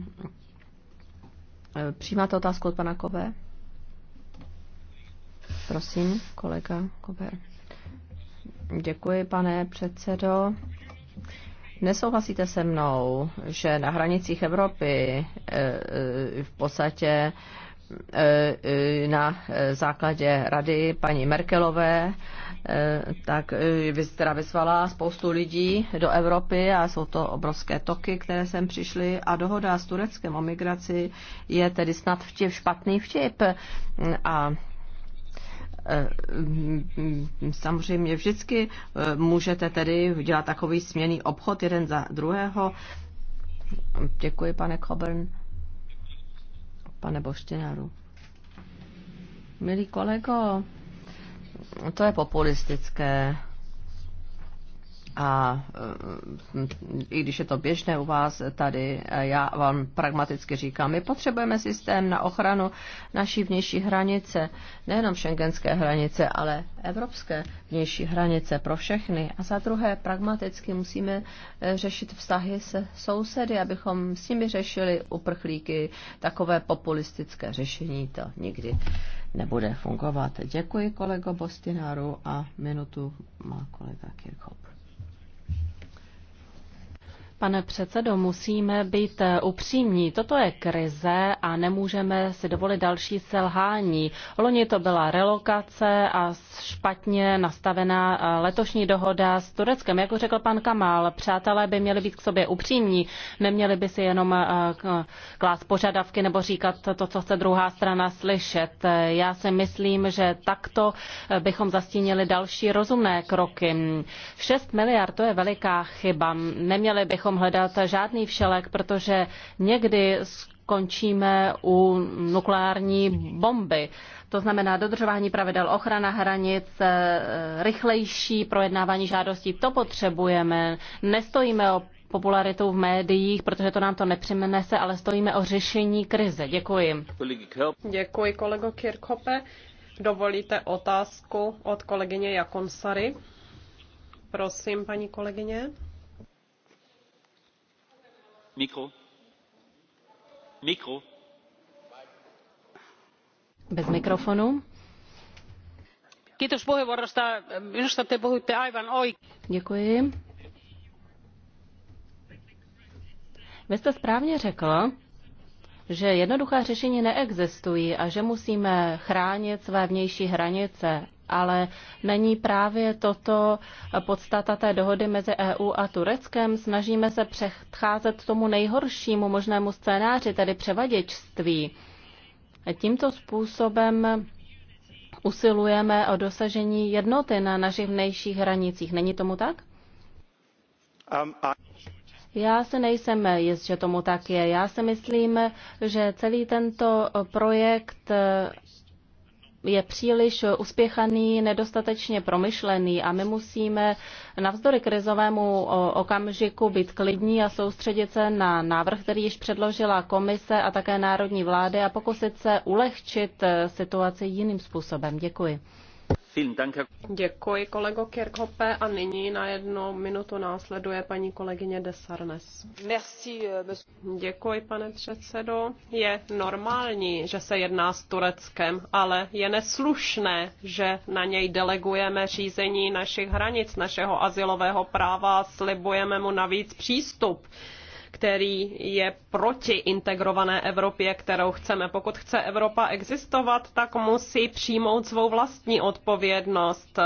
e, přijímáte otázku od pana Kové? Prosím, kolega Kové. Děkuji, pane předsedo. Nesouhlasíte se mnou, že na hranicích Evropy e, e, v podstatě e, na základě rady paní Merkelové, tak, která vyzvala spoustu lidí do Evropy a jsou to obrovské toky, které sem přišly a dohoda s Tureckem o migraci je tedy snad vtip, špatný vtip a Eh, samozřejmě vždycky eh, můžete tedy dělat takový směný obchod jeden za druhého. Děkuji, pane Coburn. Pane Boštinaru. Milý kolego, to je populistické a eh, i když je to běžné u vás tady, eh, já vám pragmaticky říkám, my potřebujeme systém na ochranu naší vnější hranice, nejenom šengenské hranice, ale evropské vnější hranice pro všechny. A za druhé, pragmaticky musíme eh, řešit vztahy se sousedy, abychom s nimi řešili uprchlíky. Takové populistické řešení to nikdy nebude fungovat. Děkuji kolego Bostináru a minutu má kolega Kirchhoff. Pane předsedo, musíme být eh, upřímní. Toto je krize a nemůžeme si dovolit další selhání. Loni to byla relokace a špatně nastavená eh, letošní dohoda s Tureckem. Jako řekl pan Kamal, přátelé by měli být k sobě upřímní, neměli by si jenom eh, klást požadavky nebo říkat to, co chce druhá strana slyšet. Já si myslím, že takto bychom zastínili další rozumné kroky. 6 miliard to je veliká chyba. Neměli bychom bychom hledat žádný všelek, protože někdy skončíme u nukleární bomby. To znamená dodržování pravidel, ochrana hranic, eh, rychlejší projednávání žádostí. To potřebujeme. Nestojíme o popularitu v médiích, protože to nám to nepřimenese, ale stojíme o řešení krize. Děkuji. Děkuji, kolego Kirchhope. Dovolíte otázku od kolegyně Jakonsary. Prosím, paní kolegyně. Bez mikrofonu. Kiitos puheenvuorosta. Minusta te puhuitte aivan oikein. Děkuji. Vy jste správně řekl, že jednoduchá řešení neexistují a že musíme chránit své vnější hranice ale není právě toto podstata té dohody mezi EU a Tureckem? Snažíme se předcházet tomu nejhoršímu možnému scénáři, tedy převaděčství. Tímto způsobem usilujeme o dosažení jednoty na našich vnějších hranicích. Není tomu tak? Um, I... Já se nejsem jist, že tomu tak je. Já si myslím, že celý tento projekt je příliš uspěchaný, nedostatečně promyšlený a my musíme navzdory krizovému okamžiku být klidní a soustředit se na návrh, který již předložila komise a také národní vlády a pokusit se ulehčit eh, situaci jiným způsobem. Děkuji. Děkuji, kolego Kirkhope. A nyní na jedno minutu následuje paní kolegyně Desarnes. Eh, Děkuji, pane předsedo. Je normální, že se jedná s Tureckem, ale je neslušné, že na něj delegujeme řízení našich hranic, našeho asilového práva a slibujeme mu navíc přístup který je proti integrované Evropě, kterou chceme. Pokud chce Evropa existovat, tak musí přijmout svou vlastní odpovědnost,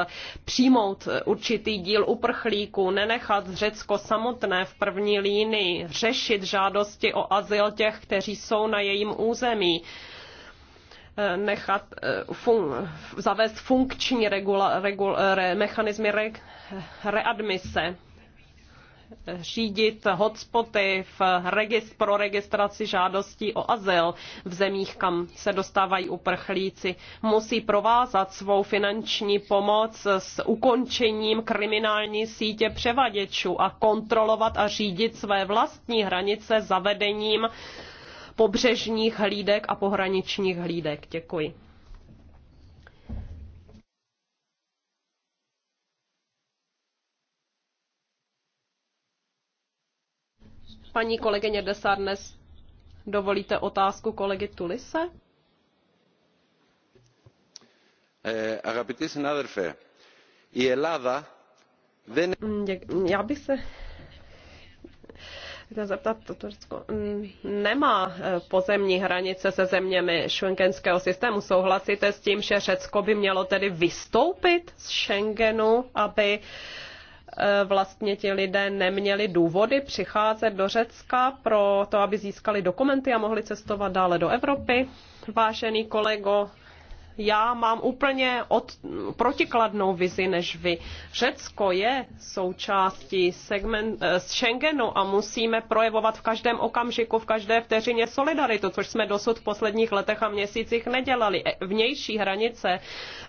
přijmout určitý díl uprchlíků, nenechat Řecko samotné v první línii, řešit žádosti o azyl těch, kteří jsou na jejím území nechat eh, fun, zavést funkční regula, regula, re, mechanizmy re, readmise řídit hotspoty v regist- pro registraci žádostí o azyl v zemích, kam se dostávají uprchlíci. Musí provázat svou finanční pomoc s ukončením kriminální sítě převaděčů a kontrolovat a řídit své vlastní hranice zavedením pobřežních hlídek a pohraničních hlídek. Děkuji. Paní kolegyně Desarnes, dovolíte otázku kolegy Tulise? Eh, I mm, Já bych se chtěl zeptat, to Turecko mm, nemá eh, pozemní hranice se zeměmi šengenského systému. Souhlasíte s tím, že Řecko by mělo tedy vystoupit z Schengenu, aby uh, E, vlastně ti lidé neměli důvody přicházet do Řecka pro to, aby získali dokumenty a mohli cestovat dále do Evropy. Vážený kolego, já mám úplně od, protikladnou vizi než vy. Řecko je součástí segment, z eh, Schengenu a musíme projevovat v každém okamžiku, v každé vteřině solidaritu, což jsme dosud v posledních letech a měsících nedělali. E, vnější hranice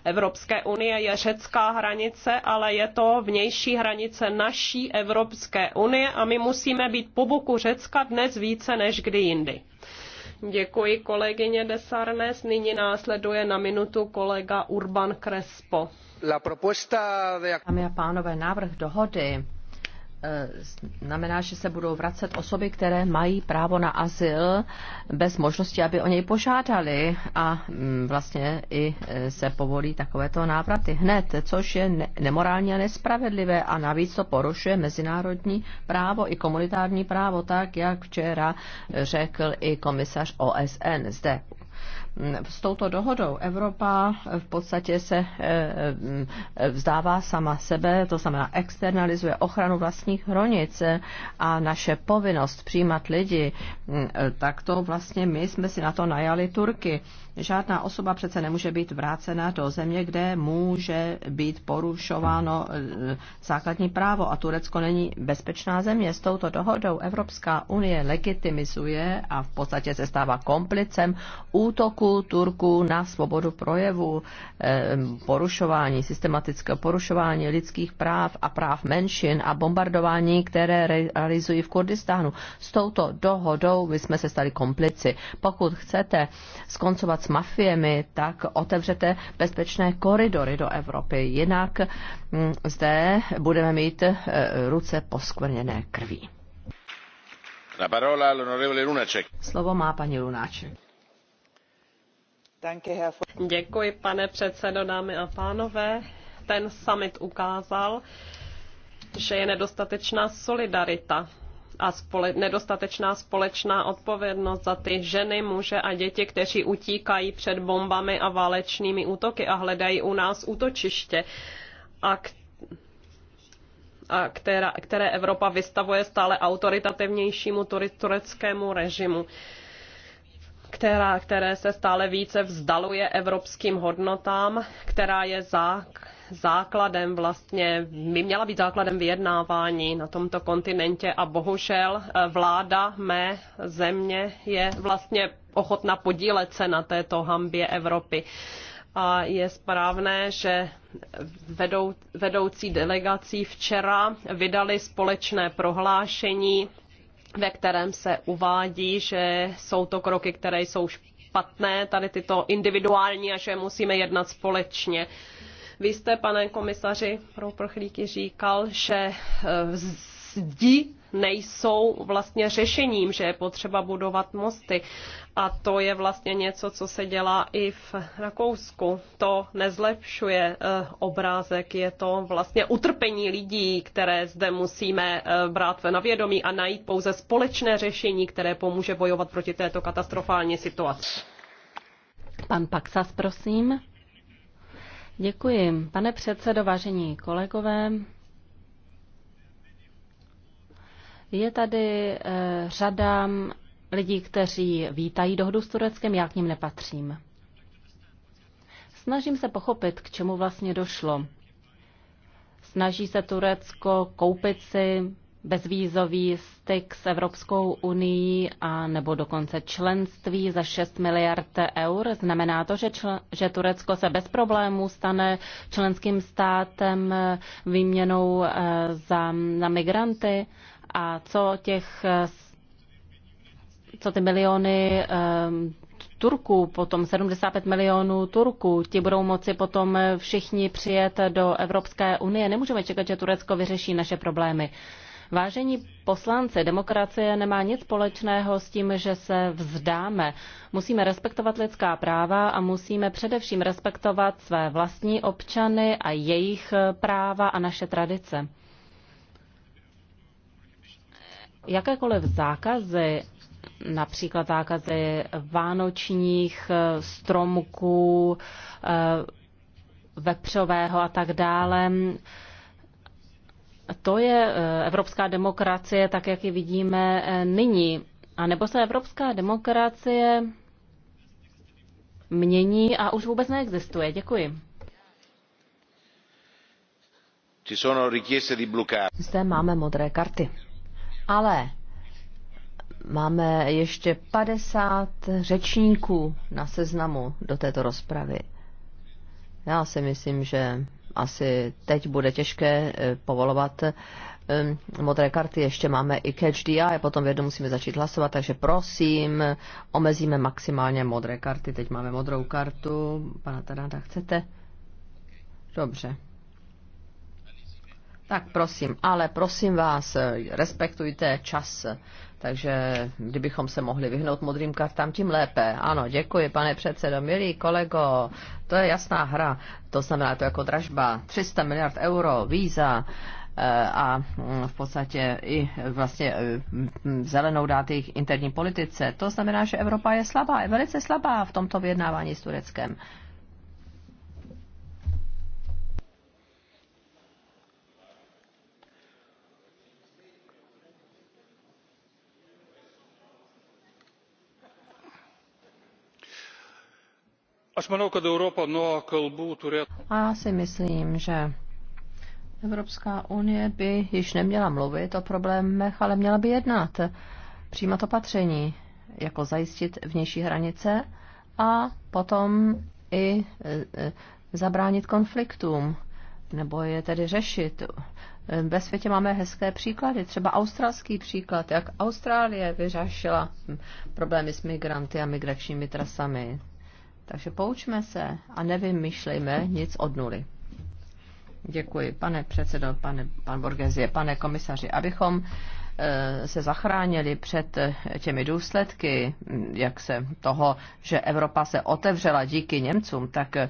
Evropské unie je řecká hranice, ale je to vnější hranice naší Evropské unie a my musíme být po boku Řecka dnes více než kdy jindy. Děkuji kolegyně Desarnes. Nyní následuje na minutu kolega Urban Crespo. La propuesta de... Dámy a pánové, návrh dohody Eh, znamená, že se budou vracet osoby, které mají právo na azyl bez možnosti, aby o něj požádali a mm, vlastně i eh, se povolí takovéto návraty hned, což je ne- nemorální a nespravedlivé a navíc to porušuje mezinárodní právo i komunitární právo, tak jak včera řekl i komisař OSN zde s touto dohodou Evropa v podstatě se eh, eh, vzdává sama sebe, to znamená externalizuje ochranu vlastních hranic a naše povinnost přijímat lidi, mm, eh, tak to vlastně my jsme si na to najali Turky žádná osoba přece nemůže být vrácena do země, kde může být porušováno eh, základní právo a Turecko není bezpečná země. S touto dohodou Evropská unie legitimizuje a v podstatě se stává komplicem útoku Turků na svobodu projevu, eh, porušování, systematického porušování lidských práv a práv menšin a bombardování, které realizují v Kurdistánu. S touto dohodou my jsme se stali komplici. Pokud chcete skoncovat s mafiemi, tak otevřete bezpečné koridory do Evropy. Jinak mm, zde budeme mít eh, ruce poskvrněné krví. La parola all'onorevole Lunacek. Slovo má paní Lunáček. Děkuji, pane předsedo, dámy a pánové. Ten summit ukázal, že je nedostatečná solidarita a spole, nedostatečná společná odpovědnost za ty ženy, muže a děti, kteří utíkají před bombami a válečnými útoky a hledají u nás útočiště. A k, a která, které Evropa vystavuje stále autoritativnějšímu tureckému režimu která, které se stále více vzdaluje evropským hodnotám, která je zák, základem vlastně, by měla být základem vyjednávání na tomto kontinentě a bohužel eh, vláda mé země je vlastně ochotna podílet se na této hambě Evropy. A je správné, že vedou, vedoucí delegací včera vydali společné prohlášení, ve kterém se uvádí, že jsou to kroky, které jsou špatné, tady tyto individuální a že musíme jednat společně. Uh, vy jste, pane komisaři pro prchlíky, říkal, že eh, zdi nejsou vlastně řešením, že je potřeba budovat mosty. A to je vlastně něco, co se dělá i v Rakousku. To nezlepšuje eh, obrázek, je to vlastně utrpení lidí, které zde musíme eh, brát na vědomí a najít pouze společné řešení, které pomůže bojovat proti této katastrofální situaci. Pan Paxas, prosím. Děkuji. Pane předsedo, vážení kolegové, je tady eh, řada lidí, kteří vítají dohodu s Tureckem, já k ním nepatřím. Snažím se pochopit, k čemu vlastně došlo. Snaží se Turecko koupit si bezvízový styk s Evropskou unii a nebo dokonce členství za 6 miliard eur. Znamená to, že, čl- že Turecko se bez problémů stane členským státem eh, výměnou eh, za, za migranty a co těch eh, co ty miliony um, Turků, potom 75 milionů Turků, ti budou moci potom všichni přijet do Evropské unie. Nemůžeme čekat, že Turecko vyřeší naše problémy. Vážení poslanci, demokracie nemá nic společného s tím, že se vzdáme. Musíme respektovat lidská práva a musíme především respektovat své vlastní občany a jejich práva a naše tradice. Jakékoliv zákazy například zákazy vánočních eh, stromků, eh, vepřového a tak dále, to je e, evropská demokracie, tak jak ji vidíme e, nyní. A nebo se evropská demokracie mění a už vůbec neexistuje. Děkuji. Zde máme modré karty. Ale máme ještě 50 řečníků na seznamu do této rozpravy. Já si myslím, že asi teď bude těžké eh, povolovat eh, modré karty, ještě máme i catch DI, a potom v musíme začít hlasovat, takže prosím, omezíme maximálně modré karty. Teď máme modrou kartu, pana Taráda, chcete? Dobře. Tak prosím, ale prosím vás, eh, respektujte čas takže kdybychom se mohli vyhnout modrým kartám, tím lépe. Ano, děkuji, pane předsedo. Milý kolego, to je jasná hra. To znamená to jako dražba. 300 miliard euro, víza eh, a mm, v podstatě i vlastně eh, mm, zelenou dát jejich interní politice. To znamená, že Evropa je slabá, je velice slabá v tomto vyjednávání s Tureckem. A já si myslím, že Evropská unie by již neměla mluvit o problémech, ale měla by jednat, přijímat opatření, jako zajistit vnější hranice a potom i e, e, zabránit konfliktům, nebo je tedy řešit. E, ve světě máme hezké příklady, třeba australský příklad, jak Austrálie vyřešila problémy s migranty a migračními trasami. Takže poučme se a nevymyšlejme nic od nuly. Děkuji, pane předsedo, pane, pan Borgezie, pane komisaři. Abychom eh, se zachránili před eh, těmi důsledky, hm, jak se toho, že Evropa se otevřela díky Němcům, tak eh,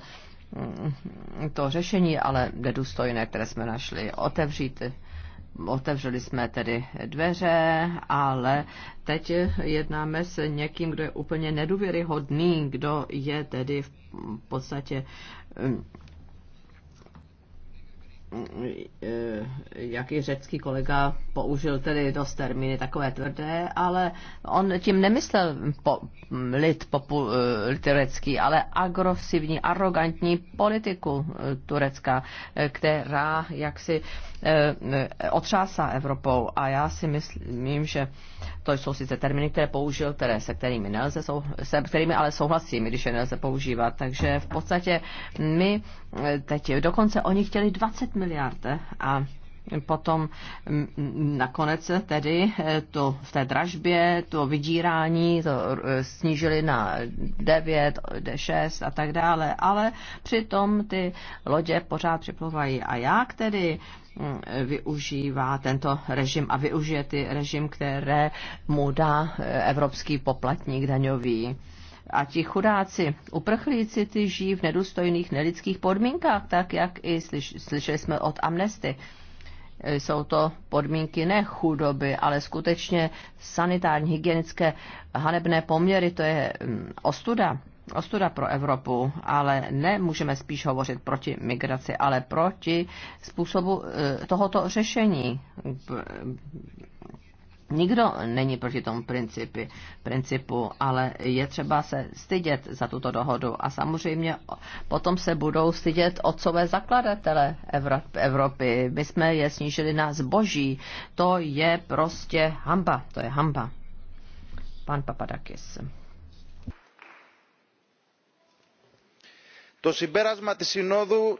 hm, to řešení ale nedůstojné, které jsme našli, otevřít otevřeli jsme tedy dveře, ale teď jednáme s někým, kdo je úplně nedůvěryhodný, kdo je tedy v podstatě hm, Eh, jak i řecký kolega použil tedy dost termíny takové tvrdé, ale on tím nemyslel po, lid popul, eh, turecký, ale agresivní, arrogantní politiku eh, Turecka, která jaksi otřásá Evropou. A já si myslím, že to jsou sice termíny, které použil, které se kterými nelze, sou, se kterými ale souhlasím, když je nelze používat. Takže v podstatě my teď dokonce oni chtěli 20 milionů miliard. A potom mm, mm, nakonec tedy eh, to v té dražbě, to vydírání to eh, snížili na 9, 6 a tak dále, ale přitom ty lodě pořád připlouvají. A jak tedy mm, využívá tento režim a využije ty režim, které mu dá eh, evropský poplatník daňový? A ti chudáci uprchlíci ty žijí v nedůstojných nelidských podmínkách, tak jak i slyš, slyšeli jsme od Amnesty. E, jsou to podmínky ne chudoby, ale skutečně sanitární, hygienické, hanebné poměry, to je mm, ostuda ostuda pro Evropu, ale nemůžeme spíš hovořit proti migraci, ale proti způsobu e, tohoto řešení. Nikdo není proti tomu principi, principu, ale je třeba se stydět za tuto dohodu. A samozřejmě potom se budou stydět otcové zakladatele Evropy. My jsme je snížili na zboží. To je prostě hamba. To je hamba. Pan Papadakis. To συμπέρασμα της Συνόδου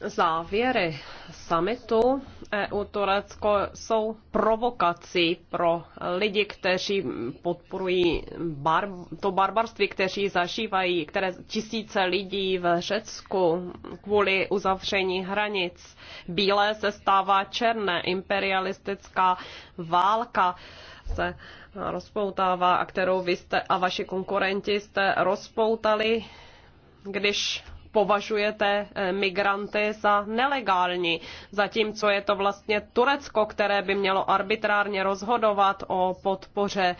Závěry summitu EU-Turecko jsou provokací pro lidi, kteří podporují bar- to barbarství, kteří zažívají, které tisíce lidí v Řecku kvůli uzavření hranic. Bílé se stává černé, imperialistická válka se rozpoutává a kterou vy jste a vaši konkurenti jste rozpoutali, když považujete eh, migranty za nelegální, zatímco je to vlastně Turecko, které by mělo arbitrárně rozhodovat o podpoře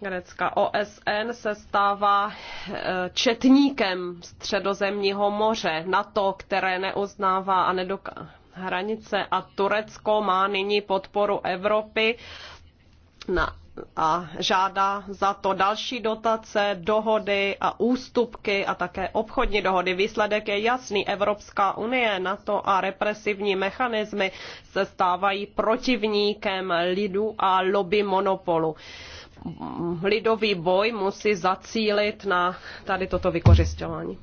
Grecka. OSN se stává eh, četníkem středozemního moře, NATO, které neuznává a nedoká hranice a Turecko má nyní podporu Evropy na a žádá za to další dotace, dohody a ústupky a také obchodní dohody. Výsledek je jasný. Evropská unie, NATO a represivní mechanismy se stávají protivníkem lidu a lobby monopolu. Lidový boj musí zacílit na tady toto vykořišťování.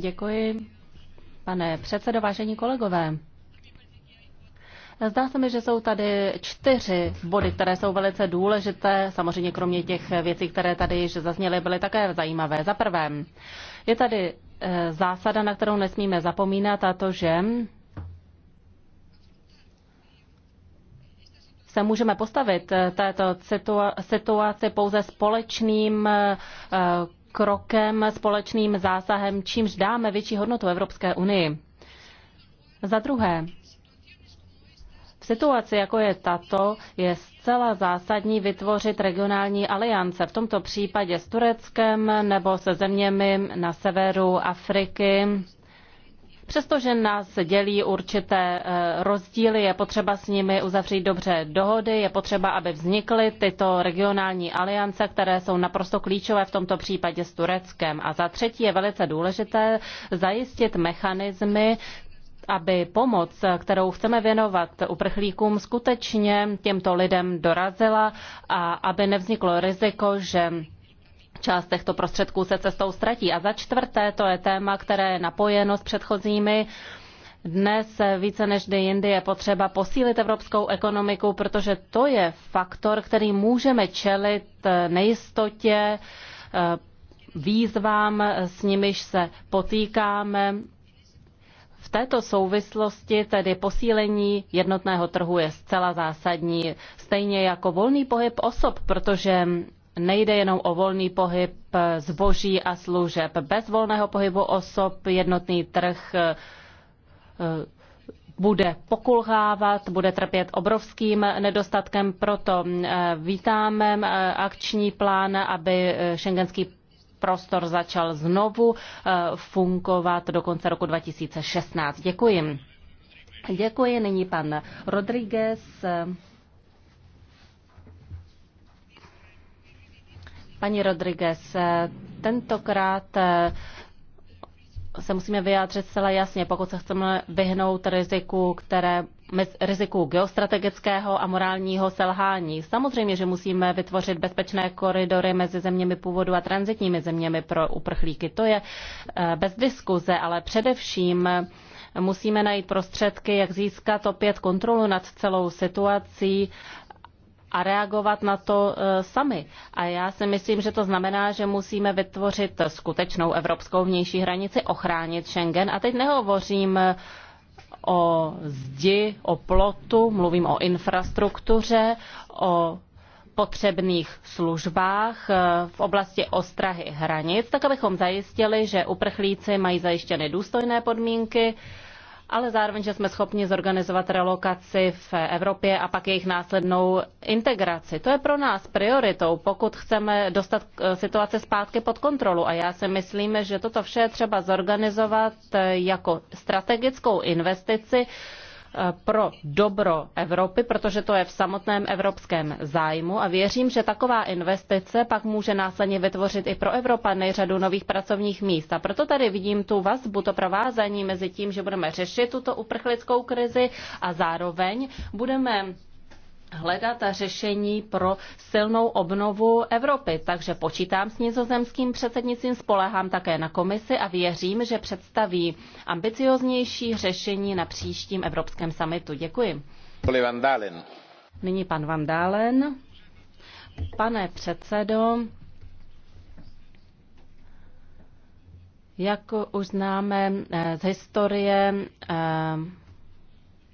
Děkuji. Pane předsedo, vážení kolegové, Zdá se mi, že jsou tady čtyři body, které jsou velice důležité. Samozřejmě kromě těch věcí, které tady již zazněly, byly také zajímavé. Za prvé, je tady eh, zásada, na kterou nesmíme zapomínat, a to, že se můžeme postavit eh, této situaci pouze společným eh, krokem, společným zásahem, čímž dáme větší hodnotu Evropské unii. Za druhé, v situaci, jako je tato, je zcela zásadní vytvořit regionální aliance, v tomto případě s Tureckem nebo se zeměmi na severu Afriky. Přestože nás dělí určité eh, rozdíly, je potřeba s nimi uzavřít dobře dohody, je potřeba, aby vznikly tyto regionální aliance, které jsou naprosto klíčové v tomto případě s Tureckem. A za třetí je velice důležité zajistit mechanismy, aby pomoc, kterou chceme věnovat uprchlíkům, skutečně těmto lidem dorazila a aby nevzniklo riziko, že Část těchto prostředků se cestou ztratí. A za čtvrté, to je téma, které je napojeno s předchozími. Dnes více než kdy jindy je potřeba posílit evropskou ekonomiku, protože to je faktor, který můžeme čelit nejistotě, eh, výzvám, s nimiž se potýkáme této souvislosti tedy posílení jednotného trhu je zcela zásadní, stejně jako volný pohyb osob, protože nejde jenom o volný pohyb zboží a služeb. Bez volného pohybu osob jednotný trh eh, eh, bude pokulhávat, bude trpět obrovským nedostatkem. Proto eh, vítáme akční plán, aby šengenský prostor začal znovu eh, fungovat do konce roku 2016. Děkuji. Děkuji. Nyní pan Rodriguez. Paní Rodriguez, tentokrát eh, se musíme vyjádřit zcela jasně, pokud se chceme vyhnout riziku, které riziku geostrategického a morálního selhání. Samozřejmě, že musíme vytvořit bezpečné koridory mezi zeměmi původu a transitními zeměmi pro uprchlíky. To je eh, bez diskuze, ale především eh, musíme najít prostředky, jak získat opět kontrolu nad celou situací a reagovat na to eh, sami. A já si myslím, že to znamená, že musíme vytvořit skutečnou evropskou vnější hranici, ochránit Schengen. A teď nehovořím o zdi, o plotu, mluvím o infrastruktuře, o potřebných službách eh, v oblasti ostrahy hranic, tak abychom zajistili, že uprchlíci mají zajištěny důstojné podmínky, ale zároveň, že jsme schopni zorganizovat relokaci v Evropě a pak jejich následnou integraci. To je pro nás prioritou, pokud chceme dostat eh, situaci zpátky pod kontrolu. A já si myslím, že toto vše je třeba zorganizovat eh, jako strategickou investici, pro dobro Evropy, protože to je v samotném evropském zájmu a věřím, že taková investice pak může následně vytvořit i pro Evropany řadu nových pracovních míst. A proto tady vidím tu vazbu, to provázání mezi tím, že budeme řešit tuto uprchlickou krizi a zároveň budeme hledat řešení pro silnou obnovu Evropy. Takže počítám s nizozemským předsednicím, spolehám také na komisi a věřím, že představí ambicioznější řešení na příštím Evropském samitu. Děkuji. Nyní pan Van Dalen. Pane předsedo, jak už známe z historie, eh,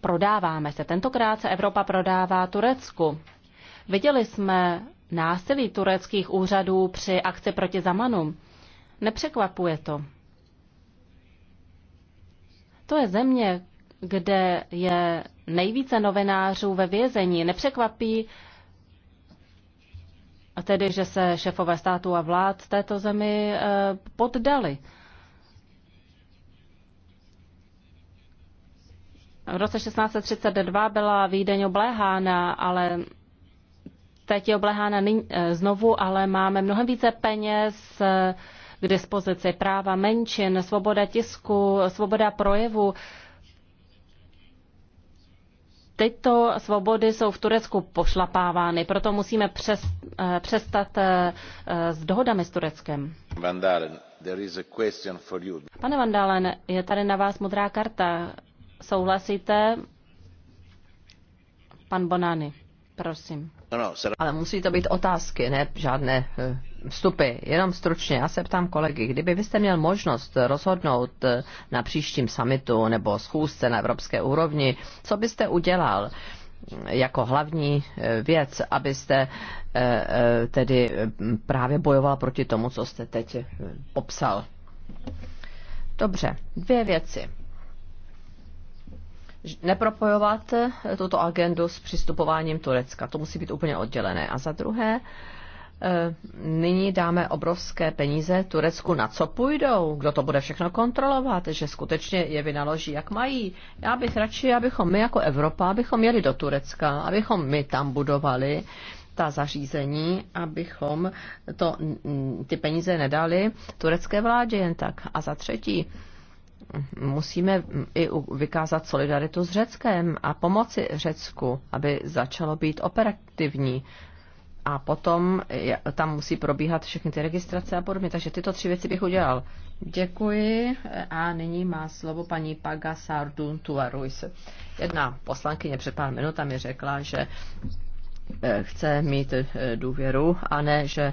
prodáváme se. Tentokrát se Evropa prodává Turecku. Viděli jsme násilí tureckých úřadů při akci proti Zamanu. Nepřekvapuje to. To je země, kde je nejvíce novinářů ve vězení. Nepřekvapí tedy, že se šefové státu a vlád této zemi eh, poddali. V roce 1632 byla Vídeň obléhána, ale teď je obléhána eh, znovu, ale máme mnohem více peněz eh, k dispozici. Práva menšin, svoboda tisku, svoboda projevu. Tyto svobody jsou v Turecku pošlapávány, proto musíme přes, eh, přestat s dohodami s Tureckem. Van Dalen, Pane Vandalen, je tady na vás modrá karta. Souhlasíte? Pan Bonany, prosím. No, no, Ale musí to být otázky, ne žádné eh, vstupy. Jenom stručně, já se ptám kolegy, kdyby vy jste měl možnost rozhodnout eh, na příštím summitu nebo schůzce na evropské úrovni, co byste udělal? Mm, jako hlavní eh, věc, abyste tedy mm, právě bojoval proti tomu, co jste teď popsal. Dobře, dvě věci nepropojovat eh, tuto agendu s přistupováním Turecka. To musí být úplně oddělené. A za druhé, eh, nyní dáme obrovské peníze Turecku, na co půjdou, kdo to bude všechno kontrolovat, že skutečně je vynaloží, jak mají. Já bych radši, abychom my jako Evropa, abychom jeli do Turecka, abychom my tam budovali ta zařízení, abychom to, mm, ty peníze nedali turecké vládě jen tak. A za třetí, musíme i vykázat solidaritu s Řeckem a pomoci Řecku, aby začalo být operativní. A potom tam musí probíhat všechny ty registrace a podobně. Takže tyto tři věci bych udělal. Děkuji. A nyní má slovo paní Paga Sardun Tuaruis. Jedna poslankyně před pár minutami mi řekla, že eh, chce mít eh, důvěru a ne, že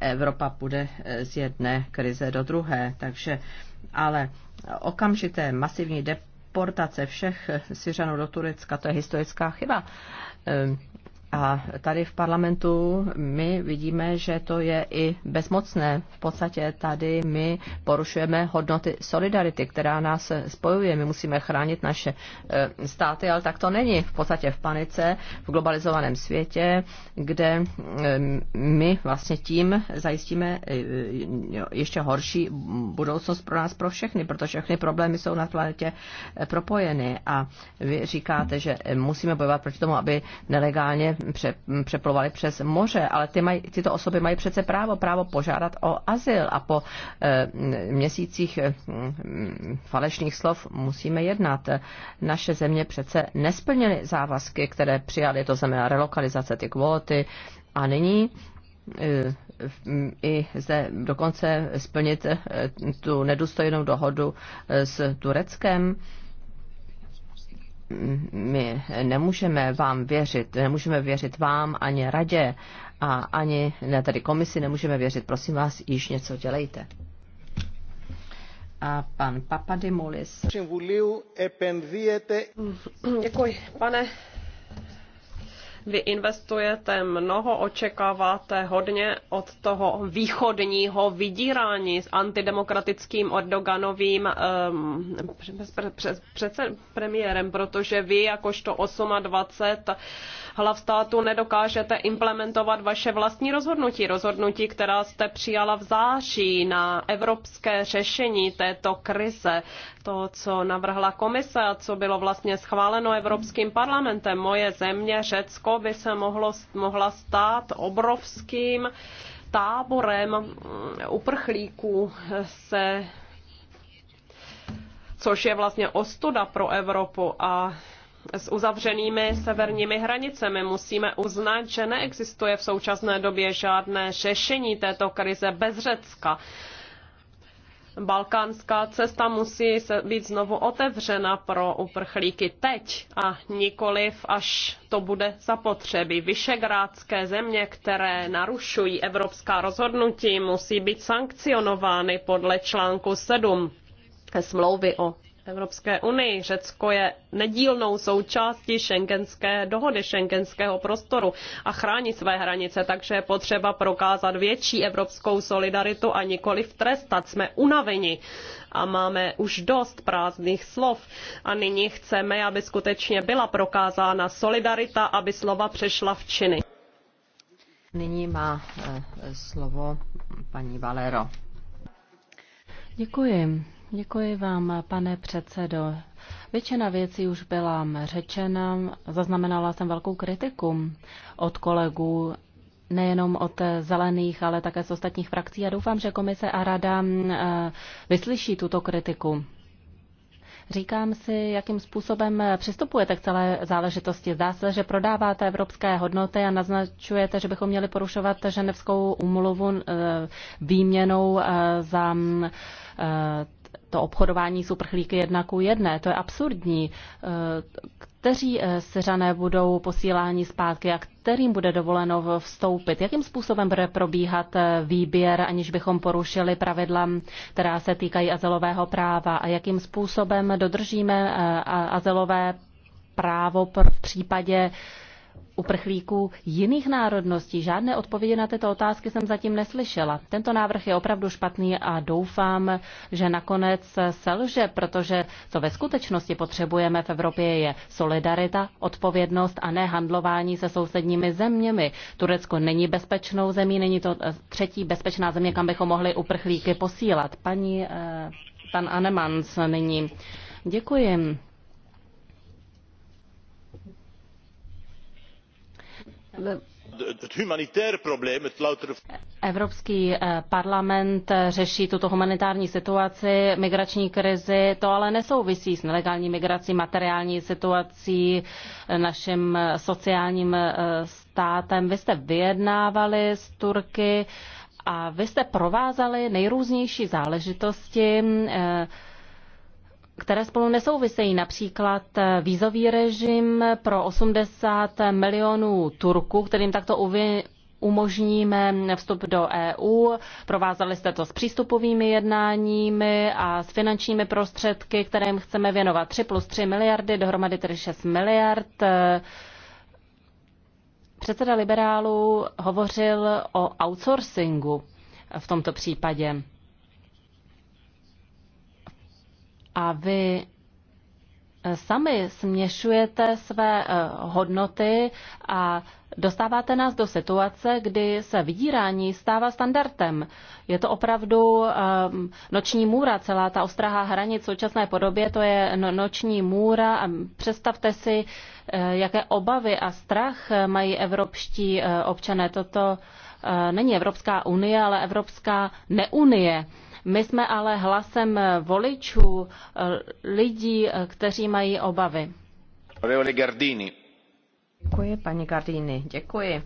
Evropa půjde eh, z jedné krize do druhé. Takže ale okamžité masivní deportace všech Syřanů do Turecka, to je historická chyba. Ehm, a tady v parlamentu my vidíme, že to je i bezmocné. V podstatě tady my porušujeme hodnoty solidarity, která nás spojuje. My musíme chránit naše eh, státy, ale tak to není. V podstatě v panice, v globalizovaném světě, kde eh, my vlastně tím zajistíme eh, ještě horší budoucnost pro nás, pro všechny, protože všechny problémy jsou na planetě propojeny. A vy říkáte, že musíme bojovat proti tomu, aby nelegálně přeplovali přes moře, ale ty maj, tyto osoby mají přece právo, právo požádat o azyl a po eh, měsících eh, mm, falešných slov musíme jednat. Naše země přece nesplnily závazky, které přijaly to znamená relokalizace ty kvóty a nyní eh, i zde dokonce splnit tu nedůstojnou dohodu s Tureckem my nemůžeme vám věřit, nemůžeme věřit vám ani radě a ani ne, tady komisi nemůžeme věřit. Prosím vás, již něco dělejte. A pan Papadimulis. Děkuji, pane vy investujete mnoho, očekáváte hodně od toho východního vydírání s antidemokratickým Erdoganovým um, ehm, před, před, před premiérem, protože vy jakožto 28 hlav státu nedokážete implementovat vaše vlastní rozhodnutí, rozhodnutí, která jste přijala v září na evropské řešení této krize, to, co navrhla komise a co bylo vlastně schváleno Evropským parlamentem. Moje země, Řecko, by se mohlo, mohla stát obrovským táborem mm, uprchlíků se což je vlastně ostuda pro Evropu a s uzavřenými severními hranicemi. Musíme uznat, že neexistuje v současné době žádné řešení této krize bez Řecka balkánská cesta musí být znovu otevřena pro uprchlíky teď a nikoliv, až to bude zapotřebí. Vyšegrádské země, které narušují evropská rozhodnutí, musí být sankcionovány podle článku 7 smlouvy o Evropské unii. Řecko je nedílnou součástí šengenské dohody, šengenského prostoru a chrání své hranice, takže je potřeba prokázat větší evropskou solidaritu a nikoli trestat. Jsme unaveni a máme už dost prázdných slov a nyní chceme, aby skutečně byla prokázána solidarita, aby slova přešla v činy. Nyní má eh, slovo paní Valero. Děkuji. Děkuji vám, pane předsedo. Většina věcí už byla řečena. Zaznamenala jsem velkou kritiku od kolegů nejenom od zelených, ale také z ostatních frakcí Já doufám, že komise a rada eh, vyslyší tuto kritiku. Říkám si, jakým způsobem přistupujete k celé záležitosti. Zdá se, že prodáváte evropské hodnoty a naznačujete, že bychom měli porušovat ženevskou úmluvu eh, výměnou eh, za to obchodování s uprchlíky jedna ku jedné. To je absurdní. Eh, kteří eh, seřané budou posíláni zpátky a kterým bude dovoleno vstoupit? Jakým způsobem bude probíhat eh, výběr, aniž bychom porušili pravidla, která se týkají azylového práva? A jakým způsobem dodržíme azylové právo v případě uprchlíků jiných národností. Žádné odpovědi na tyto otázky jsem zatím neslyšela. Tento návrh je opravdu špatný a doufám, že nakonec selže, protože co ve skutečnosti potřebujeme v Evropě je solidarita, odpovědnost a ne handlování se sousedními zeměmi. Turecko není bezpečnou zemí, není to eh, třetí bezpečná země, kam bychom mohli uprchlíky posílat. Paní, eh, pan Anemans nyní. Děkuji. Evropský eh, parlament eh, řeší tuto humanitární situaci, migrační krizi, to ale nesouvisí s nelegální migrací, materiální situací, eh, naším sociálním státem. Vy jste vyjednávali s Turky a vy jste provázali nejrůznější záležitosti které spolu nesouvisejí, například eh, vízový režim pro 80 milionů Turků, kterým takto uvě umožníme vstup do EU. Provázali jste to s přístupovými jednáními a s finančními prostředky, kterým chceme věnovat 3 plus 3 miliardy, dohromady tedy 6 miliard. Předseda liberálů hovořil o outsourcingu v tomto případě. a vy eh, sami směšujete své eh, hodnoty a dostáváte nás do situace, kdy se vydírání stává standardem. Je to opravdu ehm, noční můra, celá ta ostrahá hranic v současné podobě, to je no-, noční můra a představte si, eh, jaké obavy a strach mají evropští občané. Toto není Evropská unie, ale Evropská neunie. My jsme ale hlasem voličů, eh, lidí, eh, kteří mají obavy. Gardini. Děkuji, paní Gardini. Děkuji.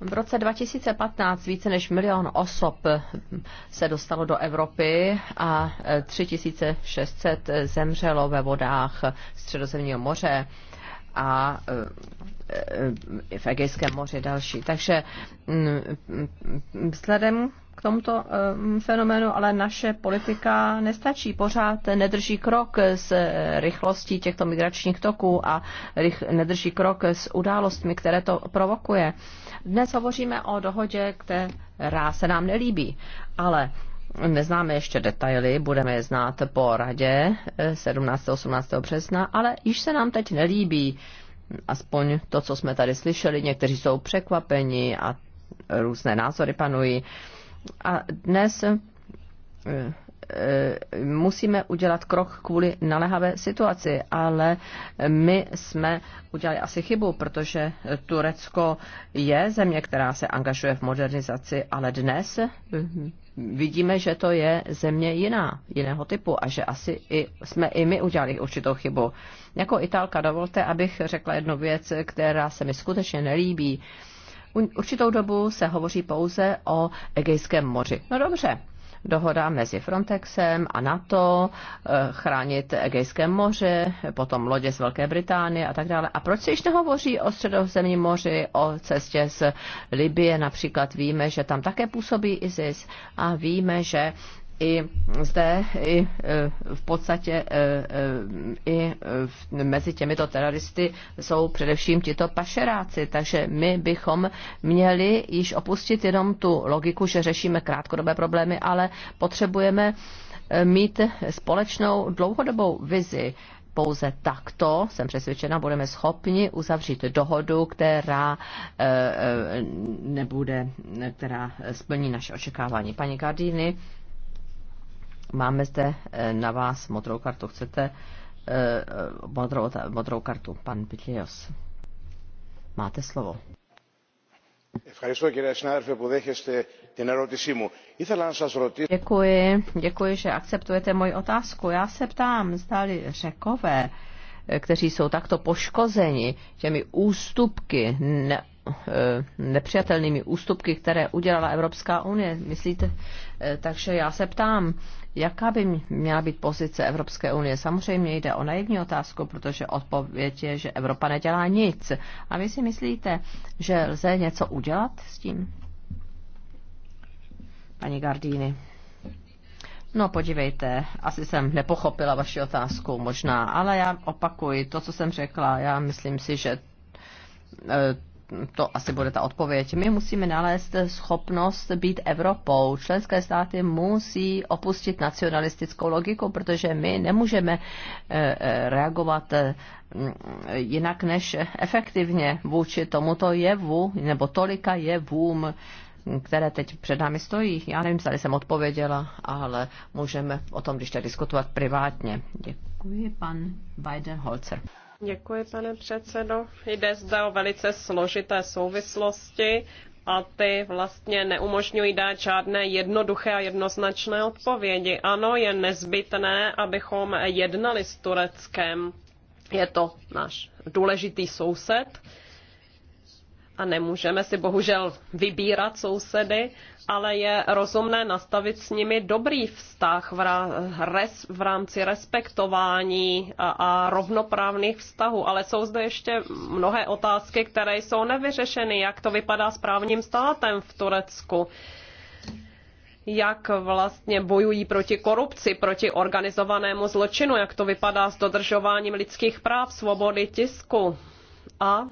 V roce 2015 více než milion osob se dostalo do Evropy a 3600 zemřelo ve vodách Středozemního moře a eh, Eh, v Egejském moři další. Takže mm, vzhledem k tomuto eh, fenoménu, ale naše politika nestačí, pořád nedrží krok s rychlostí těchto migračních toků a nedrží krok s událostmi, které to provokuje. Dnes hovoříme o dohodě, která se nám nelíbí, ale Neznáme ještě detaily, budeme je znát po radě eh, 17. 18. března, ale již se nám teď nelíbí aspoň to, co jsme tady slyšeli, někteří jsou překvapeni a různé názory panují. A dnes eh, eh, musíme udělat krok kvůli naléhavé situaci, ale my jsme udělali asi chybu, protože Turecko je země, která se angažuje v modernizaci, ale dnes vidíme, že to je země jiná, jiného typu a že asi i, jsme i my udělali určitou chybu. Jako Italka dovolte, abych řekla jednu věc, která se mi skutečně nelíbí. Určitou dobu se hovoří pouze o Egejském moři. No dobře, dohoda mezi Frontexem a NATO, eh, chránit Egejské moře, potom lodě z Velké Británie a tak dále. A proč se již nehovoří o středozemním moři, o cestě z Libie například? Víme, že tam také působí ISIS a víme, že i zde i e, v podstatě e, e, i mezi těmito teroristy jsou především tito pašeráci, takže my bychom měli již opustit jenom tu logiku, že řešíme krátkodobé problémy, ale potřebujeme mít společnou dlouhodobou vizi. Pouze takto, jsem přesvědčena, budeme schopni uzavřít dohodu, která nebude, která splní naše očekávání. Paní Gardini, Máme zde eh, na vás modrou kartu. Chcete eh, eh, modrou, modrou kartu, pan Pitlios. Máte slovo. Děkuji, děkuji, že akceptujete moji otázku. Já se ptám, zdali řekové, kteří jsou takto poškozeni těmi ústupky, ne, Eh, nepřijatelnými ústupky, které udělala Evropská unie. Myslíte? Eh, takže já se ptám, jaká by měla být pozice Evropské unie? Samozřejmě jde o naivní otázku, protože odpověď je, že Evropa nedělá nic. A vy si myslíte, že lze něco udělat s tím? Paní Gardíny. No podívejte, asi jsem nepochopila vaši otázku možná, ale já opakuji to, co jsem řekla. Já myslím si, že eh, to asi bude ta odpověď. My musíme nalézt schopnost být Evropou. Členské státy musí opustit nacionalistickou logiku, protože my nemůžeme eh, eh, reagovat eh, jinak než efektivně vůči tomuto jevu nebo tolika jevům, které teď před námi stojí. Já nevím, zda jsem odpověděla, ale můžeme o tom když tak diskutovat privátně. Děkuji, pan Weidenholzer. Děkuji, pane předsedo. Jde zde o velice složité souvislosti a ty vlastně neumožňují dát žádné jednoduché a jednoznačné odpovědi. Ano, je nezbytné, abychom jednali s Tureckem. Je to náš důležitý soused a nemůžeme si bohužel vybírat sousedy, ale je rozumné nastavit s nimi dobrý vztah v, res, v rámci respektování a, a rovnoprávných vztahů. Ale jsou zde ještě mnohé otázky, které jsou nevyřešeny. Jak to vypadá s právním státem v Turecku? jak vlastně bojují proti korupci, proti organizovanému zločinu, jak to vypadá s dodržováním lidských práv, svobody tisku. A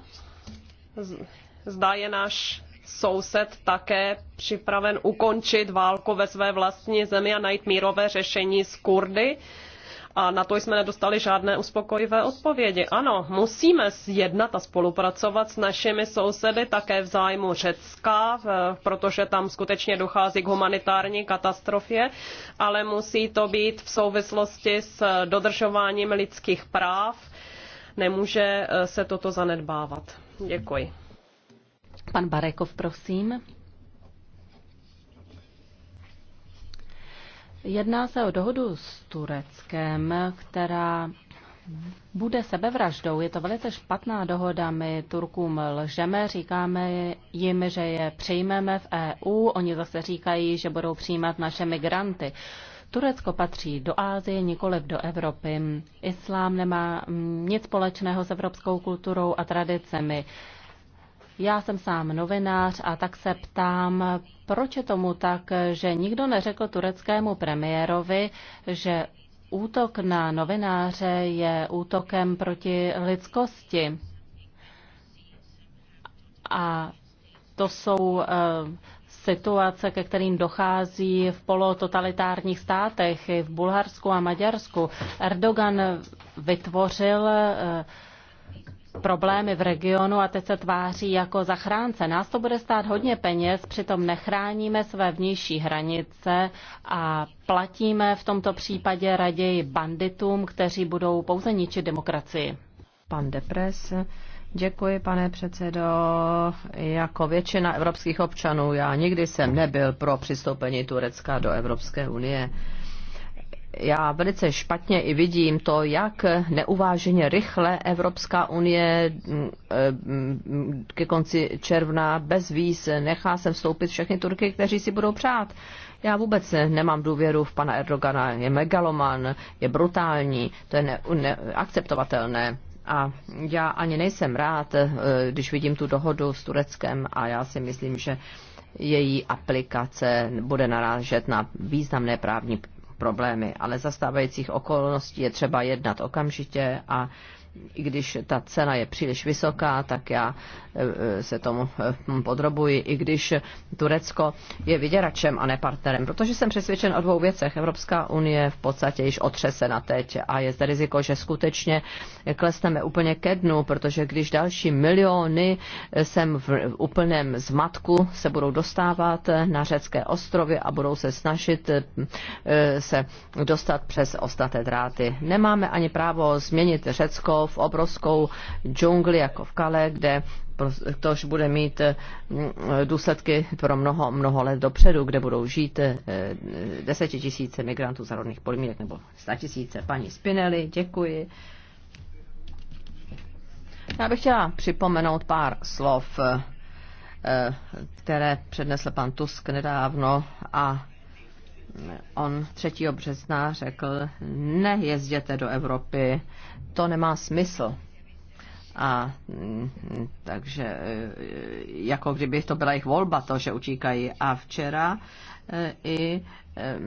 Zda je náš soused také připraven ukončit válku ve své vlastní zemi a najít mírové řešení s Kurdy. A na to jsme nedostali žádné uspokojivé odpovědi. Ano, musíme jednat a spolupracovat s našimi sousedy také v zájmu Řecka, protože tam skutečně dochází k humanitární katastrofě, ale musí to být v souvislosti s dodržováním lidských práv. Nemůže eh, se toto zanedbávat. Děkuji. Pan Barekov, prosím. Jedná se o dohodu s Tureckem, která bude sebevraždou. Je to velice špatná dohoda. My Turkům lžeme, říkáme jim, že je přijmeme v EU. Oni zase říkají, že budou přijímat naše migranty. Turecko patří do Ázie, nikoliv do Evropy. Islám nemá mm, nic společného s evropskou kulturou a tradicemi. Já jsem sám novinář a tak se ptám, proč je tomu tak, že nikdo neřekl tureckému premiérovi, že útok na novináře je útokem proti lidskosti. A to jsou eh, situace, ke kterým dochází v polototalitárních státech, i v Bulharsku a Maďarsku. Erdogan vytvořil eh, problémy v regionu a teď se tváří jako zachránce. Nás to bude stát hodně peněz, přitom nechráníme své vnější hranice a platíme v tomto případě raději banditům, kteří budou pouze ničit demokracii. Pan Depres, Děkuji, pane předsedo. Jako většina evropských občanů já nikdy jsem nebyl pro přistoupení Turecka do Evropské unie já velice špatně i vidím to, jak neuváženě rychle Evropská unie mm, eh, mm, ke konci června bez víz nechá sem vstoupit všechny Turky, kteří si budou přát. Já vůbec nemám důvěru v pana Erdogana. Je megaloman, je brutální, to je neakceptovatelné. Ne, a já ani nejsem rád, eh, když vidím tu dohodu s Tureckem a já si myslím, že její aplikace bude narážet na významné právní problémy, ale za stávajících okolností je třeba jednat okamžitě a i když ta cena je příliš vysoká, tak já eh, eh, se tomu eh, podrobuji, i když Turecko je vyděračem a ne partnerem, protože jsem přesvědčen o dvou věcech. Evropská unie v podstatě již na teď a je zde riziko, že skutečně klesneme úplně ke dnu, protože když další miliony sem v úplném zmatku se budou dostávat na řecké ostrovy a budou se snažit se dostat přes ostaté dráty. Nemáme ani právo změnit Řecko v obrovskou džungli jako v Kale, kde tož bude mít eh, mm, důsledky pro mnoho, mnoho let dopředu, kde budou žít eh, desetitisíce migrantů za rodných podmínek nebo tisíce. Paní Spinelli, děkuji. Já bych chtěla připomenout pár slov, eh, které přednesl pan Tusk nedávno a mm, on 3. března řekl, nejezděte do Evropy, to nemá smysl. A mm, takže e, jako kdyby to byla jejich volba, to, že utíkají. A včera e, i e,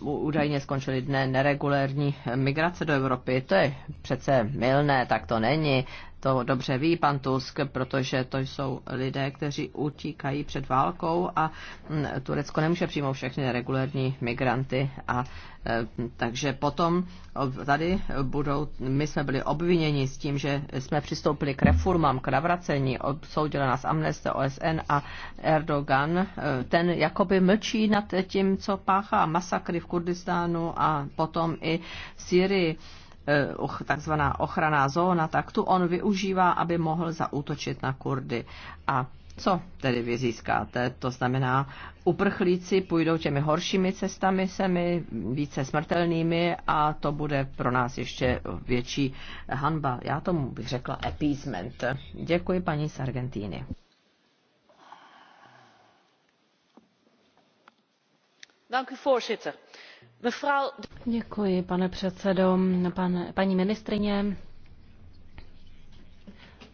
údajně skončili dne neregulérní migrace do Evropy. To je přece milné, tak to není to dobře ví pan Tusk, protože to jsou lidé, kteří utíkají před válkou a mm, Turecko nemůže přijmout všechny regulární migranty a e, takže potom tady budou, my jsme byli obviněni s tím, že jsme přistoupili k reformám, k navracení, odsoudila nás Amnesty, OSN a Erdogan, e, ten jakoby mlčí nad tím, co páchá masakry v Kurdistánu a potom i Syrii Eh, takzvaná ochraná zóna, tak tu on využívá, aby mohl zaútočit na Kurdy. A co tedy vy získáte? To znamená, uprchlíci půjdou těmi horšími cestami semi, více smrtelnými a to bude pro nás ještě větší hanba. Já tomu bych řekla appeasement. Děkuji paní z Argentíny. Dank u voorzitter Děkuji, pane předsedo. paní ministrině,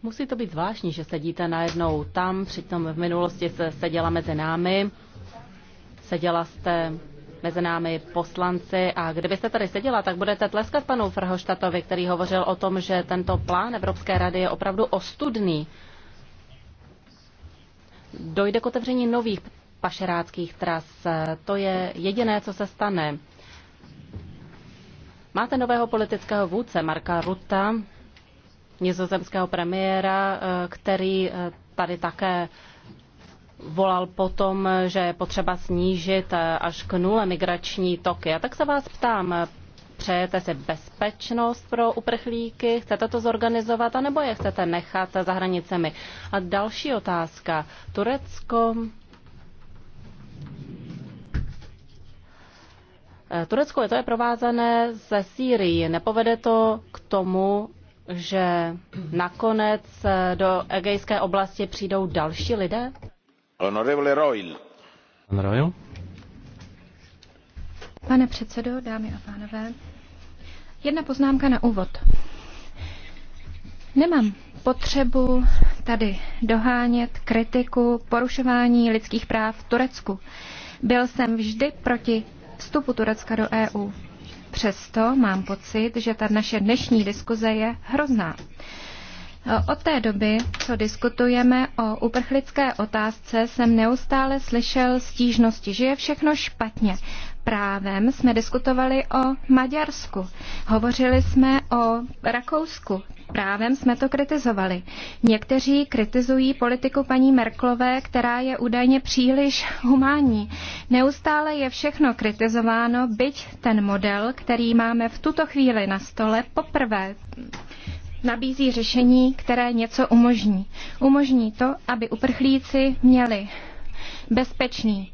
musí to být zvláštní, že sedíte najednou tam, přitom v minulosti se seděla mezi námi. Seděla jste mezi námi poslanci a kdybyste tady seděla, tak budete tleskat panu Frhoštatovi, který hovořil o tom, že tento plán Evropské rady je opravdu ostudný. Dojde k otevření nových pašeráckých tras. To je jediné, co se stane. Máte nového politického vůdce Marka Ruta, nizozemského premiéra, eh, který eh, tady také volal potom, že je potřeba snížit eh, až k nule migrační toky. A tak se vás ptám, přejete si bezpečnost pro uprchlíky, chcete to zorganizovat, anebo je chcete nechat za hranicemi? A další otázka. Turecko Eh, Turecko je to je provázané ze Sýrii. Nepovede to k tomu, že nakonec eh, do egejské oblasti přijdou další lidé? Honorable Royal. Pan Royal. Pane předsedo, dámy a pánové, jedna poznámka na úvod. Nemám potřebu tady dohánět kritiku porušování lidských práv v Turecku. Byl jsem vždy proti vstupu Turecka do EU. Přesto mám pocit, že ta naše dnešní diskuze je hrozná. Od té doby, co diskutujeme o uprchlické otázce, jsem neustále slyšel stížnosti, že je všechno špatně právem jsme diskutovali o Maďarsku. Hovořili jsme o Rakousku. Právem jsme to kritizovali. Někteří kritizují politiku paní Merklové, která je údajně příliš humánní. Neustále je všechno kritizováno, byť ten model, který máme v tuto chvíli na stole, poprvé nabízí řešení, které něco umožní. Umožní to, aby uprchlíci měli bezpečný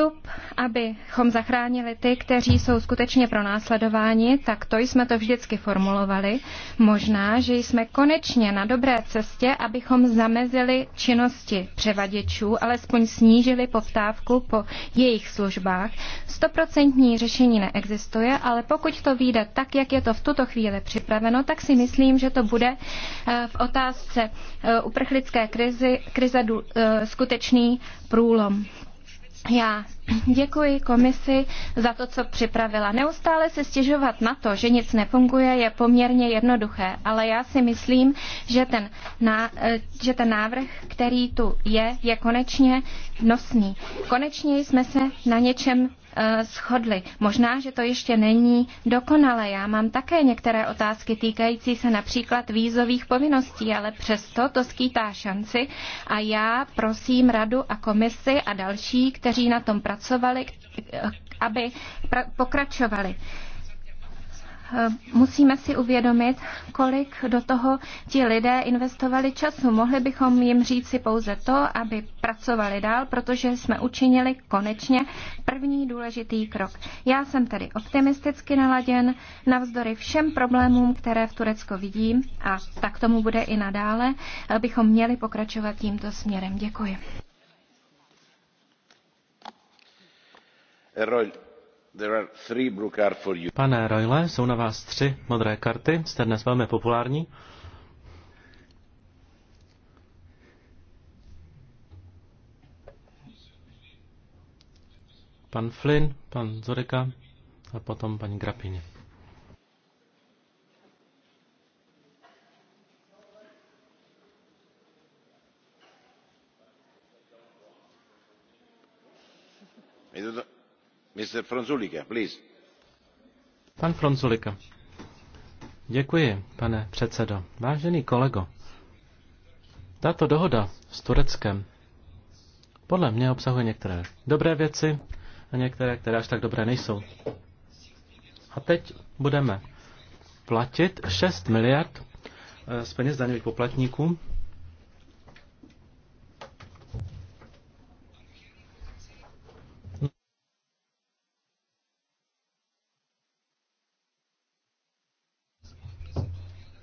postup, abychom zachránili ty, kteří jsou skutečně pronásledováni, tak to jsme to vždycky formulovali. Možná, že jsme konečně na dobré cestě, abychom zamezili činnosti převaděčů, alespoň snížili poptávku po jejich službách. Stoprocentní řešení neexistuje, ale pokud to vyjde tak, jak je to v tuto chvíli připraveno, tak si myslím, že to bude eh, v otázce eh, uprchlické krizi, krize eh, skutečný průlom. Já děkuji komisi za to, co připravila. Neustále se stěžovat na to, že nic nefunguje, je poměrně jednoduché, ale já si myslím, že ten, eh, že ten návrh, který tu je, je konečně nosný. Konečně jsme se na něčem Eh, shodli. Možná, že to ještě není dokonale. Já mám také některé otázky týkající se například výzových povinností, ale přesto to skýtá šanci a já prosím radu a komisi a další, kteří na tom pracovali, eh, aby pokračovali. Eh, musíme si uvědomit, kolik do toho ti lidé investovali času. Mohli bychom jim říci pouze to, aby pracovali dál, protože jsme učinili konečně první důležitý krok. Já jsem tedy optimisticky naladěn, navzdory všem problémům, které v Turecku vidím, a tak tomu bude i nadále, eh, bychom měli pokračovat tímto směrem. Děkuji. Pane Royle, jsou na vás tři modré karty. Jste dnes velmi populární. Pan Flynn, pan Zorika a potom paní Grapině. Pan Fronzulika. Děkuji, pane předsedo. Vážený kolego, tato dohoda s Tureckem podle mě obsahuje některé dobré věci a některé, které až tak dobré nejsou. A teď budeme platit 6 miliard eh, z peněz daňových poplatníků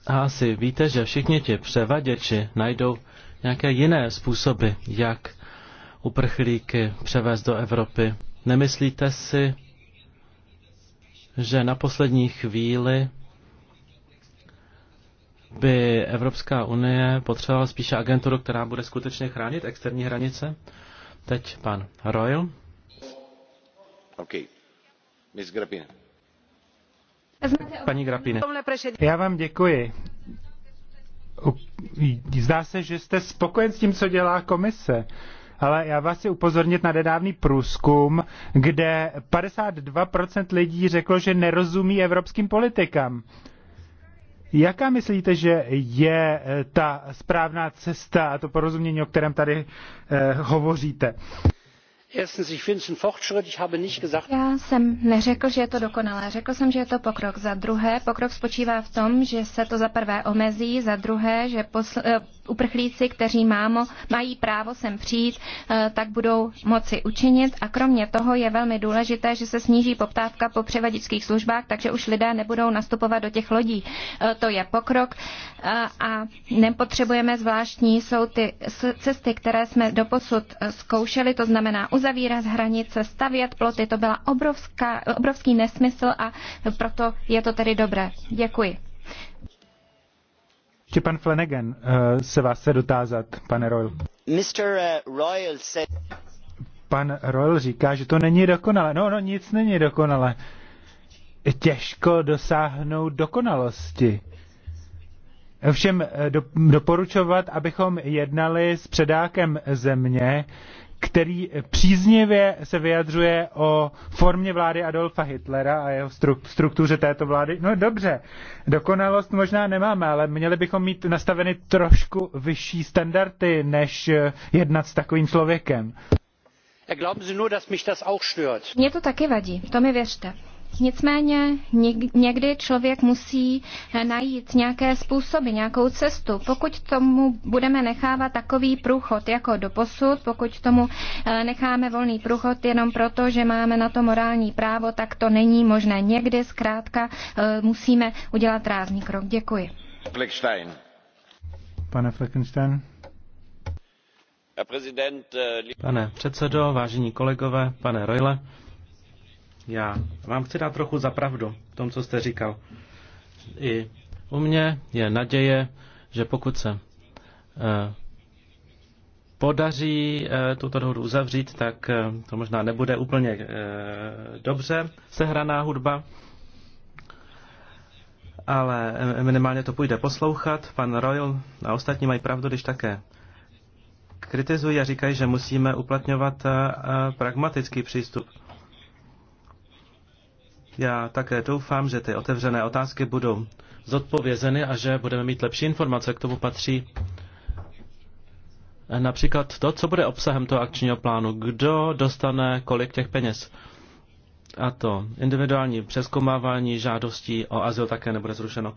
A asi víte, že všichni ti převaděči najdou nějaké jiné způsoby, jak uprchlíky převést do Evropy. Nemyslíte si, že na poslední chvíli by Evropská unie potřebovala spíše agenturu, která bude skutečně chránit externí hranice? Teď pan Royal. Okay. Miss Grapina. Paní Grapine. Já vám děkuji. Zdá se, že jste spokojen s tím, co dělá komise. Ale já vás chci upozornit na nedávný průzkum, kde 52% lidí řeklo, že nerozumí evropským politikám. Jaká myslíte, že je eh, ta správná cesta a to porozumění, o kterém tady eh, hovoříte? Já jsem neřekl, že je to dokonalé. Řekl jsem, že je to pokrok. Za druhé, pokrok spočívá v tom, že se to za prvé omezí, za druhé, že posl- eh, uprchlíci, kteří mámo, mají právo sem přijít, eh, tak budou moci učinit. A kromě toho je velmi důležité, že se sníží poptávka po převaděčských službách, takže už lidé nebudou nastupovat do těch lodí. Eh, to je pokrok eh, a nepotřebujeme zvláštní, jsou ty cesty, které jsme doposud zkoušeli, to znamená uzavírat hranice, stavět ploty, to byla obrovská, obrovský nesmysl a proto je to tedy dobré. Děkuji. Ještě pan Flanagan eh, se vás chce dotázat, pane Royal. Mr. Eh, Royal said... Pan Royal říká, že to není dokonale. No, no, nic není dokonale. Těžko dosáhnout dokonalosti. Ovšem eh, doporučovat, abychom jednali s předákem země, který příznivě se vyjadřuje o formě vlády Adolfa Hitlera a jeho struktuře této vlády. No dobře, dokonalost možná nemáme, ale měli bychom mít nastaveny trošku vyšší standardy, než eh, jednat s takovým člověkem. Er Mě to taky vadí, to mi věřte. Nicméně někdy člověk musí eh, najít nějaké způsoby, nějakou cestu. Pokud tomu budeme nechávat takový průchod jako do posud, pokud tomu eh, necháme volný průchod jenom proto, že máme na to morální právo, tak to není možné. Někdy zkrátka eh, musíme udělat rázný krok. Děkuji. Fleckstein. Pane Fleckenstein. Äh, pane předsedo, vážení kolegové, pane Rojle, já vám chci dát trochu za pravdu v tom, co jste říkal. I u mě je naděje, že pokud se eh, podaří eh, tuto dohodu uzavřít, tak eh, to možná nebude úplně dobře sehraná hudba, ale minimálně to půjde poslouchat. Pan Royal a ostatní mají pravdu, když také kritizují a říkají, že musíme uplatňovat pragmatický přístup. Já také doufám, že ty otevřené otázky budou zodpovězeny a že budeme mít lepší informace. K tomu patří například to, co bude obsahem toho akčního plánu, kdo dostane kolik těch peněz. A to individuální přeskoumávání žádostí o azyl také nebude zrušeno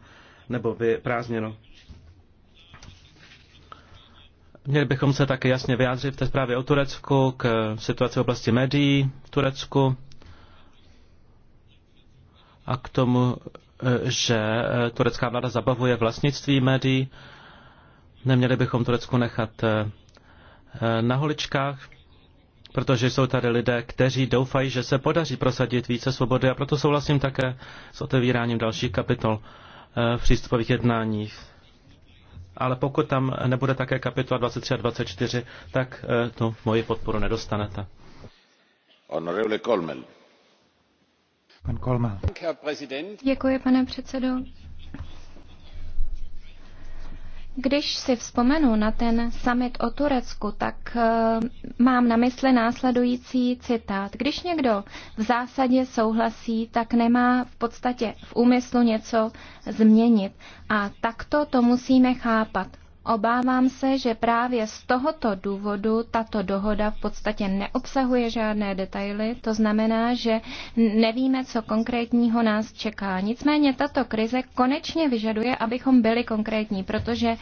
nebo vyprázdněno. Měli bychom se také jasně vyjádřit v té zprávě o Turecku k situaci v oblasti médií v Turecku a k tomu, eh, že eh, turecká vláda zabavuje vlastnictví médií. Neměli bychom Turecku nechat eh, na holičkách, protože jsou tady lidé, kteří doufají, že se podaří prosadit více svobody a proto souhlasím také s otevíráním dalších kapitol v přístupových jednáních. Ale pokud tam nebude také kapitola 23 a 24, tak tu moji podporu nedostanete. Honorable Colmel pane předsedo. Když si vzpomenu na ten summit o Turecku, tak uh, mám na mysli následující citát. Když někdo v zásadě souhlasí, tak nemá v podstatě v úmyslu něco změnit. A takto to musíme chápat. Obávám se, že právě z tohoto důvodu tato dohoda v podstatě neobsahuje žádné detaily, to znamená, že nevíme, co konkrétního nás čeká. Nicméně tato krize konečně vyžaduje, abychom byli konkrétní, protože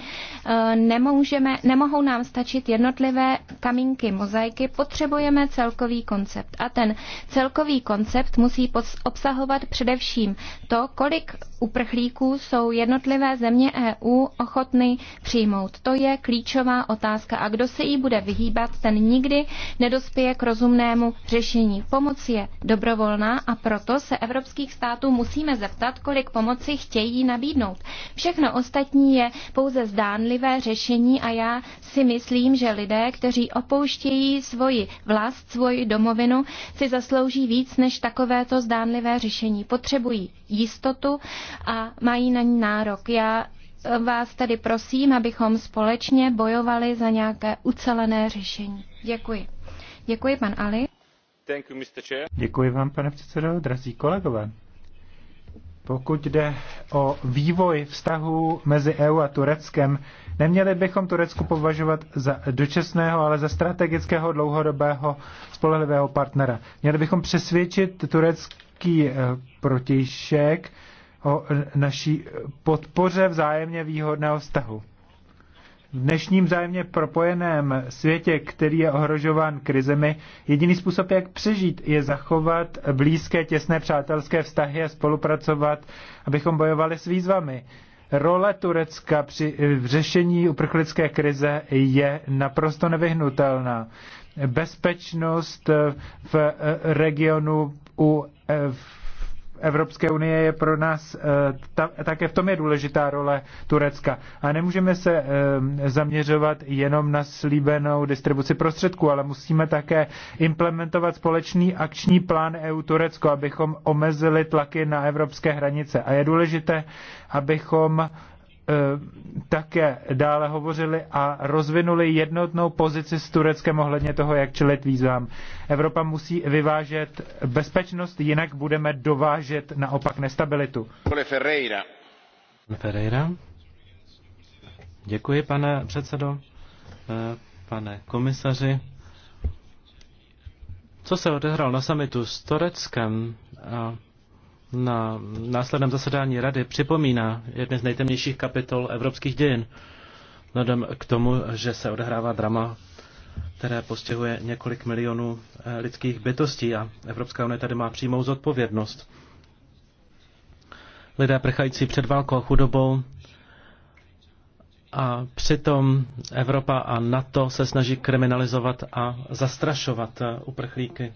eh, nemůžeme, nemohou nám stačit jednotlivé kamínky mozaiky, potřebujeme celkový koncept. A ten celkový koncept musí obsahovat především to, kolik uprchlíků jsou jednotlivé země EU ochotny přijmout přijmout. To je klíčová otázka a kdo se jí bude vyhýbat, ten nikdy nedospěje k rozumnému řešení. Pomoc je dobrovolná a proto se evropských států musíme zeptat, kolik pomoci chtějí nabídnout. Všechno ostatní je pouze zdánlivé řešení a já si myslím, že lidé, kteří opouštějí svoji vlast, svoji domovinu, si zaslouží víc než takovéto zdánlivé řešení. Potřebují jistotu a mají na ní nárok. Já vás tedy prosím, abychom společně bojovali za nějaké ucelené řešení. Děkuji. Děkuji, pan Ali. Děkuji vám, pane předsedo, drazí kolegové. Pokud jde o vývoj vztahu mezi EU a Tureckem, neměli bychom Turecku považovat za dočasného, ale za strategického dlouhodobého spolehlivého partnera. Měli bychom přesvědčit turecký eh, protějšek, o naší podpoře vzájemně výhodného vztahu. V dnešním vzájemně propojeném světě, který je ohrožován krizemi, jediný způsob, jak přežít, je zachovat blízké, těsné přátelské vztahy a spolupracovat, abychom bojovali s výzvami. Role Turecka při eh, řešení uprchlické krize je naprosto nevyhnutelná. Bezpečnost eh, v eh, regionu u v Evropské unie je pro nás, eh, ta, také v tom je důležitá role Turecka. A nemůžeme se eh, zaměřovat jenom na slíbenou distribuci prostředků, ale musíme také implementovat společný akční plán EU Turecko, abychom omezili tlaky na evropské hranice. A je důležité, abychom Eh, také dále hovořili a rozvinuli jednotnou pozici s Tureckem ohledně toho, jak čelit výzvám. Evropa musí vyvážet bezpečnost, jinak budeme dovážet naopak nestabilitu. Ferreira. Ferreira. Děkuji, pane předsedo, eh, pane komisaři. Co se odehrál na samitu s Tureckem? A na následném zasedání rady připomíná jedny z nejtemnějších kapitol evropských dějin, vzhledem k tomu, že se odehrává drama, které postihuje několik milionů eh, lidských bytostí a Evropská unie tady má přímou zodpovědnost. Lidé prchající před válkou a chudobou a přitom Evropa a NATO se snaží kriminalizovat a zastrašovat eh, uprchlíky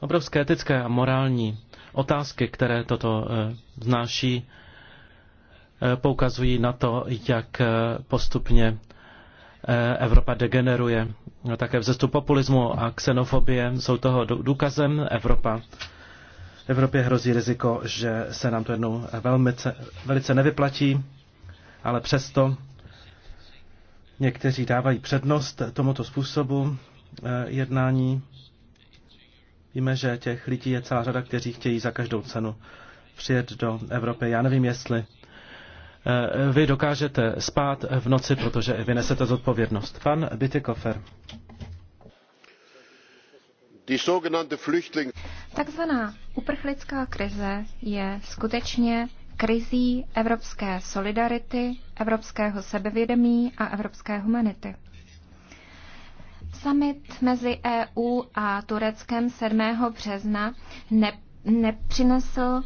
obrovské etické a morální otázky, které toto eh, znáší, eh, poukazují na to, jak eh, postupně Evropa degeneruje. No, také vzestup populismu a xenofobie jsou toho důkazem. Evropa Evropě hrozí riziko, že se nám to jednou velmi, velice nevyplatí, ale přesto někteří dávají přednost tomuto způsobu jednání Víme, že těch lidí je celá řada, kteří chtějí za každou cenu přijet do Evropy. Já nevím, jestli eh, vy dokážete spát v noci, protože vy nesete zodpovědnost. Pan Bitykofer. Takzvaná uprchlická krize je skutečně krizí evropské solidarity, evropského sebevědomí a evropské humanity. Summit mezi EU a Tureckem 7. března ne- nepřinesl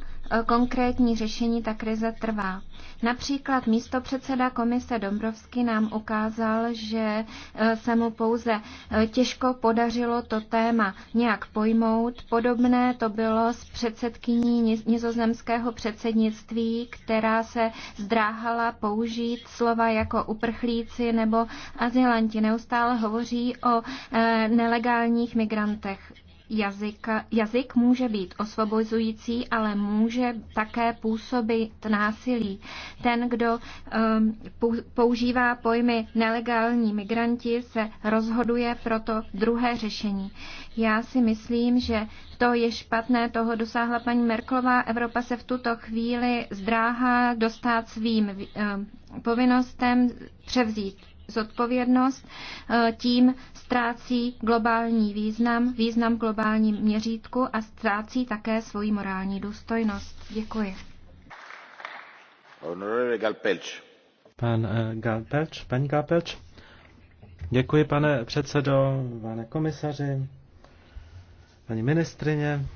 konkrétní řešení ta krize trvá. Například místo předseda komise Dombrovsky nám ukázal, že e, se mu pouze e, těžko podařilo to téma nějak pojmout. Podobné to bylo s předsedkyní nizozemského předsednictví, která se zdráhala použít slova jako uprchlíci nebo azylanti. Neustále hovoří o e, nelegálních migrantech. Jazyk, jazyk může být osvobozující, ale může také působit násilí. Ten, kdo um, používá pojmy nelegální migranti, se rozhoduje pro to druhé řešení. Já si myslím, že to je špatné, toho dosáhla paní Merklová. Evropa se v tuto chvíli zdráhá dostat svým um, povinnostem převzít zodpovědnost, eh, tím ztrácí globální význam, význam globálním měřítku a ztrácí také svoji morální důstojnost. Děkuji. Pan eh, Galpeč, paní Galpeč. Děkuji, pane předsedo, pane komisaři, paní ministrině.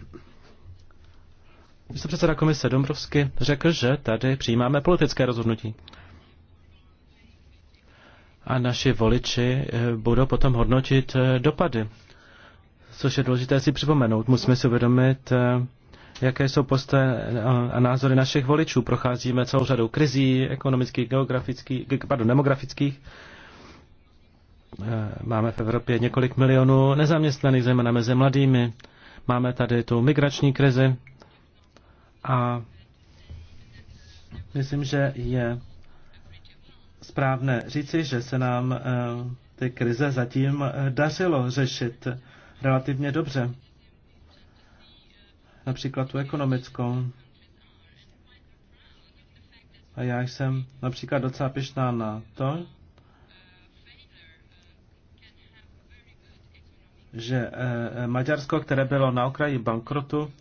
Místo předseda komise Dombrovsky řekl, že tady přijímáme politické rozhodnutí a naši voliči eh, budou potom hodnotit eh, dopady. Což je důležité si připomenout. Musíme si uvědomit, eh, jaké jsou posté a názory našich voličů. Procházíme celou řadou krizí ekonomických, geografických, pardon, demografických. Máme v Evropě několik milionů nezaměstnaných, zejména mezi mladými. Máme tady tu migrační krizi a myslím, že je správné říci, že se nám eh, ty krize zatím eh, dařilo řešit relativně dobře. Například tu ekonomickou. A já jsem například docela pišná na to, že eh, Maďarsko, které bylo na okraji bankrotu,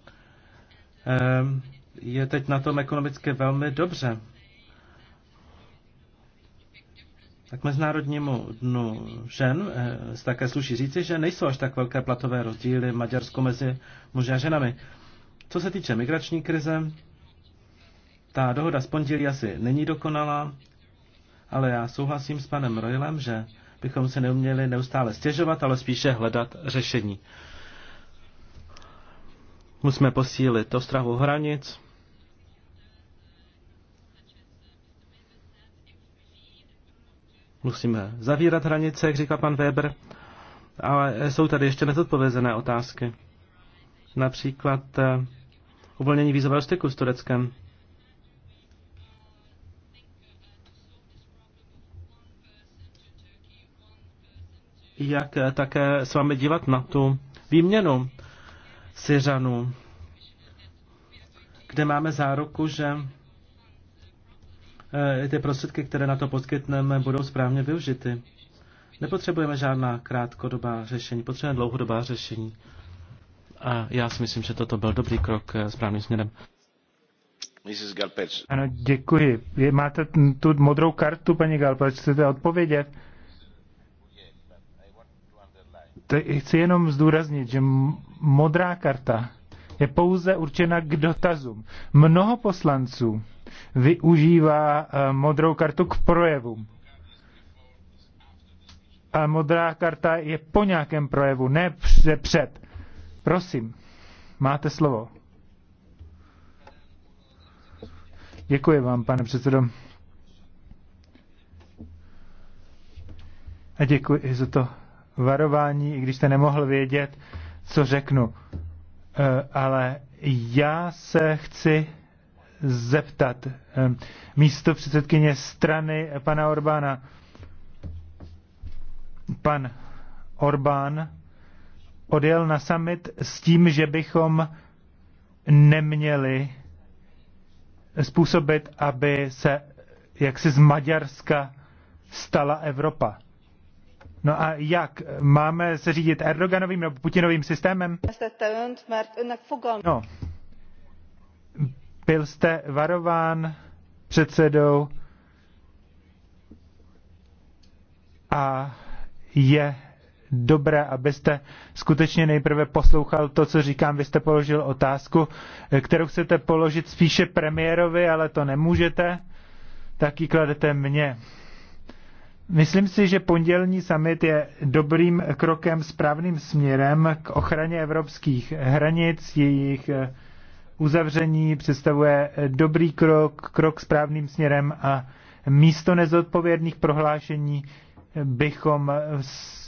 je teď na tom ekonomicky velmi dobře. k Mezinárodnímu dnu žen eh, se také sluší říci, že nejsou až tak velké platové rozdíly v Maďarsku mezi muži a ženami. Co se týče migrační krize, ta dohoda z pondělí asi není dokonalá, ale já souhlasím s panem Roylem, že bychom se neuměli neustále stěžovat, ale spíše hledat řešení. Musíme posílit ostrahu hranic, Musíme zavírat hranice, jak říká pan Weber, ale jsou tady ještě nezodpovězené otázky. Například eh, uvolnění vízového styku s Tureckem. Jak eh, také s vámi dívat na tu výměnu Syřanů, kde máme záruku, že Eh, ty prostředky, které na to poskytneme, budou správně využity. Nepotřebujeme žádná krátkodobá řešení, potřebujeme dlouhodobá řešení. A já si myslím, že toto byl dobrý krok eh, správným směrem. Ano, děkuji. Máte tu modrou kartu, paní Galpec, chcete odpovědět? To chci jenom zdůraznit, že modrá karta je pouze určena k dotazům. Mnoho poslanců využívá eh, modrou kartu k projevům. A modrá karta je po nějakém projevu, ne před. Prosím, máte slovo. Děkuji vám, pane předsedo. A děkuji i za to varování, i když jste nemohl vědět, co řeknu. Eh, ale já se chci zeptat eh, místo předsedkyně strany pana Orbána. Pan Orbán odjel na summit s tím, že bychom neměli způsobit, aby se jaksi z Maďarska stala Evropa. No a jak? Máme se řídit Erdoganovým nebo Putinovým systémem? No, byl jste varován předsedou a je dobré, abyste skutečně nejprve poslouchal to, co říkám. Vy jste položil otázku, kterou chcete položit spíše premiérovi, ale to nemůžete, tak ji kladete mně. Myslím si, že pondělní summit je dobrým krokem správným směrem k ochraně evropských hranic, jejich eh, uzavření představuje dobrý krok, krok správným směrem a místo nezodpovědných prohlášení bychom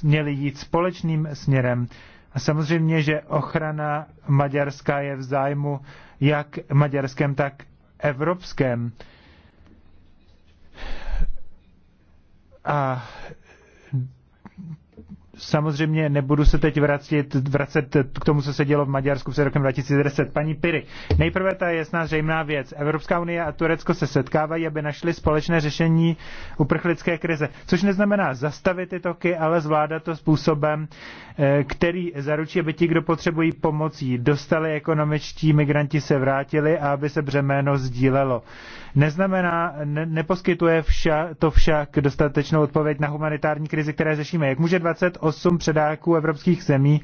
měli jít společným směrem. A samozřejmě, že ochrana Maďarska je v zájmu jak maďarském, tak evropském. A Samozřejmě nebudu se teď vracet, vracet k tomu, co se dělo v Maďarsku před rokem 2010. Paní Piry, nejprve ta jasná zřejmá věc. Evropská unie a Turecko se setkávají, aby našli společné řešení uprchlické krize, což neznamená zastavit ty toky, ale zvládat to způsobem, eh, který zaručí, aby ti, kdo potřebují pomocí, dostali ekonomičtí migranti se vrátili a aby se břemeno sdílelo. Neznamená, ne, neposkytuje vša, to však dostatečnou odpověď na humanitární krizi, které řešíme. Jak může 20 osm předáků evropských zemí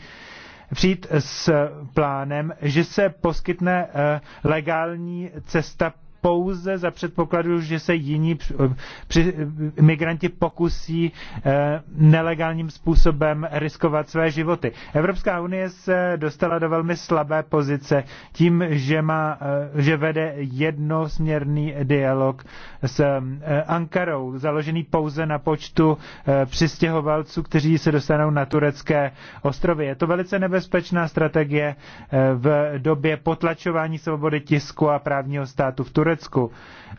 přijít s plánem, že se poskytne eh, legální cesta pouze za předpokladu, že se jiní při, migranti pokusí eh, nelegálním způsobem riskovat své životy. Evropská unie se dostala do velmi slabé pozice tím, že, má, eh, že vede jednosměrný dialog s eh, Ankarou, založený pouze na počtu přistěhovalců, kteří se dostanou na turecké ostrovy. Je to velice nebezpečná strategie v době potlačování svobody tisku a právního státu v Turecku Turecku.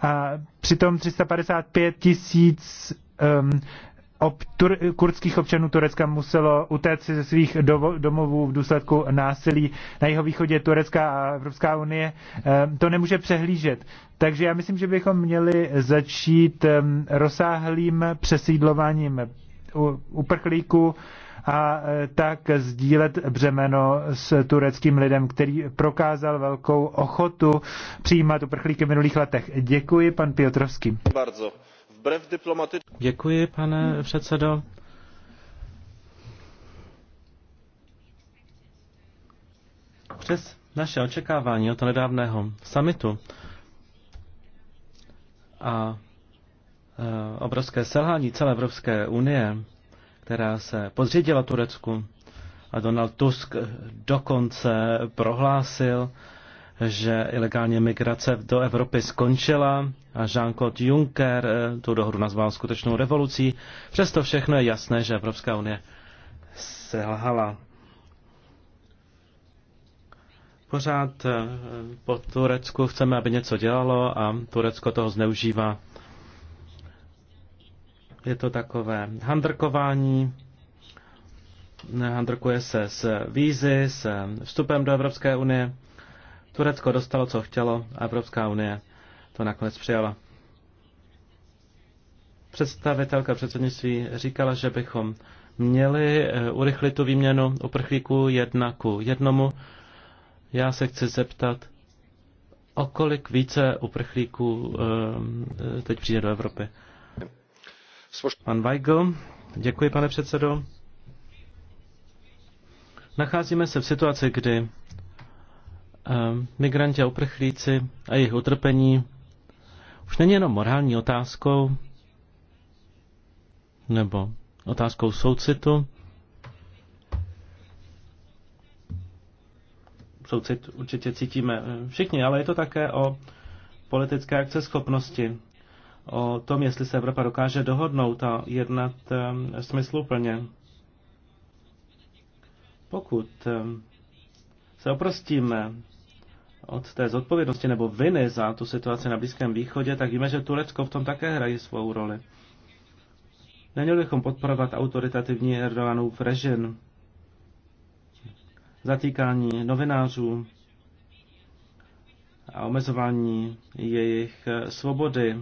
A přitom 355 tisíc um, ob, tur, kurdských občanů Turecka muselo utéct ze svých dovo, domovů v důsledku násilí na jeho východě Turecka a Evropská unie um, to nemůže přehlížet. Takže já myslím, že bychom měli začít um, rozsáhlým přesídlováním uprchlíků a eh, tak sdílet břemeno s tureckým lidem, který prokázal velkou ochotu přijímat uprchlíky v minulých letech. Děkuji, pan Piotrovský. Děkuji, pane předsedo. Přes naše očekávání od nedávného samitu a eh, obrovské selhání celé Evropské unie která se podřídila Turecku. A Donald Tusk dokonce prohlásil, že ilegální migrace do Evropy skončila a Jean-Claude Juncker eh, tu dohodu nazval skutečnou revolucí. Přesto všechno je jasné, že Evropská unie selhala. Pořád eh, po Turecku chceme, aby něco dělalo a Turecko toho zneužívá. Je to takové handrkování, handrkuje se s vízy, s vstupem do Evropské unie. Turecko dostalo, co chtělo, a Evropská unie to nakonec přijala. Představitelka předsednictví říkala, že bychom měli eh, urychlit tu výměnu uprchlíků jedna ku jednomu. Já se chci zeptat, o kolik více uprchlíků eh, teď přijde do Evropy. Pan Weigl, děkuji pane předsedo. Nacházíme se v situaci, kdy eh, migranti a uprchlíci a jejich utrpení už není jenom morální otázkou nebo otázkou soucitu. Soucit určitě cítíme eh, všichni, ale je to také o politické akceschopnosti o tom, jestli se Evropa dokáže dohodnout a jednat smysluplně. Pokud se oprostíme od té zodpovědnosti nebo viny za tu situaci na Blízkém východě, tak víme, že Turecko v tom také hraje svou roli. Neměli bychom podporovat autoritativní Erdoganův režim, zatýkání novinářů a omezování jejich eh, svobody.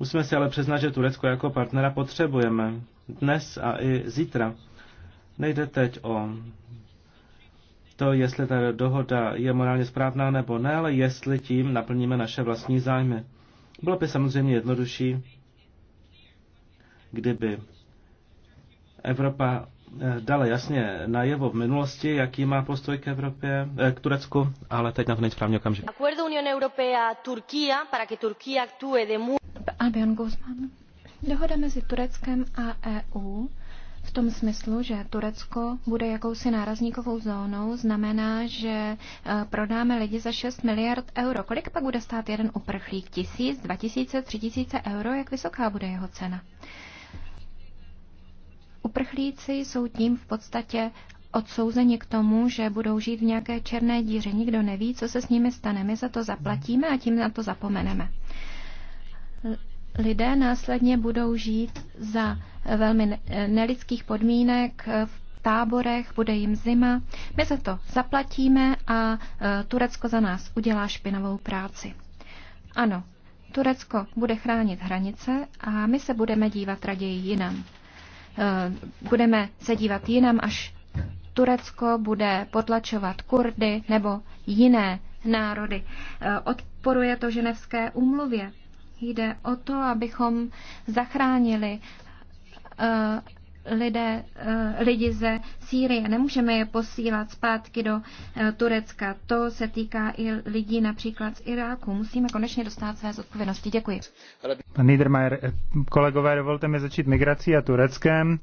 Musíme si ale přiznat, že Turecko jako partnera potřebujeme. Dnes a i zítra. Nejde teď o to, jestli ta dohoda je morálně správná nebo ne, ale jestli tím naplníme naše vlastní zájmy. Bylo by samozřejmě jednodušší, kdyby Evropa eh, dala jasně najevo v minulosti, jaký má postoj k Evropě, eh, k Turecku, ale teď na to nejsprávně okamžik. Albion Guzman. Dohoda mezi Tureckem a EU v tom smyslu, že Turecko bude jakousi nárazníkovou zónou, znamená, že eh, prodáme lidi za 6 miliard euro. Kolik pak bude stát jeden uprchlík? Tisíc, dva tisíce, tři tisíce euro? Jak vysoká bude jeho cena? Uprchlíci jsou tím v podstatě odsouzeni k tomu, že budou žít v nějaké černé díře. Nikdo neví, co se s nimi stane. My za to zaplatíme a tím na to zapomeneme. Lidé následně budou žít za velmi nelidských podmínek v táborech, bude jim zima. My za to zaplatíme a e, Turecko za nás udělá špinavou práci. Ano, Turecko bude chránit hranice a my se budeme dívat raději jinam. E, budeme se dívat jinam, až Turecko bude potlačovat Kurdy nebo jiné národy. E, odporuje to ženevské úmluvě. Jde o to, abychom zachránili eh, lidé, eh, lidi ze Sýrie. Nemůžeme je posílat zpátky do eh, Turecka. To se týká i lidí například z Iráku. Musíme konečně dostat své zodpovědnosti. Děkuji. Pan Niedermayer, kolegové, dovolte mi začít migrací a Tureckem.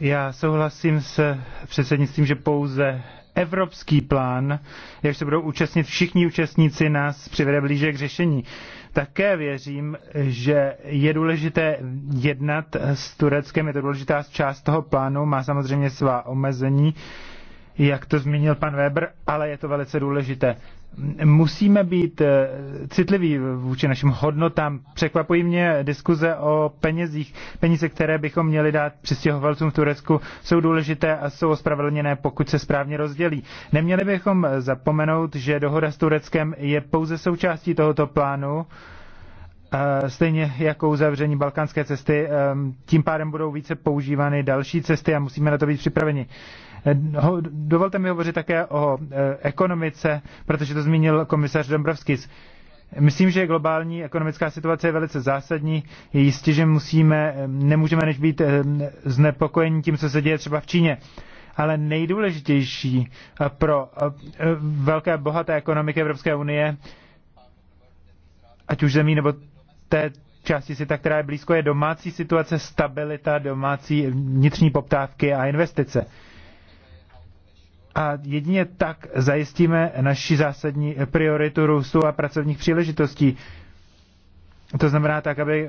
Já souhlasím s předsednictvím, že pouze evropský plán, jak se budou účastnit všichni účastníci, nás přivede blíže k řešení. Také věřím, že je důležité jednat s Tureckem, je to důležitá část toho plánu, má samozřejmě svá omezení, jak to zmínil pan Weber, ale je to velice důležité musíme být eh, citliví vůči našim hodnotám. Překvapují mě diskuze o penězích. Peníze, které bychom měli dát přistěhovalcům v Turecku, jsou důležité a jsou ospravedlněné, pokud se správně rozdělí. Neměli bychom zapomenout, že dohoda s Tureckem je pouze součástí tohoto plánu, eh, stejně jako uzavření balkánské cesty, ehm, tím pádem budou více používány další cesty a musíme na to být připraveni. Eh, dovolte mi hovořit také o eh, ekonomice, protože to zmínil komisař Dombrovskis. Myslím, že globální ekonomická situace je velice zásadní. Je jistě, že musíme, eh, nemůžeme než být znepokojeni tím, co se děje třeba v Číně. Ale nejdůležitější pro velké bohaté ekonomiky Evropské unie, ať už zemí nebo té části světa, která je blízko, je domácí situace, stabilita domácí vnitřní poptávky a investice. A jedině tak zajistíme naši zásadní prioritu růstu a pracovních příležitostí. To znamená tak, aby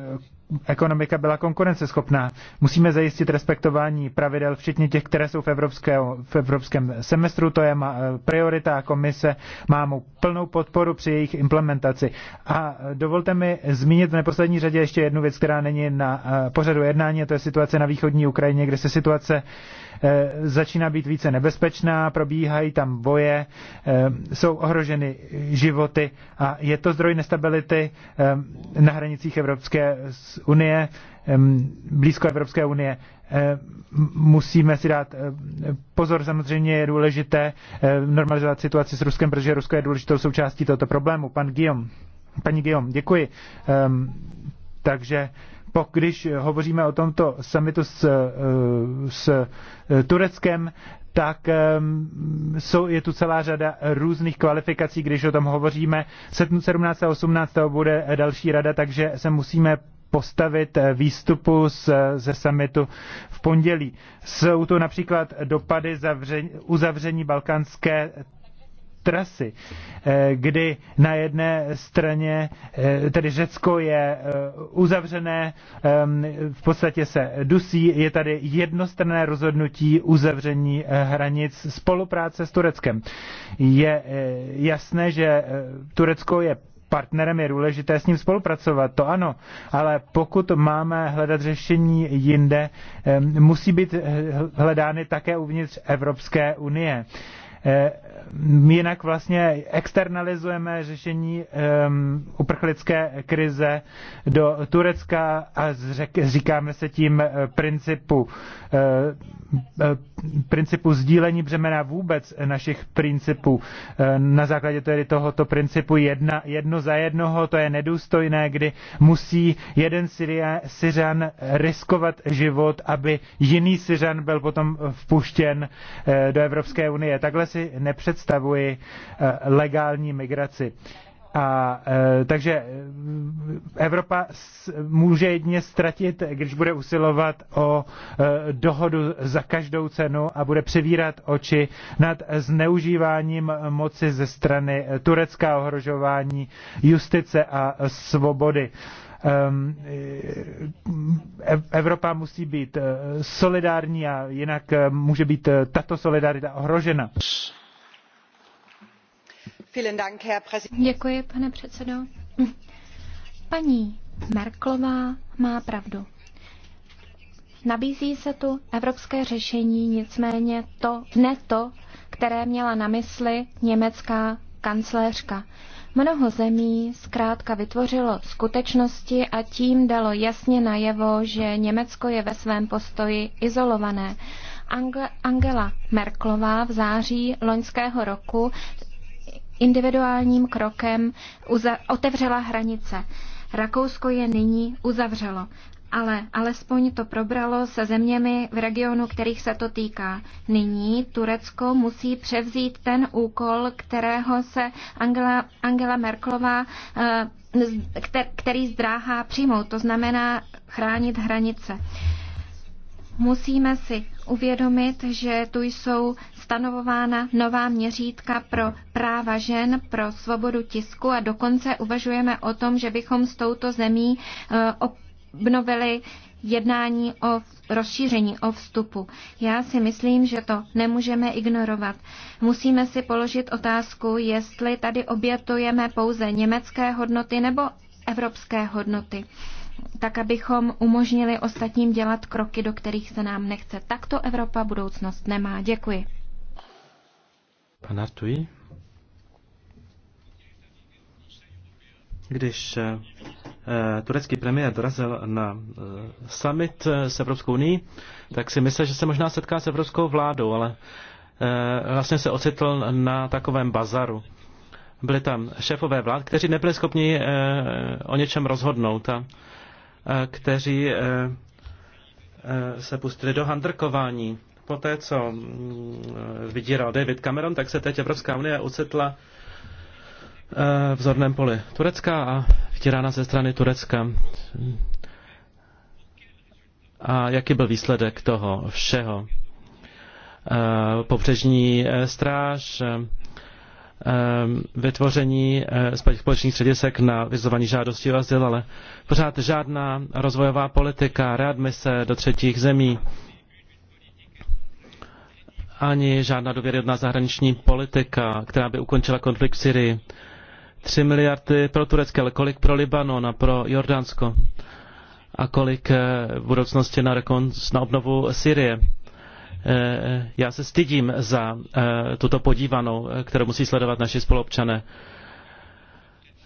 ekonomika byla konkurenceschopná. Musíme zajistit respektování pravidel, včetně těch, které jsou v, evropské, v evropském semestru. To je priorita a komise má mu plnou podporu při jejich implementaci. A dovolte mi zmínit v neposlední řadě ještě jednu věc, která není na eh, pořadu jednání, a to je situace na východní Ukrajině, kde se situace uh, Eh, začíná být více nebezpečná, probíhají tam boje, eh, jsou ohroženy životy a je to zdroj nestability eh, na hranicích Evropské unie, blízko Evropské unie. Musíme si dát pozor, samozřejmě je důležité normalizovat situaci s Ruskem, protože Rusko je důležitou součástí tohoto problému. Pan Guillaume, paní Guillaume, děkuji. Takže když hovoříme o tomto summitu s, eh, s eh, Tureckem, tak ehm, jsou, je tu celá řada různých kvalifikací, když o tom hovoříme. 17. a 18. bude další rada, takže se musíme postavit výstupu z, ze summitu v pondělí. Jsou tu například dopady zavře, uzavření balkánské trasy, eh, kdy na jedné straně, eh, tedy Řecko je eh, uzavřené, ehm, v podstatě se dusí, je tady jednostranné rozhodnutí uzavření hranic spolupráce s Tureckem. Je jasné, že Turecko je partnerem je důležité s ním spolupracovat, to ano, ale pokud máme hledat řešení jinde, musí být hledány také uvnitř Evropské unie. Eh, jinak vlastně externalizujeme řešení um, uprchlické krize do Turecka a zřek, říkáme se tím eh, principu uh, principu sdílení břemena vůbec našich principů. E, na základě tedy tohoto principu jedna, jedno za jednoho, to je nedůstojné, kdy musí jeden Syria, Syřan riskovat život, aby jiný Syřan byl potom vpuštěn e, do Evropské unie. Takhle si nepředstavuji e, legální migraci. A e, takže e, Evropa s, může jedně ztratit, když bude usilovat o e, dohodu za každou cenu a bude převírat oči nad zneužíváním moci ze strany Turecka, ohrožování justice a svobody. E, Evropa musí být e, solidární a jinak může být tato solidarita ohrožena. Děkuji, pane předsedo. Paní Merkelová má pravdu. Nabízí se tu evropské řešení, nicméně to ne to, které měla na mysli německá kancléřka. Mnoho zemí zkrátka vytvořilo skutečnosti a tím dalo jasně najevo, že Německo je ve svém postoji izolované. Angela Merklová v září loňského roku individuálním krokem otevřela hranice. Rakousko je nyní uzavřelo, ale alespoň to probralo se zeměmi v regionu, kterých se to týká. Nyní Turecko musí převzít ten úkol, kterého se Angela, Angela Merklová, eh, který zdráhá přijmout, to znamená chránit hranice. Musíme si uvědomit, že tu jsou stanovována nová měřítka pro práva žen, pro svobodu tisku a dokonce uvažujeme o tom, že bychom s touto zemí eh, obnovili jednání o rozšíření, o vstupu. Já si myslím, že to nemůžeme ignorovat. Musíme si položit otázku, jestli tady obětujeme pouze německé hodnoty nebo evropské hodnoty tak abychom umožnili ostatním dělat kroky, do kterých se nám nechce. Takto Evropa budoucnost nemá. Děkuji. Pan Artuji? Když eh, eh, turecký premiér dorazil na eh, summit s Evropskou unii, tak si myslel, že se možná setká s evropskou vládou, ale vlastně se ocitl na takovém bazaru. Byli tam šéfové vlád, kteří nebyli schopni o něčem rozhodnout. A Eh, kteří eh, eh, se pustili do handrkování. Poté, co mm, vydíral David Cameron, tak se teď Evropská unie ocitla v zorném poli Turecka a vydírána ze strany Turecka. A jaký byl výsledek toho všeho? Pobřežní stráž, Ehm, vytvoření eh, společných středisek na vyzování žádostí o azyl, ale pořád žádná rozvojová politika, readmise do třetích zemí, ani žádná důvěryhodná zahraniční politika, která by ukončila konflikt v Syrii. 3 miliardy pro Turecko, ale kolik pro Libanon a pro Jordánsko? A kolik eh, v budoucnosti na, rekon, na obnovu Syrie? Eh, já se stydím za eh, tuto podívanou, eh, kterou musí sledovat naši spolupčané.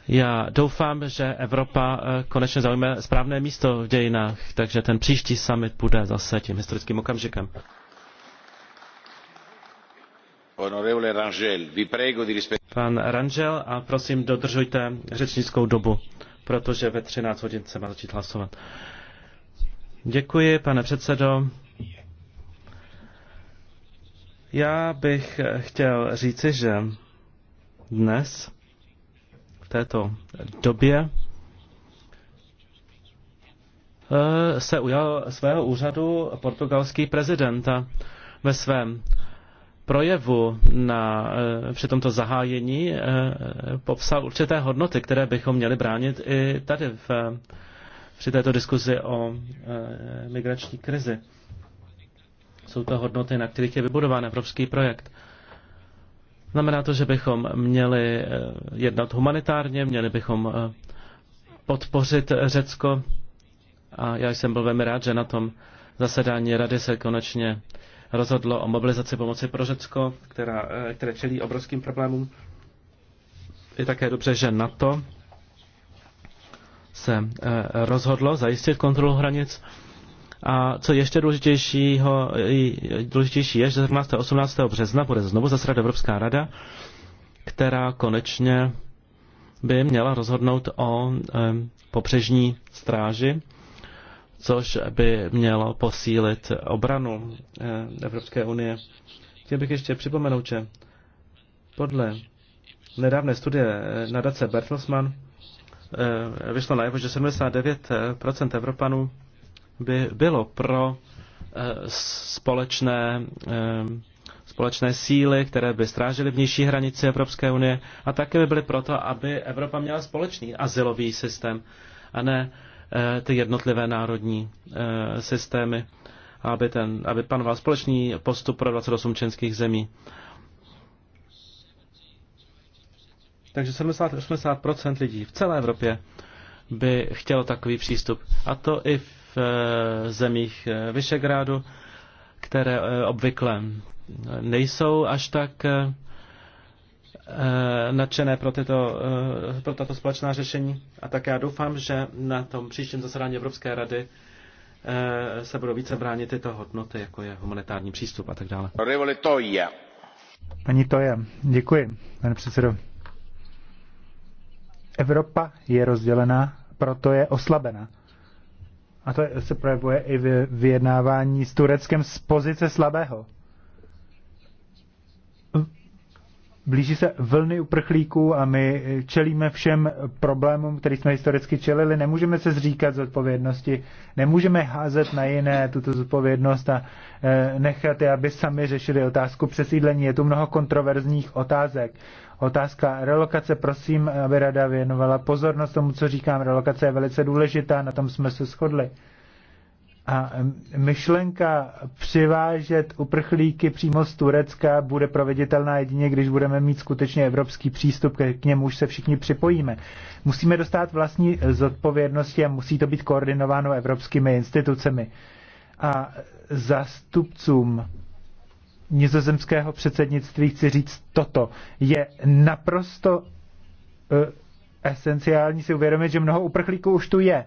Já doufám, že Evropa konečně zaujme správné místo v dějinách, takže ten příští summit bude zase tím historickým okamžikem. Pan Rangel, a prosím dodržujte řečnickou dobu, protože ve 13 hodin se má začít hlasovat. Děkuji, pane předsedo. Já bych chtěl říci, že dnes, v této době, eh, se ujal svého úřadu portugalský prezident a ve svém projevu na, eh, při tomto zahájení eh, popsal určité hodnoty, které bychom měli bránit i tady v, při této diskuzi o migrační krizi. Jsou to hodnoty, na kterých je vybudován evropský projekt. Znamená to, že bychom měli eh, jednat humanitárně, měli bychom eh, podpořit Řecko. A já jsem byl velmi rád, že na tom zasedání rady se konečně rozhodlo o mobilizaci pomoci pro Řecko, která, eh, které čelí obrovským problémům. Je také dobře, že na to se rozhodlo zajistit kontrolu hranic a co ještě důležitějšího, důležitější je, že 17. a 18. března bude znovu zasedat Evropská rada, která konečně by měla rozhodnout o pobřežní stráži, což by mělo posílit obranu Evropské unie. Chtěl bych ještě připomenout, že podle nedávné studie eh, nadace Bertelsmann eh, vyšlo najevo, že 79% eh, Evropanů by bylo pro eh, společné, eh, společné síly, které by strážily vnější hranici Evropské unie a také by byly proto, aby Evropa měla společný asilový systém a ne eh, ty jednotlivé národní systémy, aby, ten, aby panoval společný postup pro 28 členských zemí. Takže 70-80% lidí v celé Evropě by chtělo takový přístup. A to i v v eh, zemích eh, Vyšegrádu, které eh, obvykle nejsou až tak nadšené pro, tyto, pro tato společná řešení. A tak já doufám, že na tom příštím zasedání Evropské rady se budou více bránit tyto hodnoty, jako je humanitární přístup a tak dále. Paní Toja, děkuji, pane předsedo. Evropa je rozdělená, proto je oslabena. A to se projevuje i v vyjednávání s Tureckem z pozice slabého. Blíží se vlny uprchlíků a my čelíme všem problémům, který jsme historicky čelili. Nemůžeme se zříkat zodpovědnosti, nemůžeme házet na jiné tuto zodpovědnost a eh, nechat je, aby sami řešili otázku přesídlení. Je tu mnoho kontroverzních otázek. Otázka relokace, prosím, aby rada věnovala pozornost tomu, co říkám. Relokace je velice důležitá, na tom jsme se shodli. A myšlenka přivážet uprchlíky přímo z Turecka bude proveditelná jedině, když budeme mít skutečně evropský přístup, k němu už se všichni připojíme. Musíme dostat vlastní zodpovědnosti a musí to být koordinováno evropskými institucemi. A zastupcům nizozemského předsednictví chci říct toto. Je naprosto uh, esenciální si uvědomit, že mnoho uprchlíků už tu je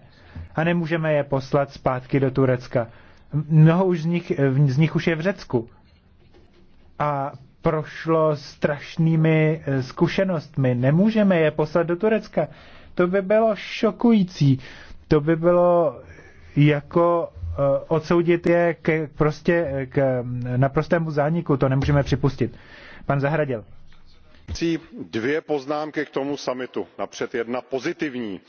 a nemůžeme je poslat zpátky do Turecka. Mnoho už z nich, eh, z nich už je v Řecku. A prošlo strašnými eh, zkušenostmi. Nemůžeme je poslat do Turecka. To by bylo šokující. To by bylo jako Eh, odsoudit je prostě, eh, k, prostě, mm, k naprostému zániku. To nemůžeme připustit. Pan Zahradil. Dvě poznámky k tomu summitu. Napřed jedna pozitivní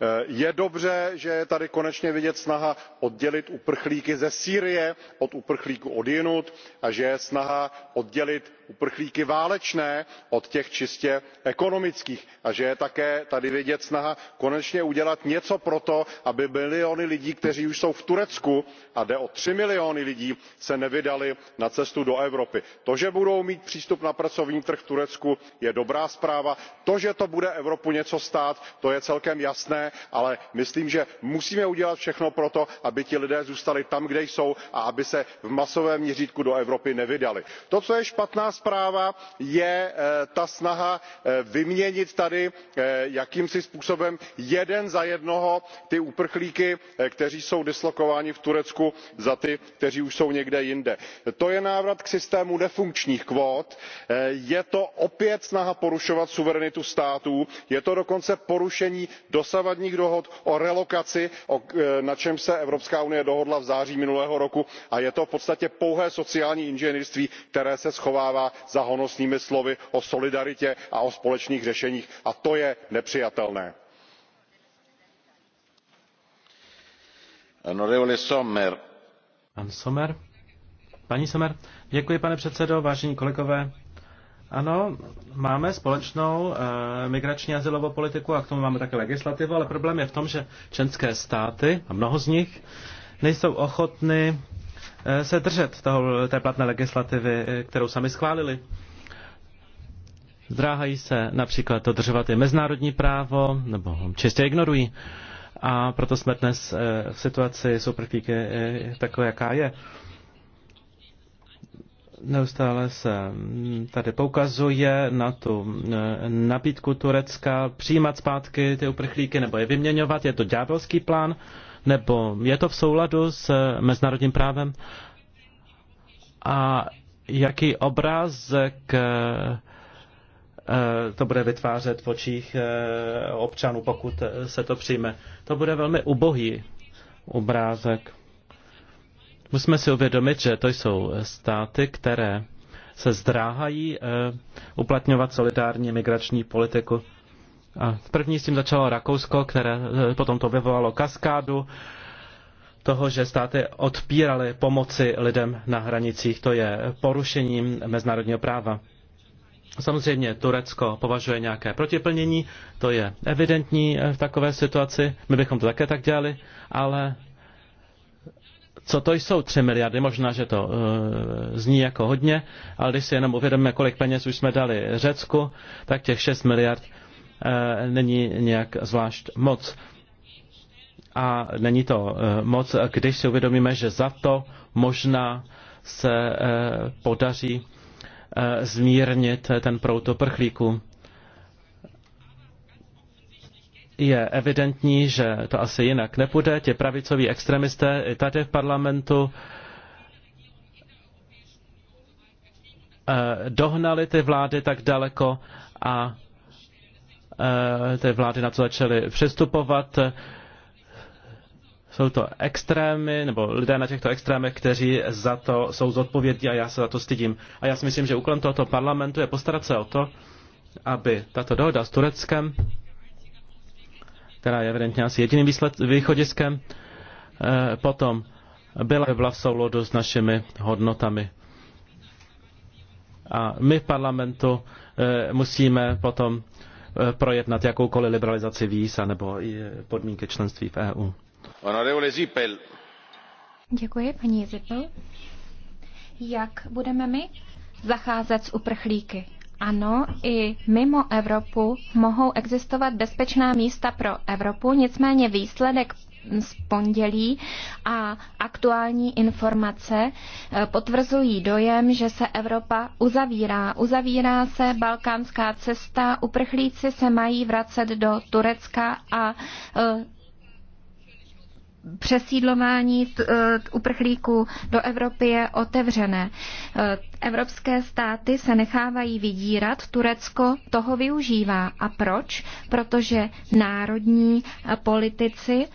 eh, je dobře že je tady konečně vidět snaha oddělit uprchlíky ze sýrie od uprchlíků odjinud a že je snaha oddělit uprchlíky válečné od těch čistě ekonomických a že je také tady vidět snaha konečně udělat něco pro to aby miliony lidí kteří už jsou v turecku a jde o tři miliony lidí se nevydaly na cestu do evropy. to že budou mít přístup na pracovní trh v turecku je dobrá zpráva to že to bude evropu něco stát to je celkem jasné ale myslím že musíme udělat všechno pro to aby ti lidé zůstali tam kde jsou a aby se v masovém měřítku do evropy nevydali. to co je špatná zpráva je eh, ta snaha eh, vyměnit tady eh, jakýmsi způsobem jeden za jednoho ty uprchlíky kteří jsou dislokováni v turecku za ty kteří už jsou někde jinde. to je návrat k systému nefunkčních kvót je to opět snaha porušovat suverenitu států je to dokonce porušení dosavadních dohod o relokaci na čemž se evropská unie dohodla v září minulého roku a je to v podstatě pouhé sociální inženýrství které se schovává za honosnými slovy o solidaritě a o společných řešeních a to je nepřijatelné. Paní Sommer, pane předsedající vážení kolegové. Ano, máme společnou eh, migrační a azylovou politiku a k tomu máme také legislativu, ale problém je v tom, že členské státy, a mnoho z nich, nejsou ochotny Eh, se držet toho, té platné legislativy, eh, kterou sami schválili. Zdráhají se například dodržovat i mezinárodní právo, nebo čistě ignorují. A proto jsme dnes eh, v situaci superfíky takové, jaká je. Neustále se mm, tady poukazuje na tu nabídku Turecka přijímat zpátky ty uprchlíky nebo je vyměňovat. Je to ďábelský plán nebo je to v souladu s eh, mezinárodním právem a jaký obrázek eh, eh, to bude vytvářet v očích občanů, pokud se to přijme. To bude velmi ubohý obrázek. Musíme si uvědomit, že to jsou státy, které se zdráhají uplatňovat solidární migrační politiku. První s tím začalo Rakousko, které eh, potom to vyvolalo kaskádu toho, že státy odpíraly pomoci lidem na hranicích. To je porušením mezinárodního práva. Samozřejmě Turecko považuje nějaké protiplnění, to je evidentní eh, v takové situaci, my bychom to také tak dělali, ale co to jsou 3 miliardy, možná, že to uh, zní jako hodně, ale když si jenom uvědomíme, kolik peněz už jsme dali Řecku, tak těch 6 miliard Eh, není nějak zvlášť moc. A není to eh, moc, když si uvědomíme, že za to možná se eh, podaří zmírnit ten prout prchlíku. Je evidentní, že to asi jinak nepůjde. Ti pravicoví extremisté tady v parlamentu dohnali ty vlády tak daleko a Eh, ty vlády na to začaly přistupovat. Jsou to extrémy, nebo lidé na těchto extrémech, kteří za to jsou zodpovědní a já se za to stydím. A já si myslím, že úkolem tohoto parlamentu je postarat se o to, aby tato dohoda s Tureckem, která je evidentně asi jediným výsled, východiskem, eh, potom byla, byla v souladu s našimi hodnotami. A my v parlamentu eh, musíme potom projednat jakoukoliv liberalizaci víz nebo podmínky členství v EU. Děkuji, paní Zippel. Jak budeme my zacházet s uprchlíky? Ano, i mimo Evropu mohou existovat bezpečná místa pro Evropu, nicméně výsledek z pondělí a aktuální informace eh, potvrzují dojem, že se Evropa uzavírá. Uzavírá se balkánská cesta, uprchlíci se mají vracet do Turecka a eh, přesídlování eh, uprchlíků do Evropy je otevřené. Evropské státy se nechávají vydírat, Turecko toho využívá. A proč? Protože národní politici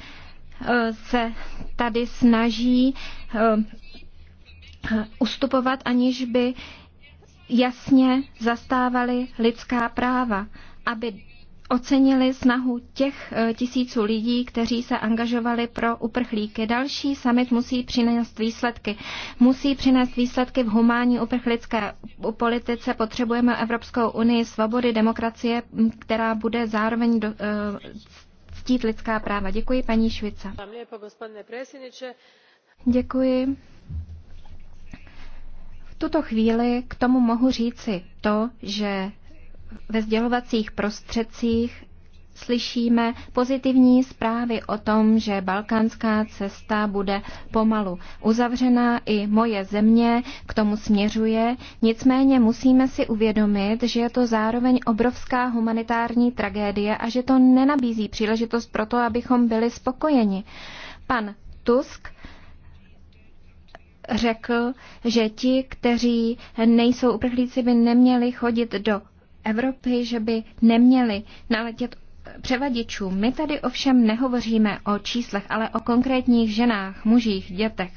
se tady snaží eh, ustupovat, aniž by jasně zastávali lidská práva, aby ocenili snahu těch eh, tisíců lidí, kteří se angažovali pro uprchlíky. Další summit musí přinést výsledky. Musí přinést výsledky v humánní uprchlické politice. Potřebujeme Evropskou unii svobody, demokracie, která bude zároveň do, eh, ctít lidská práva. Děkuji, paní Švica. Děkuji. V tuto chvíli k tomu mohu říci to, že ve sdělovacích prostředcích slyšíme pozitivní zprávy o tom, že balkánská cesta bude pomalu uzavřená. I moje země k tomu směřuje. Nicméně musíme si uvědomit, že je to zároveň obrovská humanitární tragédie a že to nenabízí příležitost pro to, abychom byli spokojeni. Pan Tusk řekl, že ti, kteří nejsou uprchlíci, by neměli chodit do Evropy, že by neměli naletět převaděčů. My tady ovšem nehovoříme o číslech, ale o konkrétních ženách, mužích, dětech.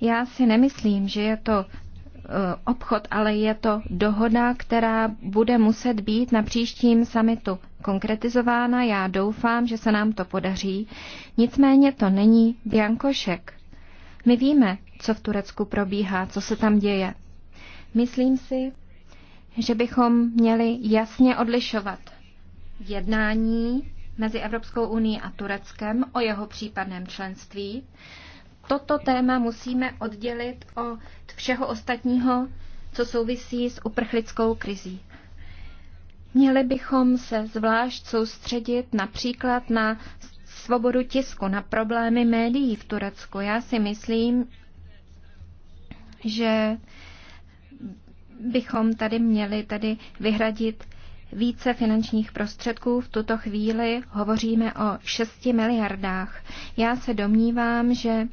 Já si nemyslím, že je to eh, obchod, ale je to dohoda, která bude muset být na příštím samitu konkretizována. Já doufám, že se nám to podaří. Nicméně to není Biankošek. My víme, co v Turecku probíhá, co se tam děje. Myslím si, že bychom měli jasně odlišovat jednání mezi Evropskou unii a Tureckem o jeho případném členství. Toto téma musíme oddělit od všeho ostatního, co souvisí s uprchlickou krizí. Měli bychom se zvlášť soustředit například na svobodu tisku, na problémy médií v Turecku. Já si myslím, že bychom tady měli tady vyhradit více finančních prostředků. V tuto chvíli hovoříme o 6 miliardách. Já se domnívám, že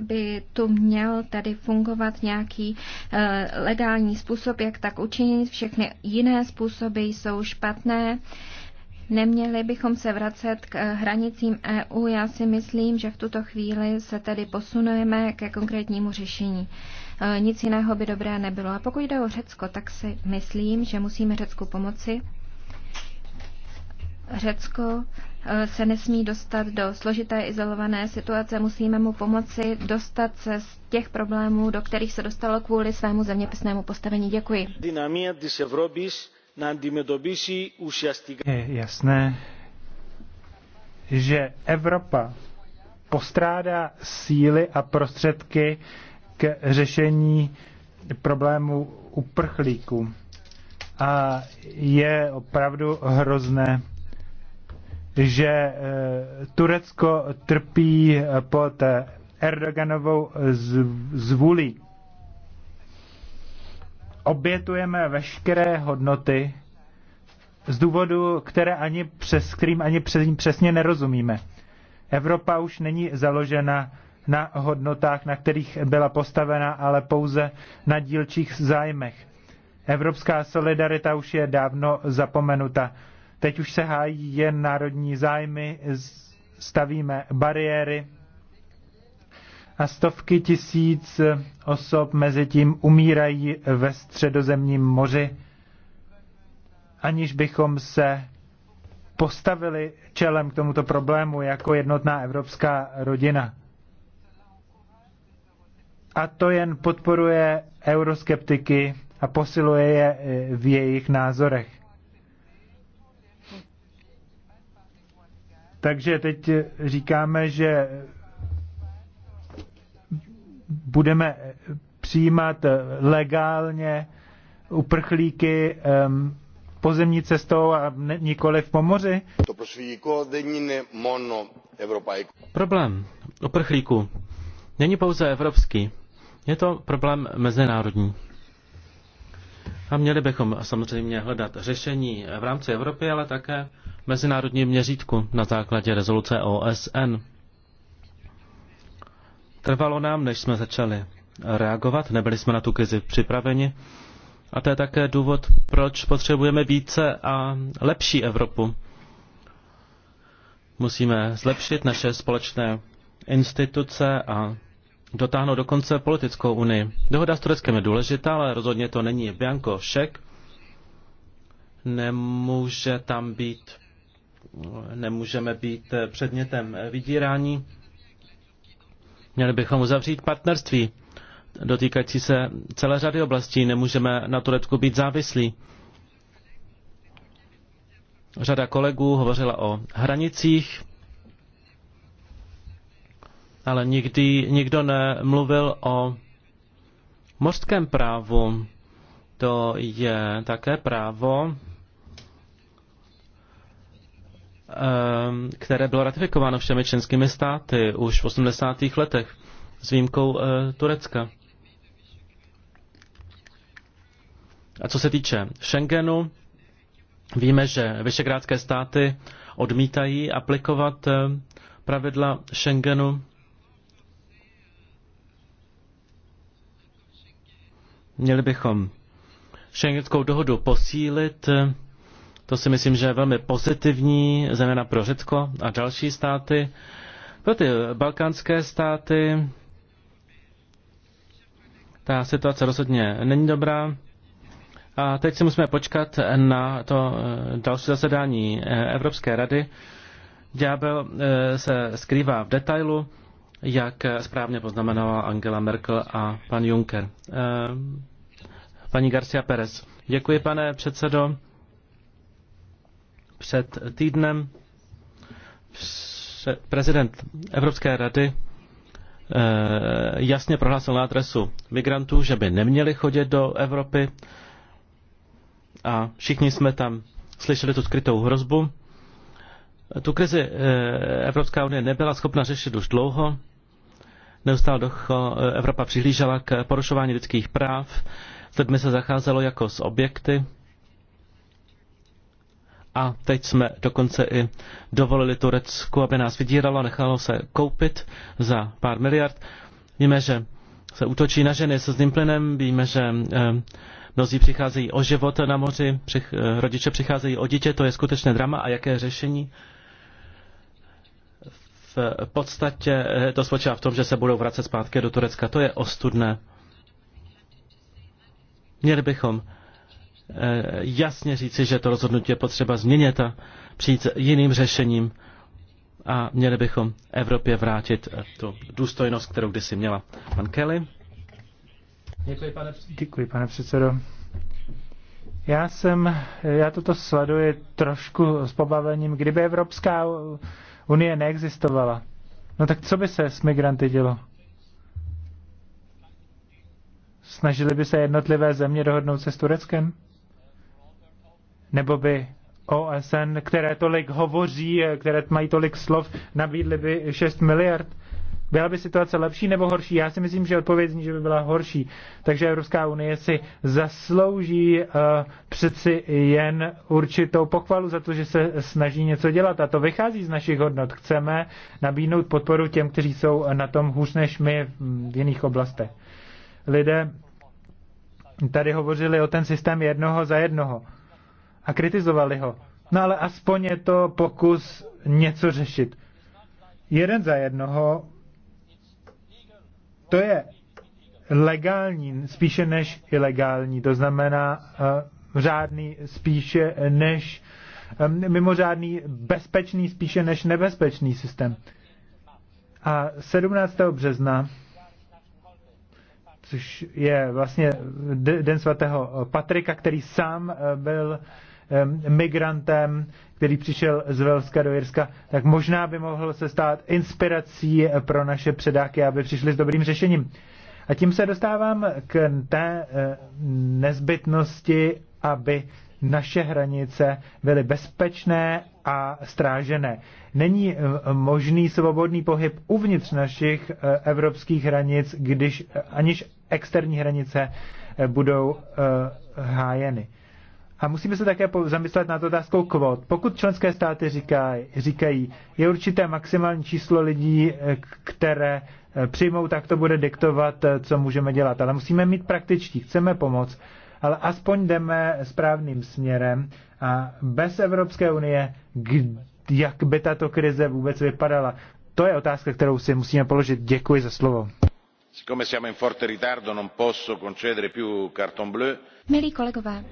by tu měl tady fungovat nějaký eh, legální způsob, jak tak učinit. Všechny jiné způsoby jsou špatné. Neměli bychom se vracet k eh, hranicím EU. Já si myslím, že v tuto chvíli se tedy posunujeme ke konkrétnímu řešení. Nic jiného by dobré nebylo. A pokud jde o Řecko, tak si myslím, že musíme Řecku pomoci. Řecko e, se nesmí dostat do složité izolované situace, musíme mu pomoci dostat se z těch problémů, do kterých se dostalo kvůli svému zeměpisnému postavení. Děkuji. Je jasné, že Evropa postrádá síly a prostředky k řešení problému uprchlíků. A je opravdu hrozné, že eh, Turecko trpí pod eh, Erdoganovou zvůli. Obětujeme veškeré hodnoty z důvodu, které ani přes, kterým ani přes, ním přesně nerozumíme. Evropa už není založena na hodnotách, na kterých byla postavena, ale pouze na dílčích zájmech. Evropská solidarita už je dávno zapomenuta. Teď už se hájí jen národní zájmy, stavíme bariéry a stovky tisíc osob mezi tím umírají ve středozemním moři, aniž bychom se postavili čelem k tomuto problému jako jednotná evropská rodina a to jen podporuje euroskeptiky a posiluje je eh, v jejich názorech. Takže teď eh, říkáme, že budeme eh, přijímat legálně uprchlíky ehm, pozemní cestou a nikoliv po moři? Problém uprchlíků není pouze evropský. Je to problém mezinárodní. A měli bychom samozřejmě hledat řešení v rámci Evropy, ale také mezinárodní měřítku na základě rezoluce OSN. Trvalo nám, než jsme začali reagovat, nebyli jsme na tu krizi připraveni. A to je také důvod, proč potřebujeme více a lepší Evropu. Musíme zlepšit naše společné instituce a dotáhnout do konce politickou unii. Dohoda s Tureckem je důležitá, ale rozhodně to není Bianko Šek. Nemůže tam být, nemůžeme být eh, předmětem eh, vydírání. Měli bychom uzavřít partnerství dotýkající se celé řady oblastí. Nemůžeme na Turecku být závislí. Řada kolegů hovořila o hranicích, ale nikdy nikdo nemluvil o mořském právu. To je také právo, ehm, které bylo ratifikováno všemi členskými státy už v 80. letech s výjimkou eh, Turecka. A co se týče Schengenu, víme, že vyšegrádské státy odmítají aplikovat eh, pravidla Schengenu Měli bychom šengenskou dohodu posílit. To si myslím, že je velmi pozitivní, zejména pro Řecko a další státy. Pro ty balkánské státy ta situace rozhodně není dobrá. A teď si musíme počkat na to eh, další zasedání eh, Evropské rady. Ďábel eh, se skrývá v detailu jak správně poznamenala Angela Merkel a pan Juncker. Eh, paní Garcia Perez. Děkuji, pane předsedo. Před týdnem prezident Evropské rady eh, jasně prohlásil na adresu migrantů, že by neměli chodit do Evropy a všichni jsme tam slyšeli tu skrytou hrozbu. Tu krizi eh, Evropská unie nebyla schopna řešit už dlouho. Neustále docho, eh, Evropa přihlížela k porušování lidských práv, s lidmi se zacházelo jako s objekty. A teď jsme dokonce i dovolili Turecku, aby nás vydíralo, nechalo se koupit za pár miliard. Víme, že se útočí na ženy se zným plynem, víme, že eh, mnozí přicházejí o život na moři, přich, rodiče přicházejí o dítě, to je skutečné drama a jaké řešení? podstatě eh, to spočívá v tom, že se budou vracet zpátky do Turecka. To je ostudné. Měli bychom eh, jasně říci, že to rozhodnutí je potřeba změnit a přijít s jiným řešením a měli bychom Evropě vrátit eh, tu důstojnost, kterou kdysi měla. Pan Kelly. Děkuji, pane, Děkuji, pane předsedo. Já jsem, já toto sleduji trošku s pobavením, kdyby Evropská Unie neexistovala. No tak co by se s migranty dělo? Snažili by se jednotlivé země dohodnout se s Tureckem? Nebo by OSN, které tolik hovoří, eh, které mají tolik slov, nabídly by 6 miliard? Byla by situace lepší nebo horší? Já si myslím, že odpověď zní, že by byla horší. Takže Evropská unie si zaslouží uh, přeci jen určitou pochvalu za to, že se snaží něco dělat. A to vychází z našich hodnot. Chceme nabídnout podporu těm, kteří jsou na tom hůř než my v jiných oblastech. Lidé tady hovořili o ten systém jednoho za jednoho a kritizovali ho. No ale aspoň je to pokus něco řešit. Jeden za jednoho to je legální spíše než ilegální, to znamená uh, řádný spíše než um, mimořádný bezpečný spíše než nebezpečný systém. A 17. března, což je vlastně den svatého Patrika, který sám eh, byl migrantem, který přišel z Velska do Jirska, tak možná by mohl se stát inspirací pro naše předáky, aby přišli s dobrým řešením. A tím se dostávám k té eh, nezbytnosti, aby naše hranice byly bezpečné a strážené. Není eh, možný svobodný pohyb uvnitř našich eh, evropských hranic, když aniž externí hranice budou hájeny. A musíme se také zamyslet nad otázkou kvot. Pokud členské státy říkají, říkají, je určité maximální číslo lidí, eh, které eh, přijmou, tak to bude diktovat, eh, co můžeme dělat. Ale musíme mít praktičtí, chceme pomoct, ale aspoň jdeme správným směrem a bez Evropské unie, jak by tato krize vůbec vypadala? To je otázka, kterou si musíme položit. Děkuji za slovo milí kolegové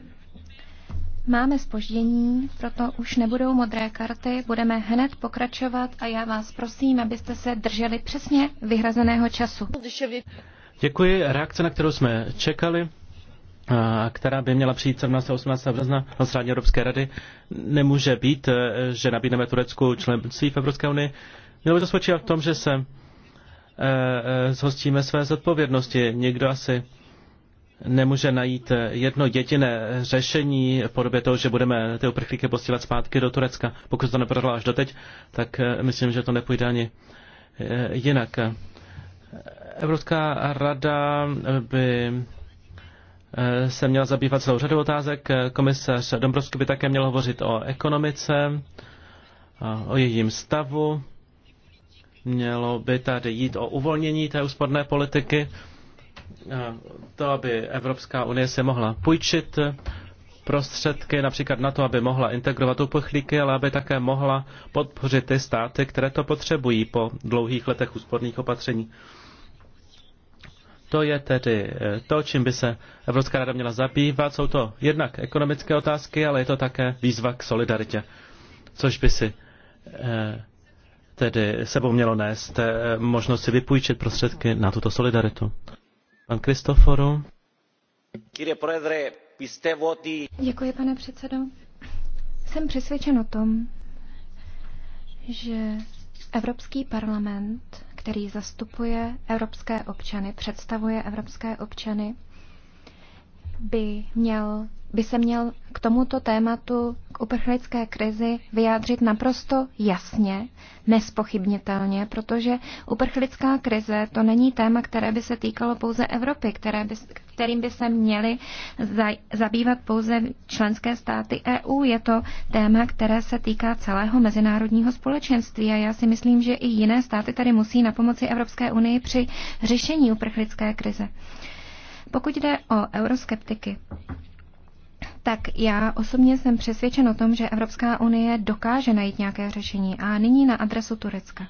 Máme spoždění, proto už nebudou modré karty, budeme hned pokračovat a já vás prosím, abyste se drželi přesně vyhrazeného času. Děkuji. Reakce, na kterou jsme čekali, a která by měla přijít 17. a 18. března na zrádě Evropské rady, nemůže být, e, že nabídneme Turecku členství v Evropské unii. Mělo by to spočívat v tom, že se e, e, zhostíme své zodpovědnosti. Někdo asi nemůže najít jedno jediné řešení v podobě toho, že budeme ty uprchlíky posílat zpátky do Turecka. Pokud to neprošlo až doteď, tak eh, myslím, že to nepůjde ani eh, jinak. Evropská rada eh, by se měla zabývat celou řadou otázek. Komisař Dombrovský by také měl hovořit o ekonomice, o jejím stavu. Mělo by tady jít o uvolnění té úsporné politiky to, aby Evropská unie se mohla půjčit prostředky například na to, aby mohla integrovat uprchlíky, ale aby také mohla podpořit ty státy, které to potřebují po dlouhých letech úsporných opatření. To je tedy eh, to, čím by se Evropská rada měla zabývat. Jsou to jednak ekonomické otázky, ale je to také výzva k solidaritě, což by si eh, tedy sebou mělo nést eh, možnost si vypůjčit prostředky na tuto solidaritu. Pan Kristoforu. Děkuji, pane předsedo. Jsem přesvědčen o tom, že Evropský parlament, který zastupuje evropské občany, představuje evropské občany, by měl by se měl k tomuto tématu, k uprchlické krizi, vyjádřit naprosto jasně, nespochybnitelně, protože uprchlická krize to není téma, které by se týkalo pouze Evropy, které by, kterým by se měly zabývat pouze členské státy EU. Je to téma, které se týká celého mezinárodního společenství a já si myslím, že i jiné státy tady musí na pomoci Evropské unii při řešení uprchlické krize. Pokud jde o euroskeptiky, tak já osobně jsem přesvědčen o tom, že Evropská unie dokáže najít nějaké řešení. A nyní na adresu Turecka.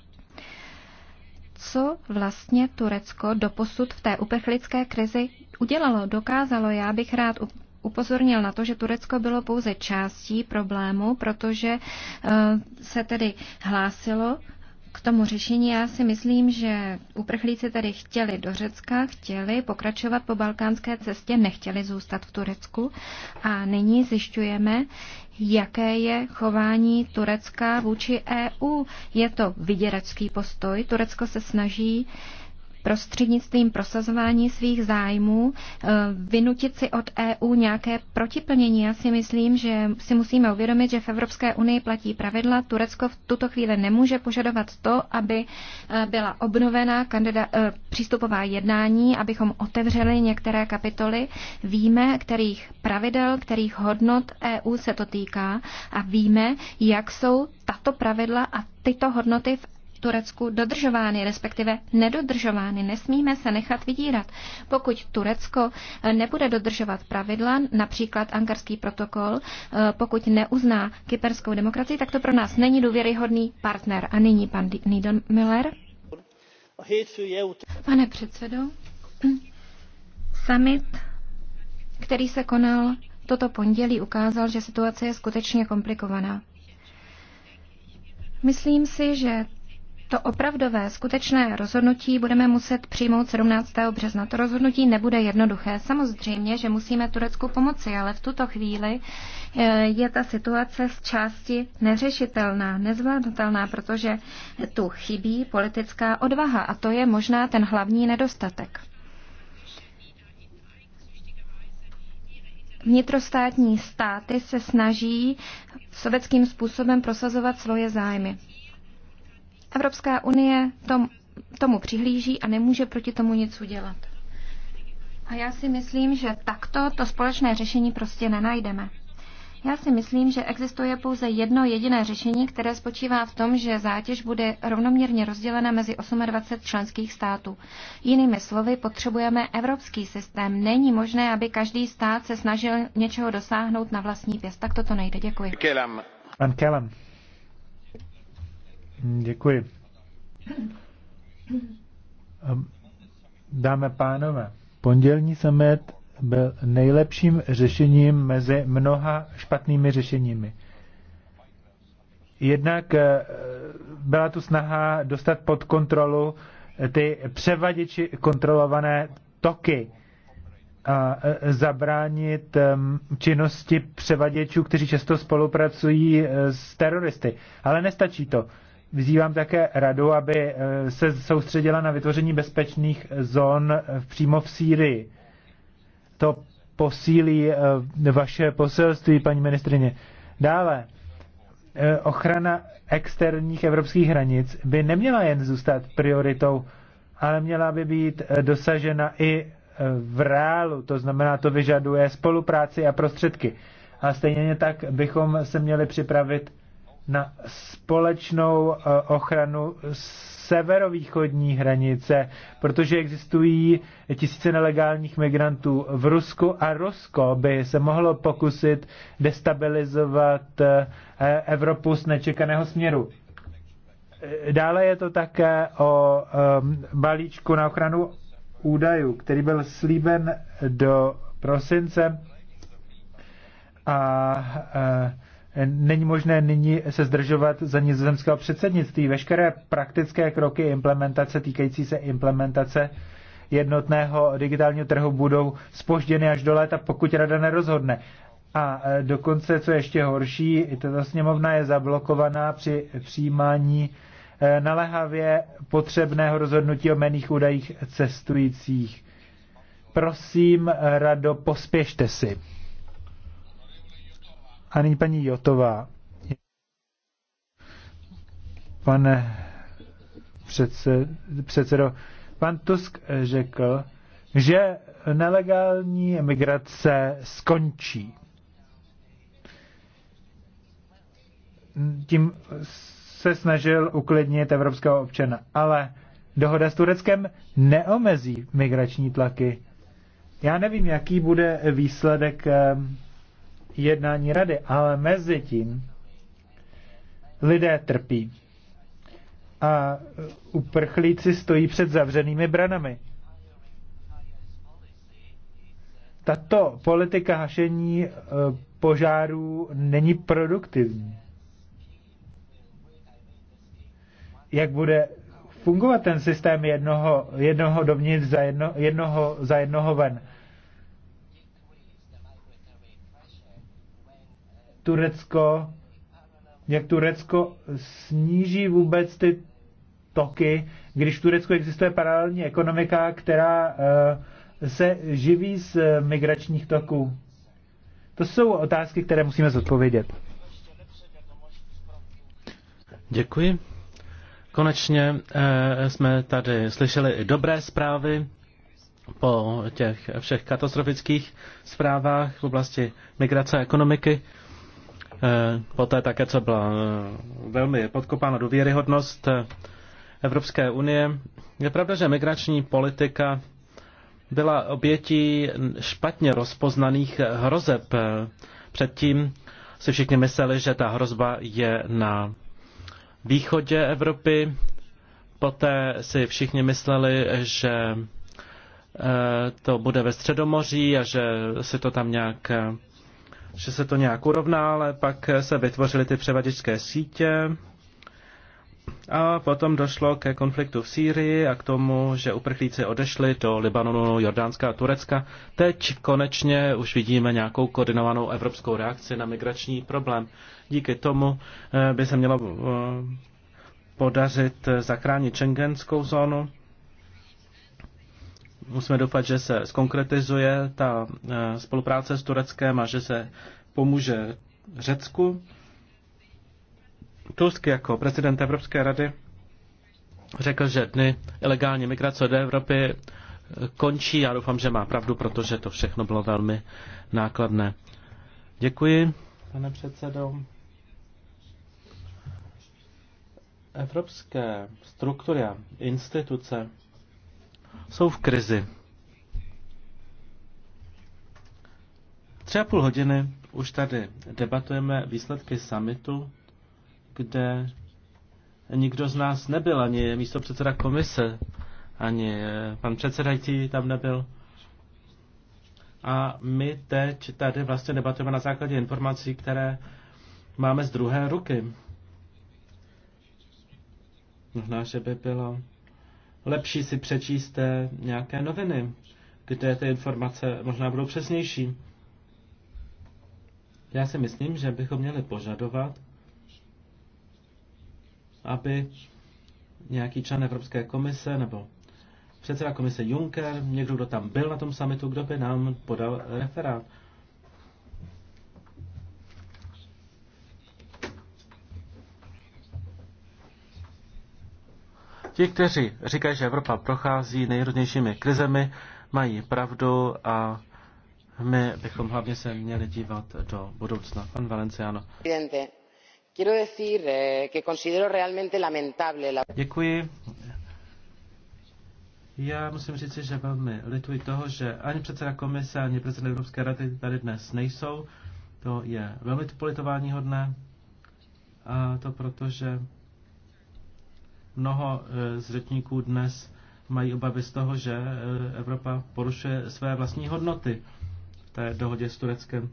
Co vlastně Turecko doposud v té uprchlické krizi udělalo, dokázalo? Já bych rád upozornil na to, že Turecko bylo pouze částí problému, protože eh, se tedy hlásilo k tomu řešení. Já si myslím, že uprchlíci tady chtěli do Řecka, chtěli pokračovat po balkánské cestě, nechtěli zůstat v Turecku a nyní zjišťujeme, jaké je chování Turecka vůči EU. Je to vyděračský postoj. Turecko se snaží uh, prostřednictvím prosazování svých zájmů eh, vynutit si od EU nějaké protiplnění. Já si myslím, že si musíme uvědomit, že v Evropské unii platí pravidla. Turecko v tuto chvíli nemůže požadovat to, aby eh, byla obnovená kandida- eh, přístupová jednání, abychom otevřeli některé kapitoly. Víme, kterých pravidel, kterých hodnot EU se to týká a víme, jak jsou tato pravidla a tyto hodnoty v Turecku dodržovány, respektive nedodržovány. Nesmíme se nechat vydírat. Pokud Turecko eh, nebude dodržovat pravidla, například ankarský protokol, eh, pokud neuzná kyperskou demokracii, tak to pro nás není důvěryhodný partner. A nyní pan Nidon Miller. Pane předsedo, summit, který se konal toto pondělí, ukázal, že situace je skutečně komplikovaná. Myslím si, že to opravdové, skutečné rozhodnutí budeme muset přijmout 17. března. To rozhodnutí nebude jednoduché. Samozřejmě, že musíme Turecku pomoci, ale v tuto chvíli eh, je ta situace z části neřešitelná, nezvládnutelná, protože tu chybí politická odvaha a to je možná ten hlavní nedostatek. Vnitrostátní státy se snaží sovětským způsobem prosazovat svoje zájmy. Evropská unie tom, tomu přihlíží a nemůže proti tomu nic udělat. A já si myslím, že takto to společné řešení prostě nenajdeme. Já si myslím, že existuje pouze jedno jediné řešení, které spočívá v tom, že zátěž bude rovnoměrně rozdělena mezi 28 členských států. Jinými slovy, potřebujeme evropský systém. Není možné, aby každý stát se snažil něčeho dosáhnout na vlastní pěst. Tak toto nejde. Děkuji. Pan Kellam. Děkuji. Dáme pánové, pondělní summit byl nejlepším řešením mezi mnoha špatnými řešeními. Jednak eh, byla tu snaha dostat pod kontrolu eh, ty převaděči kontrolované toky a eh, zabránit ehm, činnosti převaděčů, kteří často spolupracují s teroristy. Ale nestačí to. Vyzývám také radu, aby eh, se soustředila na vytvoření bezpečných zón eh, přímo v Sýrii. To posílí eh, vaše poselství, paní ministrině. Dále, ochrana externích evropských hranic by neměla jen zůstat prioritou, ale měla by být dosažena i v reálu, to znamená, to vyžaduje spolupráci a prostředky. A stejně tak bychom se měli připravit na společnou eh, ochranu severovýchodní hranice, protože existují tisíce nelegálních migrantů v Rusku a Rusko by se mohlo pokusit destabilizovat eh, Evropu z nečekaného směru. Dále je to také o balíčku na ochranu údajů, který byl slíben do prosince a eh, není možné nyní se zdržovat za nizozemského předsednictví. Veškeré praktické kroky implementace týkající se implementace jednotného digitálního trhu budou spožděny až do léta, pokud rada nerozhodne. A e, dokonce, co je ještě horší, tato sněmovna je zablokovaná při přijímání e, naléhavě potřebného rozhodnutí o mených údajích cestujících. Prosím, e, Rado, pospěšte si. A nyní paní Jotová. Pane předsed, předsedo, pan Tusk řekl, že nelegální migrace skončí. Tím se snažil uklidnit evropského občana, ale dohoda s Tureckem neomezí migrační tlaky. Já nevím, jaký bude výsledek eh, jednání rady, ale mezi tím lidé trpí a uprchlíci stojí před zavřenými branami. Tato politika hašení e, požárů není produktivní. Jak bude fungovat ten systém jednoho, jednoho dovnitř za jedno, jednoho, za jednoho ven? Turecko, jak Turecko sníží vůbec ty toky, když v Turecku existuje paralelní ekonomika, která eh, se živí z migračních toků. To jsou otázky, které musíme zodpovědět. Děkuji. Konečně eh, jsme tady slyšeli dobré zprávy po těch všech katastrofických zprávách v oblasti migrace a ekonomiky. Eh, poté také, co byla eh, velmi podkopána důvěryhodnost eh, Evropské unie. Je pravda, že migrační politika byla obětí špatně rozpoznaných hrozeb. Předtím si všichni mysleli, že ta hrozba je na východě Evropy. Poté si všichni mysleli, že to bude ve Středomoří a že si to tam nějak že se to nějak urovná, ale pak se vytvořily ty převaděčské sítě a potom došlo ke konfliktu v Sýrii a k tomu, že uprchlíci odešli do Libanonu, Jordánska a Turecka. Teď konečně už vidíme nějakou koordinovanou evropskou reakci na migrační problém. Díky tomu eh, by se mělo eh, podařit eh, zachránit šengenskou zónu musíme doufat, že se skonkretizuje ta eh, spolupráce s Tureckem a že se pomůže Řecku. Tusk jako prezident Evropské rady řekl, že dny ilegální migrace do Evropy eh, končí. Já doufám, že má pravdu, protože to všechno bylo velmi nákladné. Děkuji, pane předsedo. Evropské struktury a instituce jsou v krizi. Tři a půl hodiny už tady debatujeme výsledky summitu, kde nikdo z nás nebyl, ani místo předseda komise, ani eh, pan předsedající tam nebyl. A my teď tady vlastně debatujeme na základě informací, které máme z druhé ruky. Možná, že by bylo lepší si přečíst nějaké noviny, kde ty informace možná budou přesnější. Já si myslím, že bychom měli požadovat, aby nějaký člen Evropské komise nebo předseda komise Juncker, někdo, kdo tam byl na tom summitu, kdo by nám podal referát. Ti, kteří říkají, že Evropa prochází nejrůznějšími krizemi, mají pravdu a my bychom hlavně se měli dívat do budoucna. Pan Valenciano. Eh, Děkuji. Já musím říct, že velmi lituji toho, že ani předseda komise, ani předseda Evropské rady tady dnes nejsou. To je velmi politování hodné. A to proto, že Mnoho e, z řečníků dnes mají obavy z toho, že e, Evropa porušuje své vlastní hodnoty v té dohodě s Tureckem.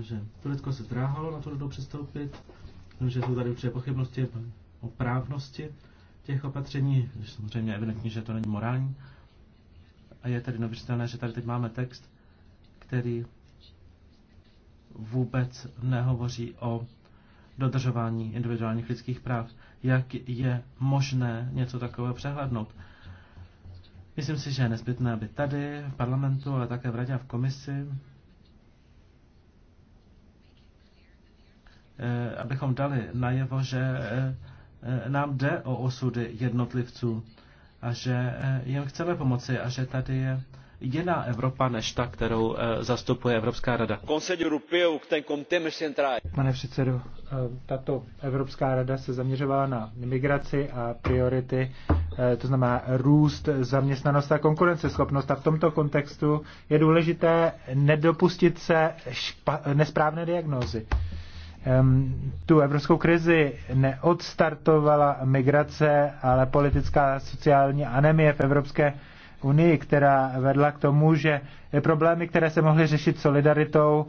že Turecko se zdráhalo na to do přistoupit, že jsou tady určitě pochybnosti o právnosti těch opatření, že samozřejmě evidentní, že to není morální. A je tady nevěřitelné, že tady teď máme text, který vůbec nehovoří o dodržování individuálních lidských práv. Jak je možné něco takového přehlednout? Myslím si, že je nezbytné, aby tady, v parlamentu, ale také v radě a v komisi, eh, abychom dali najevo, že eh, eh, nám jde o osudy jednotlivců a že jim chceme pomoci a že tady je jiná Evropa než ta, kterou eh, zastupuje Evropská rada. Pane předsedo, eh, tato Evropská rada se zaměřovala na migraci a priority, eh, to znamená růst, zaměstnanost a konkurenceschopnost. A v tomto kontextu je důležité nedopustit se špa- nesprávné diagnózy ehm, tu evropskou krizi neodstartovala migrace, ale politická sociální anemie v Evropské unii, která vedla k tomu, že problémy, které se mohly řešit solidaritou,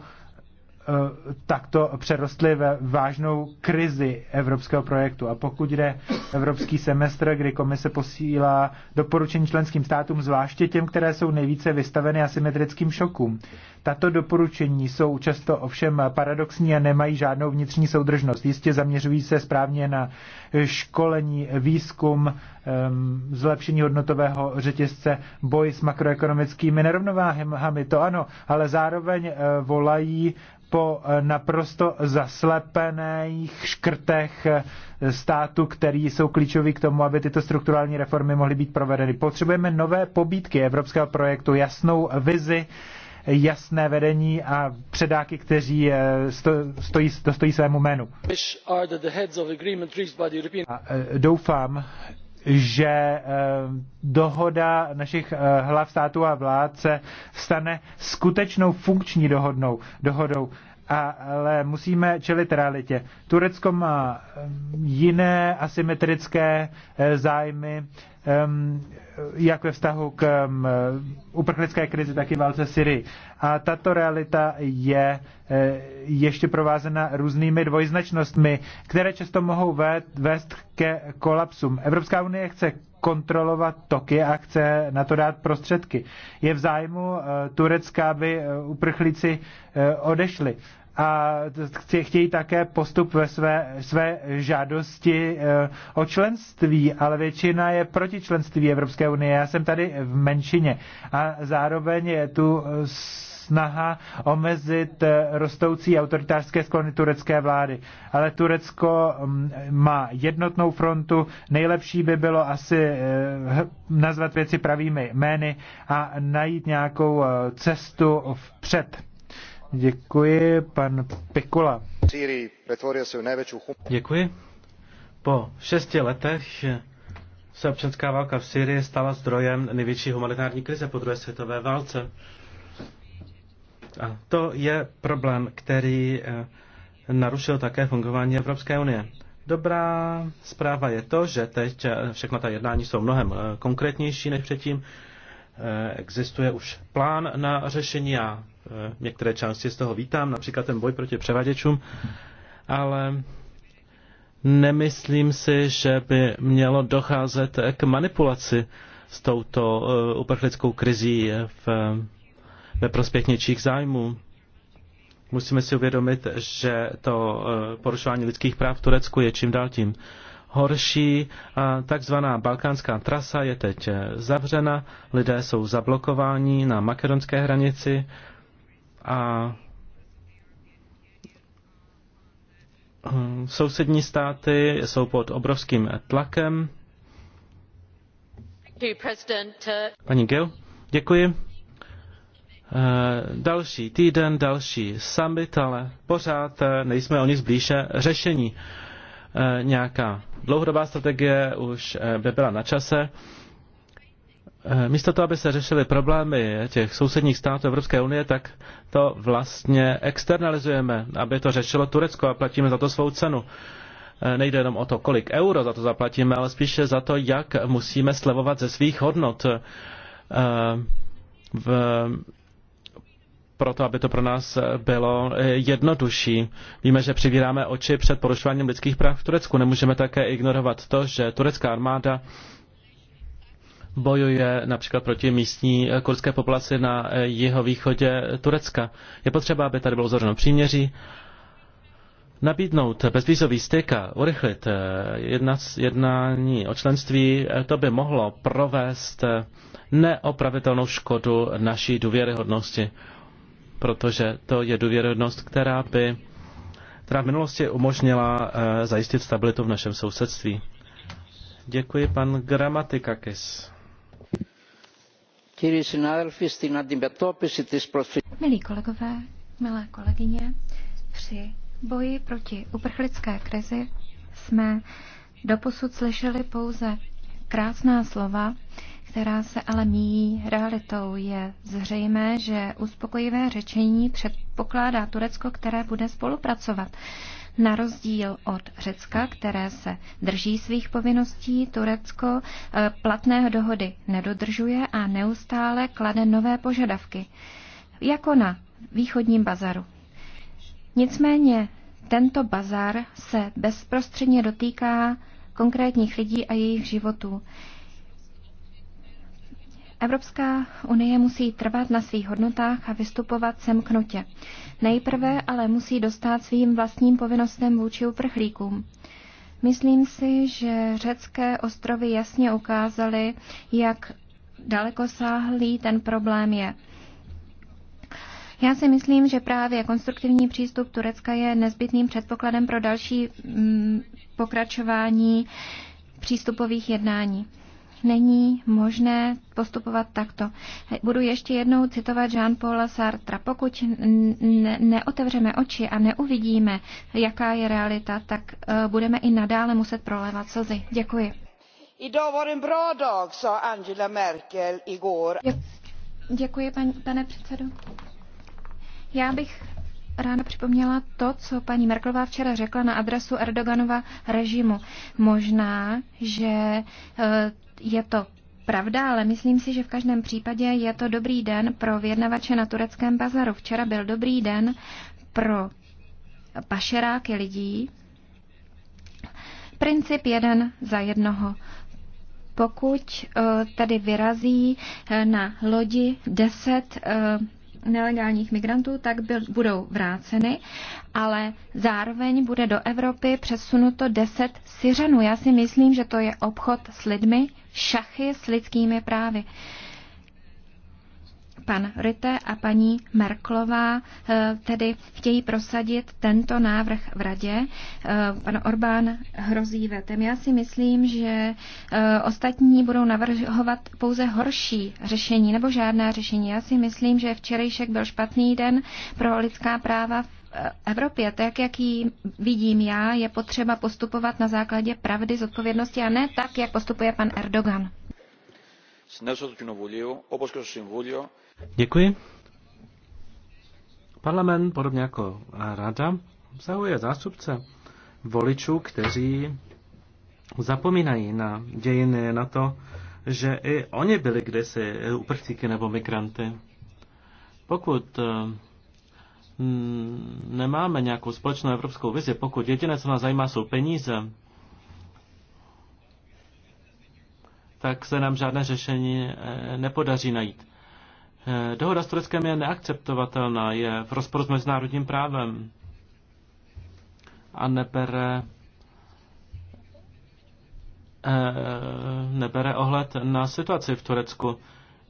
Eh, takto přerostly ve vážnou krizi evropského projektu. A pokud jde evropský semestr, kdy komise posílá doporučení členským státům, zvláště těm, které jsou nejvíce vystaveny asymetrickým šokům. Tato doporučení jsou často ovšem paradoxní a nemají žádnou vnitřní soudržnost. Jistě zaměřují se správně na školení, výzkum, zlepšení hodnotového řetězce, boj s makroekonomickými nerovnováhami, to ano, ale zároveň eh, volají po naprosto zaslepených škrtech státu, který jsou klíčový k tomu, aby tyto strukturální reformy mohly být provedeny. Potřebujeme nové pobídky evropského projektu, jasnou vizi, jasné vedení a předáky, kteří eh, stojí, stojí svému jménu. A eh, doufám, že eh, dohoda našich eh, hlav států a vlád se stane skutečnou funkční dohodnou, dohodou ale musíme čelit realitě. Turecko má jiné asymetrické e, zájmy, jak ve vztahu k uprchlické krizi, tak i válce Syrii. A tato realita je e, ještě provázena různými dvojznačnostmi, které často mohou vést ke kolapsům. Evropská unie chce kontrolovat toky a chce na to dát prostředky. Je v zájmu e, Turecka, aby uprchlíci odešli a chtějí také postup ve své, své žádosti eh, o členství, ale většina je proti členství Evropské unie. Já jsem tady v menšině a zároveň je tu eh, snaha omezit eh, rostoucí autoritářské sklony turecké vlády. Ale Turecko mm, má jednotnou frontu, nejlepší by bylo asi nazvat věci pravými jmény a najít nějakou cestu vpřed. Děkuji, pan Pikula. Děkuji. Po šesti letech se občanská válka v Syrii stala zdrojem největší humanitární krize po druhé světové válce. A to je problém, který eh, narušil také fungování Evropské unie. Dobrá zpráva je to, že teď eh, všechna ta jednání jsou mnohem eh, konkrétnější než předtím. Existuje už plán na řešení a Eh, některé části z toho vítám, například ten boj proti převaděčům, ale nemyslím si, že by mělo docházet k manipulaci s touto eh, uprchlickou krizí v, ve prospěch něčích zájmů. Musíme si uvědomit, že to eh, porušování lidských práv v Turecku je čím dál tím horší. A takzvaná balkánská trasa je teď zavřena, lidé jsou zablokováni na makedonské hranici a hm, sousední státy jsou pod obrovským tlakem. Uh, Paní Gill, děkuji. Eh, další týden, další summit, ale pořád eh, nejsme o nic blíže řešení. Eh, nějaká dlouhodobá strategie už by byla na čase. Eh, místo toho, aby se řešily problémy těch sousedních států Evropské unie, tak to vlastně externalizujeme, aby to řešilo Turecko a platíme za to svou cenu. Eh, nejde jenom o to, kolik euro za to zaplatíme, ale spíše za to, jak musíme slevovat ze svých hodnot eh, v, proto, aby to pro nás bylo jednodušší. Víme, že přivíráme oči před porušováním lidských práv v Turecku. Nemůžeme také ignorovat to, že turecká armáda bojuje například proti místní eh, kurdské populaci na jeho východě Turecka. Je potřeba, aby tady bylo zhořeno příměří, nabídnout bezvízový styk a urychlit eh, jednání o členství, eh, to by mohlo provést neopravitelnou škodu naší důvěryhodnosti, protože to je důvěryhodnost, která by která v minulosti umožnila zajistit stabilitu v našem sousedství. Děkuji pan Gramatikakis. Milí kolegové, milé kolegyně, při boji proti uprchlické krizi jsme doposud slyšeli pouze krásná slova, která se ale míjí realitou. Je zřejmé, že uspokojivé řečení předpokládá Turecko, které bude spolupracovat. Na rozdíl od Řecka, které se drží svých povinností, Turecko eh, platné dohody nedodržuje a neustále klade nové požadavky, jako na východním bazaru. Nicméně tento bazar se bezprostředně dotýká konkrétních lidí a jejich životů. Evropská unie musí trvat na svých hodnotách a vystupovat semknutě. Nejprve ale musí dostat svým vlastním povinnostem vůči uprchlíkům. Myslím si, že řecké ostrovy jasně ukázaly, jak daleko sáhlý ten problém je. Já si myslím, že právě konstruktivní přístup Turecka je nezbytným předpokladem pro další mm, pokračování přístupových jednání není možné postupovat takto. Budu ještě jednou citovat Jean-Paula Sartra. Pokud ne- neotevřeme oči a neuvidíme, jaká je realita, tak uh, budeme i nadále muset prolévat slzy. Děkuji. Idag var en bra dag, sa Angela Merkel igår. Děkuji, pane předsedo. Já bych ráno připomněla to, co paní Merklová včera řekla na adresu Erdoganova režimu. Možná, že eh, je to pravda, ale myslím si, že v každém případě je to dobrý den pro vědnavače na tureckém bazaru. Včera byl dobrý den pro pašeráky lidí. Princip jeden za jednoho. Pokud eh, tedy vyrazí eh, na lodi 10 nelegálních migrantů, tak byl, budou vráceny, ale zároveň bude do Evropy přesunuto 10 Syřanů. Já si myslím, že to je obchod s lidmi, šachy s lidskými právy. Uh, pan Rytte a paní Merklová eh, tedy chtějí prosadit tento návrh v radě. Eh, pan Orbán hrozí vetem. Já si myslím, že eh, ostatní budou navrhovat pouze horší řešení nebo žádná řešení. Já si myslím, že včerejšek byl špatný den pro lidská práva v Evropě, tak jak ji vidím já, je potřeba postupovat na základě pravdy, zodpovědnosti a ne tak, jak postupuje pan Erdogan. Συνέλθω του Κοινοβουλίου, όπως και στο Συμβούλιο, Děkuji. Parlament, podobně jako rada, obsahuje zástupce voličů, kteří zapomínají na dějiny, na to, že i oni byli kdysi uprchlíky nebo migranty. Pokud eh, nemáme nějakou společnou evropskou vizi, pokud jediné, co nás zajímá, jsou peníze, tak se nám žádné řešení eh, nepodaří najít. Eh, dohoda s Tureckem je neakceptovatelná, je v rozporu s mezinárodním právem a nebere, eh, nebere ohled na situaci v Turecku.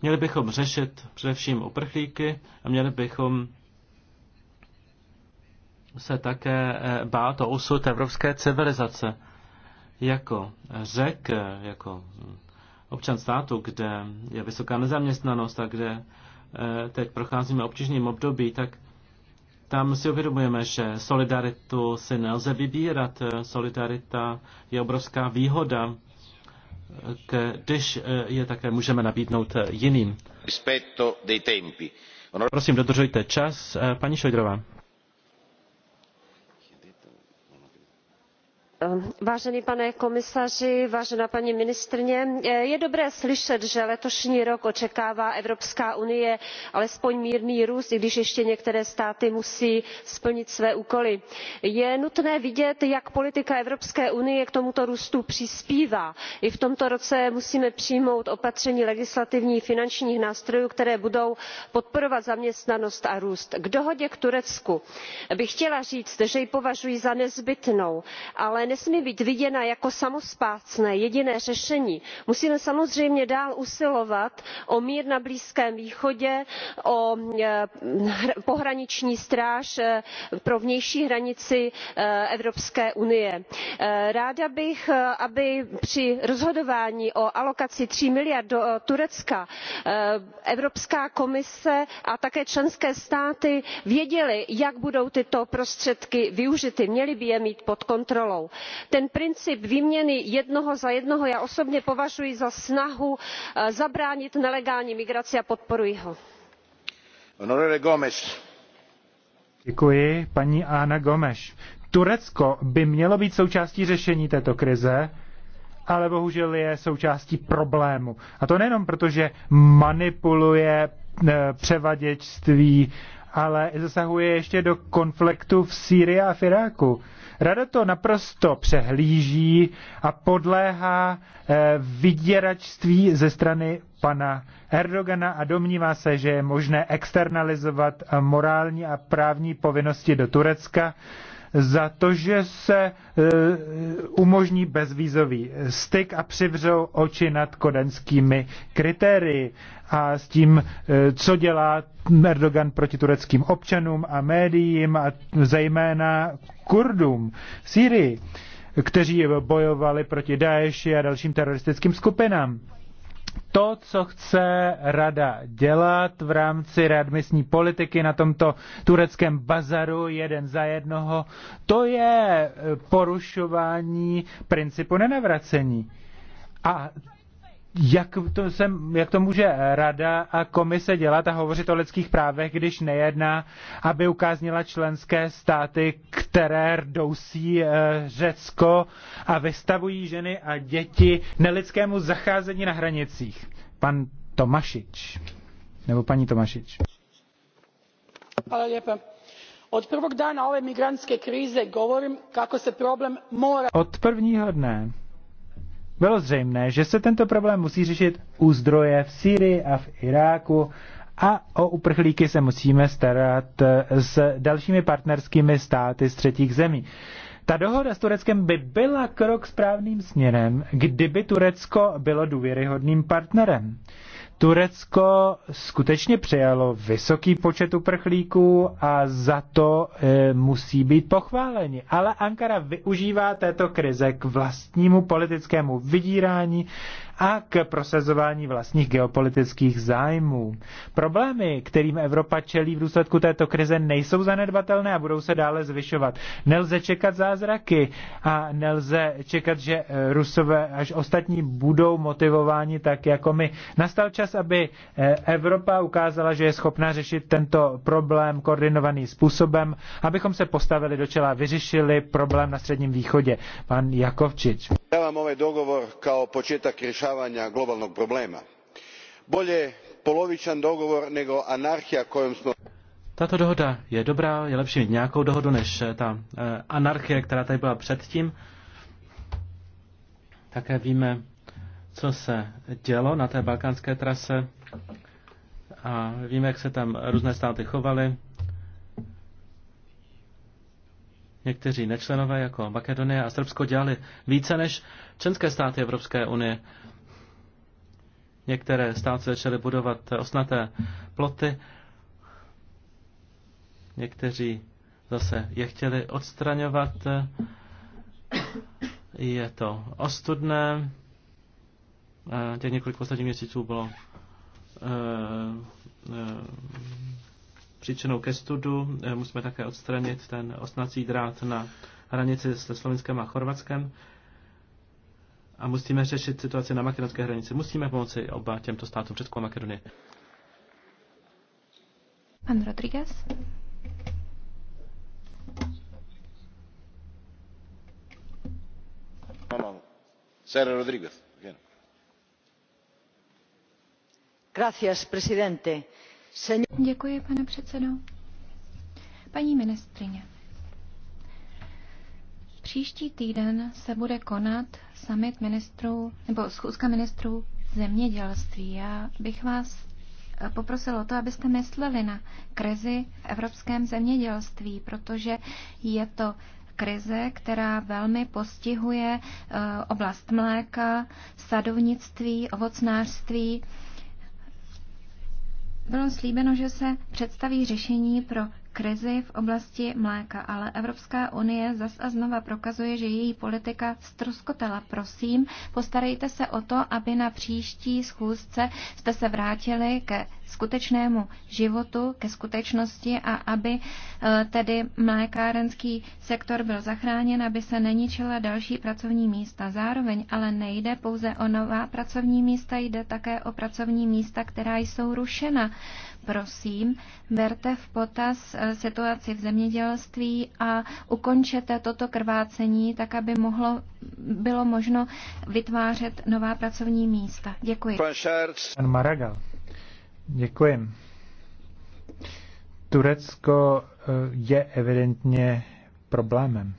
Měli bychom řešit především uprchlíky a měli bychom se také eh, bát o osud evropské civilizace. Jako řek, jako občan státu, kde je vysoká nezaměstnanost a kde Eh, teď procházíme obtížným období, tak tam si uvědomujeme, že solidaritu si nelze vybírat. Eh, solidarita je obrovská výhoda, když eh, je také můžeme nabídnout jiným. Prosím, dodržujte čas. Paní Šojdrová. Eh, vážený pane komisaři vážená paní ministryně eh, je dobré slyšet že letošní rok očekává evropská unie alespoň mírný růst i když ještě některé státy musí splnit své úkoly. je nutné vidět jak politika evropské unie k tomuto růstu přispívá. i v tomto roce musíme přijmout opatření legislativních i finančních nástrojů které budou podporovat zaměstnanost a růst. k dohodě s tureckem bych chtěla říct že ji považuji za nezbytnou ale nesmí být viděna jako samospásné jediné řešení. musíme samozřejmě dál usilovat o mír na blízkém východě o e, pohraniční stráž e, pro vnější hranici e, evropské unie. ráda bych aby při rozhodování o alokaci tří miliard do turecka evropská komise a také členské státy věděly jak budou tyto prostředky využity měly by je mít pod kontrolou ten princip výměny jednoho za jednoho já osobně považuji za snahu eh, zabránit nelegální migraci a podporuji ho. paní Ana Gomes. Turecko by mělo být součástí řešení této krize, ale bohužel je součástí problému. A to nejenom proto, že manipuluje eh, převaděčství ale zasahuje ještě do konfliktu v Sýrii a v Iráku. Rada to naprosto přehlíží a podléhá eh, vyděračství ze strany pana Erdogana a domnívá se, že je možné externalizovat morální a právní povinnosti do Turecka za to, že se e, umožní bezvízový styk a přivřou oči nad kodenskými kritérii a s tím, e, co dělá Erdogan proti tureckým občanům a médiím a zejména Kurdům v Sýrii, kteří bojovali proti Daeši a dalším teroristickým skupinám to, co chce rada dělat v rámci readmisní politiky na tomto tureckém bazaru jeden za jednoho, to je porušování principu nenavracení. A jak to, sem, jak to může rada a komise dělat a hovořit o lidských právech, když nejedná, aby ukáznila členské státy, které rdousí eh, Řecko a vystavují ženy a děti nelidskému zacházení na hranicích? Pan Tomašič. Nebo paní Tomašič. Hvala lijepa. Od prvog dana ove migrantske krize govorim kako se problem mora... Od prvního dne bylo zřejmé, že se tento problém musí řešit u zdroje v Syrii a v Iráku a o uprchlíky se musíme starat s dalšími partnerskými státy z třetích zemí. Ta dohoda s Tureckem by byla krok správným směrem, kdyby Turecko bylo důvěryhodným partnerem. Turecko skutečně přijalo vysoký počet uprchlíků a za to e, musí být pochváleni. Ale Ankara využívá této krize k vlastnímu politickému vydírání a k prosazování vlastních geopolitických zájmů. Problémy, kterým Evropa čelí v důsledku této krize, nejsou zanedbatelné a budou se dále zvyšovat. Nelze čekat zázraky a nelze čekat, že eh, Rusové až ostatní budou motivováni tak jako my. Nastal čas, aby eh, Evropa ukázala, že je schopná řešit tento problém koordinovaným způsobem, abychom se postavili do čela a vyřešili problém na Středním východě. Pan Jakovčič. Já vám ovaj dogovor kao početak rješavanja rješavanja globalnog problema. bolje polovičan dogovor nego anarhija kojom smo. tato dohoda je dobrá je lepší mít nějakou dohodu než eh, ta eh, anarchie která tady byla předtím. také víme co se dělo na té balkánské trase a víme, jak se tam různé státy chovaly. Někteří nečlenové jako Makedonie a Srbsko dělali více než členské státy Evropské unie Některé státy začaly budovat osnaté ploty, někteří zase je chtěli odstraňovat. Je to ostudné. Těch několik posledních měsíců bylo eh, eh, příčinou ke studu. Eh, musíme také odstranit ten osnací drát na hranici se Slovenskem a Chorvatskem a musíme řešit situaci na makedonské hranici. Musíme pomoci oba těmto státům, Řecku a Makedonii. Pan Rodriguez. No, no. Sarah Rodriguez. Bien. Gracias, presidente. Señor... Děkuji, pane předsedo. Paní ministrině. Příští týden se bude konat summit ministrů, nebo schůzka ministrů zemědělství. Já bych vás eh, poprosil o to, abyste mysleli na krizi v evropském zemědělství, protože je to krize, která velmi postihuje eh, oblast mléka, sadovnictví, ovocnářství. Bylo slíbeno, že se představí řešení pro krizi v oblasti mléka, ale Evropská unie zas a znova prokazuje, že její politika ztroskotala. Prosím, postarejte se o to, aby na příští schůzce jste se vrátili ke skutečnému životu, ke skutečnosti a aby eh, tedy mlékárenský sektor byl zachráněn, aby se neničila další pracovní místa. Zároveň ale nejde pouze o nová pracovní místa, jde také o pracovní místa, která jsou rušena Prosím, berte v potaz eh, situaci v zemědělství a ukončete toto krvácení, tak aby mohlo, bylo možno vytvářet nová pracovní místa. Děkuji. Pan Maragal. Děkuji. Turecko eh, je evidentně problémem.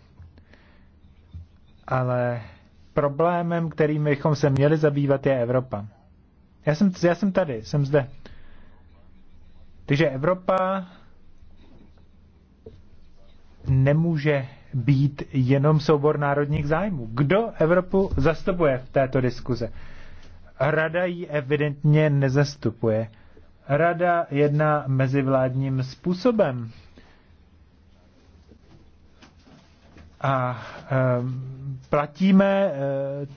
Ale problémem, kterým bychom se měli zabývat, je Evropa. Já jsem, já jsem tady, jsem zde. Takže Evropa nemůže být jenom soubor národních zájmů. Kdo Evropu zastupuje v této diskuze? Rada ji evidentně nezastupuje. Rada jedná mezivládním způsobem. A e, platíme e,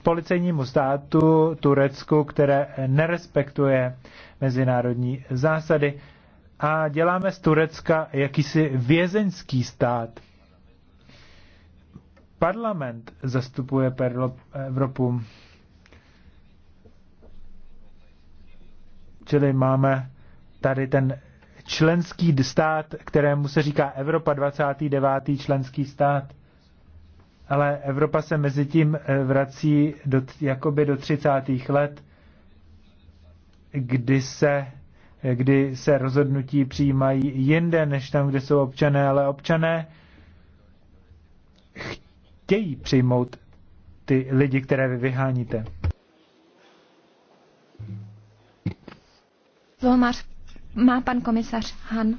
policejnímu státu Turecku, které nerespektuje mezinárodní zásady. E, a děláme z Turecka jakýsi vězeňský stát. Parlament zastupuje Evropu. Čili máme tady ten členský stát, kterému se říká Evropa 29. členský stát. Ale Evropa se mezi tím eh, vrací do, jakoby do 30. let, kdy se kdy se rozhodnutí přijímají jinde, než tam, kde jsou občané, ale občané chtějí přijmout ty lidi, které vy vyháníte. Volmář má pan komisař Han.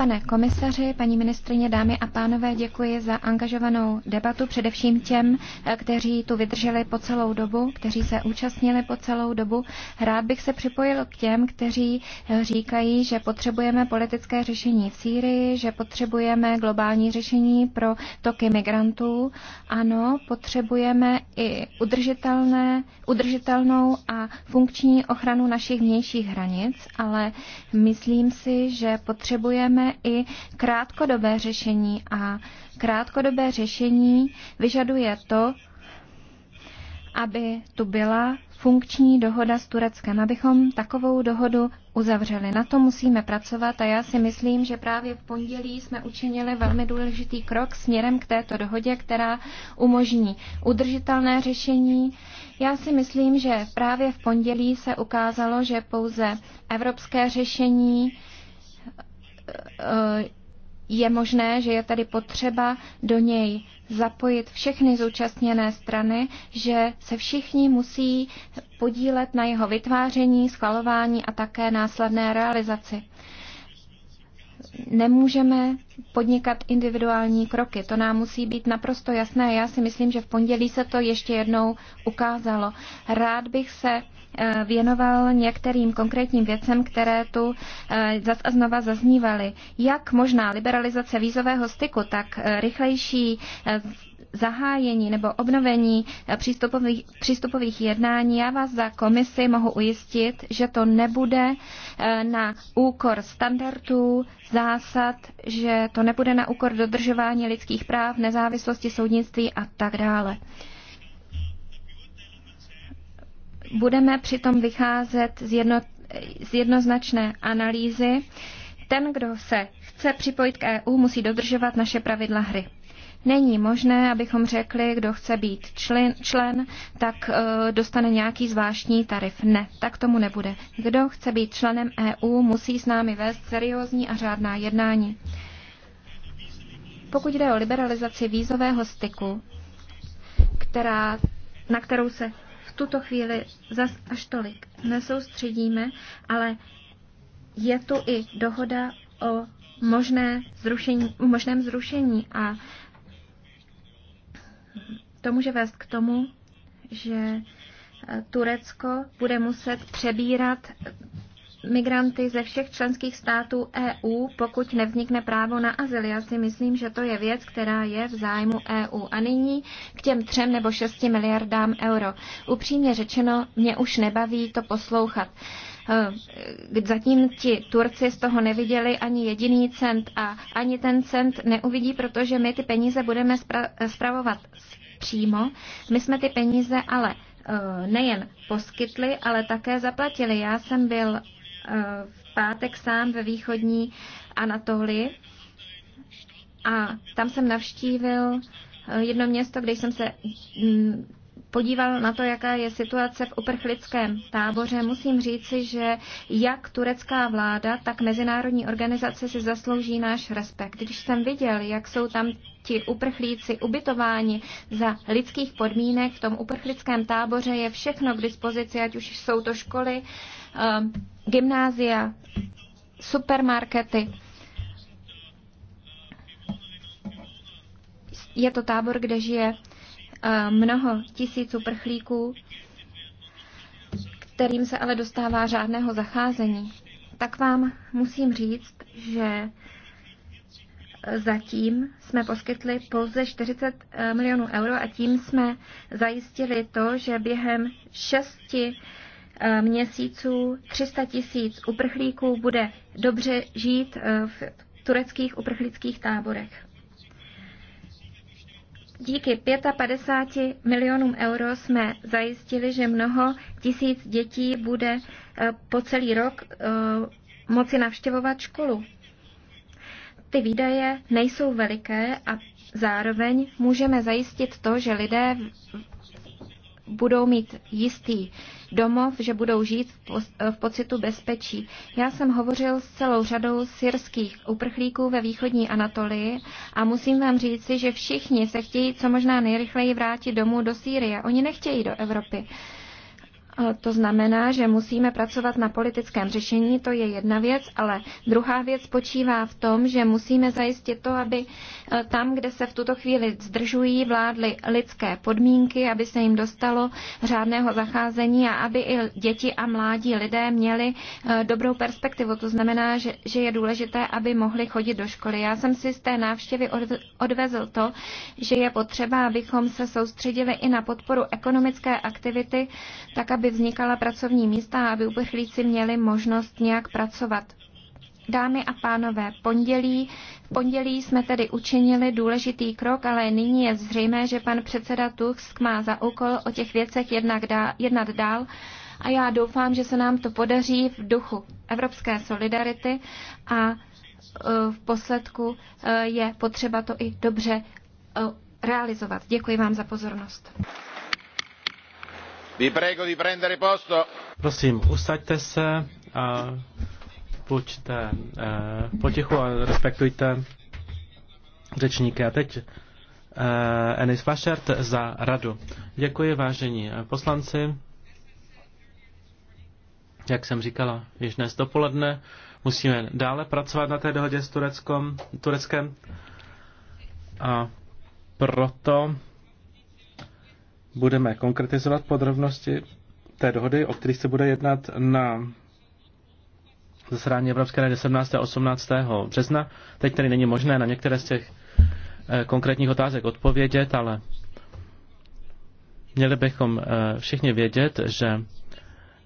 Pane komisaři, paní ministrině, dámy a pánové, děkuji za angažovanou debatu, především těm, eh, kteří tu vydrželi po celou dobu, kteří se účastnili po celou dobu. Rád bych se připojil k těm, kteří eh, říkají, že potřebujeme politické řešení v Sýrii, že potřebujeme globální řešení pro toky migrantů. Ano, potřebujeme i udržitelné, udržitelnou a funkční ochranu našich vnějších hranic, ale myslím si, že potřebujeme i krátkodobé řešení a krátkodobé řešení vyžaduje to, aby tu byla funkční dohoda s Tureckem, abychom takovou dohodu uzavřeli. Na to musíme pracovat a já si myslím, že právě v pondělí jsme učinili velmi důležitý krok směrem k této dohodě, která umožní udržitelné řešení. Já si myslím, že právě v pondělí se ukázalo, že pouze evropské řešení Eh, je možné, že je tady potřeba do něj zapojit všechny zúčastněné strany, že se všichni musí podílet na jeho vytváření, schvalování a také následné realizaci. Nemůžeme podnikat individuální kroky, to nám musí být naprosto jasné. Já si myslím, že v pondělí se to ještě jednou ukázalo. Rád bych se Eh, věnoval některým konkrétním věcem, které tu eh, zas a znova zaznívaly. Jak možná liberalizace vízového styku, tak eh, rychlejší zahájení nebo obnovení přístupových, přístupových jednání. Já vás za komisi mohu ujistit, že to nebude na úkor standardů, zásad, že to nebude na úkor dodržování lidských práv, nezávislosti soudnictví a tak dále budeme přitom vycházet z, jedno, z jednoznačné analýzy. Ten, kdo se chce připojit k EU, musí dodržovat naše pravidla hry. Není možné, abychom řekli, kdo chce být člen, člen tak e, dostane nějaký zvláštní tarif. Ne, tak tomu nebude. Kdo chce být členem EU, musí s námi vést seriózní a řádná jednání. Pokud jde o liberalizaci vízového styku, která, na kterou se v tuto chvíli zas až tolik nesoustředíme, ale je tu i dohoda o možné zrušení, možném zrušení a to může vést k tomu, že Turecko bude muset přebírat migranty ze všech členských států EU, pokud nevznikne právo na azyl. Já si myslím, že to je věc, která je v zájmu EU. A nyní k těm třem nebo šesti miliardám euro. Upřímně řečeno, mě už nebaví to poslouchat. Eh, zatím ti Turci z toho neviděli ani jediný cent a ani ten cent neuvidí, protože my ty peníze budeme spravovat přímo. My jsme ty peníze ale eh, nejen poskytli, ale také zaplatili. Já jsem byl Eh, v pátek sám ve východní Anatolii a tam jsem navštívil eh, jedno město, kde jsem se mm, podíval na to, jaká je situace v uprchlickém táboře, musím říci, že jak turecká vláda, tak mezinárodní organizace si zaslouží náš respekt. Když jsem viděl, jak jsou tam ti uprchlíci ubytováni za lidských podmínek, v tom uprchlickém táboře je všechno k dispozici, ať už jsou to školy, eh, gymnázia, supermarkety. Je to tábor, kde žije eh, mnoho tisíc uprchlíků, kterým se ale dostává žádného zacházení. Tak vám musím říct, že zatím jsme poskytli pouze 40 eh, milionů euro a tím jsme zajistili to, že během šesti Eh, měsíců 300 tisíc uprchlíků bude dobře žít eh, v tureckých uprchlických táborech. Díky 55 milionům euro jsme zajistili, že mnoho tisíc dětí bude eh, po celý rok moci navštěvovat školu. Ty výdaje nejsou veliké a zároveň můžeme zajistit to, že lidé budou mít jistý domov, že budou žít v pocitu bezpečí. Já jsem hovořil s celou řadou syrských uprchlíků ve východní Anatolii a musím vám říci, že všichni se chtějí co možná nejrychleji vrátit domů do Sýrie. Oni nechtějí do Evropy. To znamená, že musíme pracovat na politickém řešení, to je jedna věc, ale druhá věc počívá v tom, že musíme zajistit to, aby e, tam, kde se v tuto chvíli zdržují, vládly lidské podmínky, aby se jim dostalo řádného zacházení a aby i děti a mládí lidé měli e, dobrou perspektivu. To znamená, že, že je důležité, aby mohli chodit do školy. Já jsem si z té návštěvy odvezl to, že je potřeba, abychom se soustředili i na podporu ekonomické aktivity, tak aby vznikala pracovní místa a aby uprchlíci měli možnost nějak pracovat. Dámy a pánové, pondělí, v pondělí jsme tedy učinili důležitý krok, ale nyní je zřejmé, že pan předseda Tusk má za úkol o těch věcech jednak dá, jednat dál a já doufám, že se nám to podaří v duchu evropské solidarity a e, v posledku e, je potřeba to i dobře e, realizovat. Děkuji vám za pozornost. Prosím, usaďte se a buďte eh, potichu a respektujte řečníky. A teď eh, Enis Vašert za radu. Děkuji, vážení poslanci. Jak jsem říkala, již dnes dopoledne musíme dále pracovat na té dohodě s Tureckom, Tureckem. A proto budeme konkretizovat podrobnosti té dohody, o kterých se bude jednat na zasedání Evropské rady 17. a 18. března. Teď tady není možné na některé z těch eh, konkrétních otázek odpovědět, ale měli bychom eh, všichni vědět, že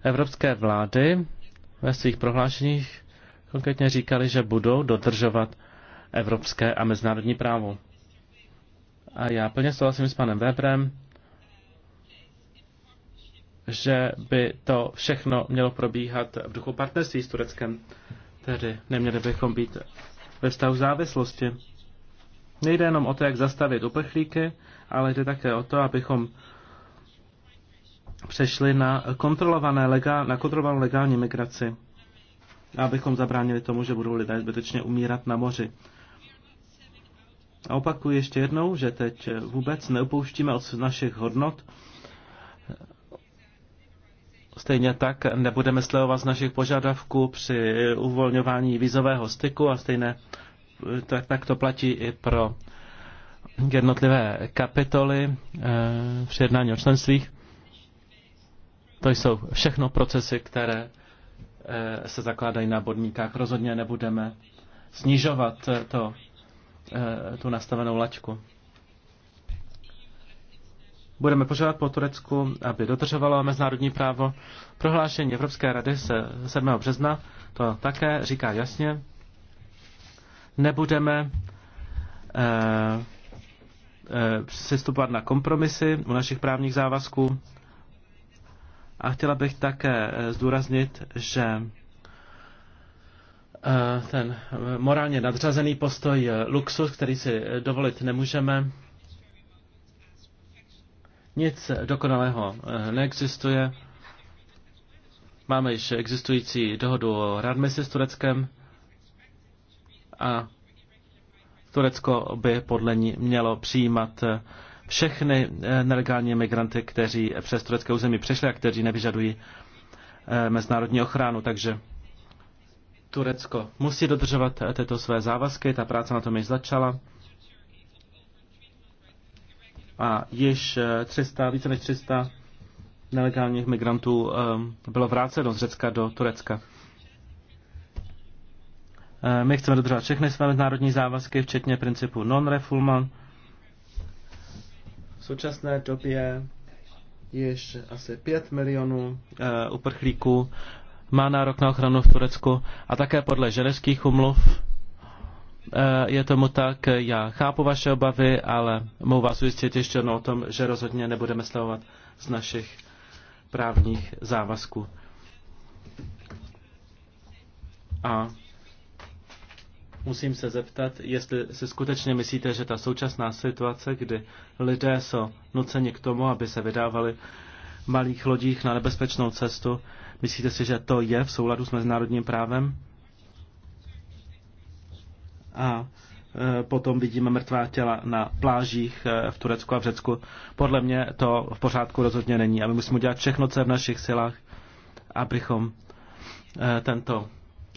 evropské vlády ve svých prohlášeních konkrétně říkali, že budou dodržovat evropské a mezinárodní právo. A já plně souhlasím s panem Webrem, že by to všechno mělo probíhat v duchu partnerství s Tureckem. Tedy neměli bychom být ve vztahu závislosti. Nejde jenom o to, jak zastavit uprchlíky, ale jde také o to, abychom přešli na, kontrolované legál, na kontrolovanou legální migraci. A abychom zabránili tomu, že budou lidé zbytečně umírat na moři. A opakuji ještě jednou, že teď vůbec neupouštíme od našich hodnot, Stejně tak nebudeme slevovat z našich požadavků při uvolňování vízového styku a stejné tak, tak to platí i pro jednotlivé kapitoly e, při jednání o členstvích. To jsou všechno procesy, které e, se zakládají na podmínkách. Rozhodně nebudeme snižovat to, e, tu nastavenou lačku. Budeme požadovat po Turecku, aby dodržovalo mezinárodní právo. Prohlášení Evropské rady se 7. března to také říká jasně. Nebudeme eh, eh, přistupovat na kompromisy u našich právních závazků. A chtěla bych také eh, zdůraznit, že eh, ten morálně nadřazený postoj je luxus, který si dovolit nemůžeme. Nic dokonalého eh, neexistuje. Máme již existující dohodu o radmisi s Tureckem a Turecko by podle ní mělo přijímat eh, všechny eh, nelegální migranty, kteří přes turecké území přešli a kteří nevyžadují mezinárodní ochranu. Takže Turecko musí dodržovat tyto své závazky, ta práce na tom již začala a již 300, eh, více než 300 nelegálních migrantů eh, bylo vráceno z Řecka do Turecka. Eh, my chceme dodržovat všechny své mezinárodní závazky, včetně principu non refulman V současné době již asi 5 milionů uprchlíků má nárok na ochranu v Turecku a také podle ženevských umluv Eh, je tomu tak. Já chápu vaše obavy, ale mohu vás ujistit ještě jednou o tom, že rozhodně nebudeme slavovat z našich právních závazků. A musím se zeptat, jestli si skutečně myslíte, že ta současná situace, kdy lidé jsou nuceni k tomu, aby se vydávali v malých lodích na nebezpečnou cestu, myslíte si, že to je v souladu s mezinárodním právem? a e, potom vidíme mrtvá těla na plážích e, v Turecku a v Řecku. Podle mě to v pořádku rozhodně není a my musíme dělat všechno, co je v našich silách, abychom e, tento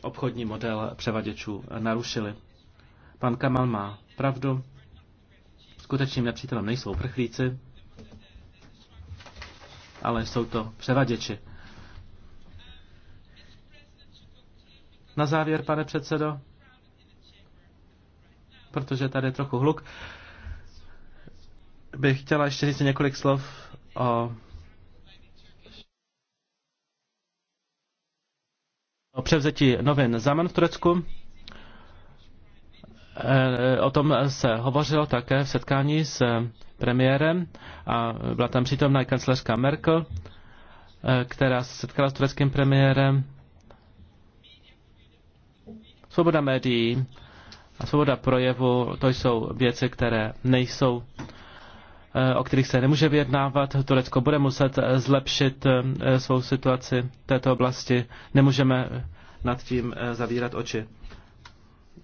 obchodní model převaděčů narušili. Pan Kamal má pravdu. Skutečným nepřítelem nejsou prchlíci, ale jsou to převaděči. Na závěr, pane předsedo, protože tady je trochu hluk, bych chtěla ještě říct několik slov o, o převzetí novin Zaman v Turecku. Eh, o tom se hovořilo také v setkání s premiérem a byla tam přítomná i kancelářka Merkel, eh, která se setkala s tureckým premiérem. Svoboda médií, a svoboda projevu, to jsou věci, které nejsou eh, o kterých se nemůže vyjednávat. Turecko bude muset eh, zlepšit eh, svou situaci v této oblasti. Nemůžeme nad tím zavírat oči.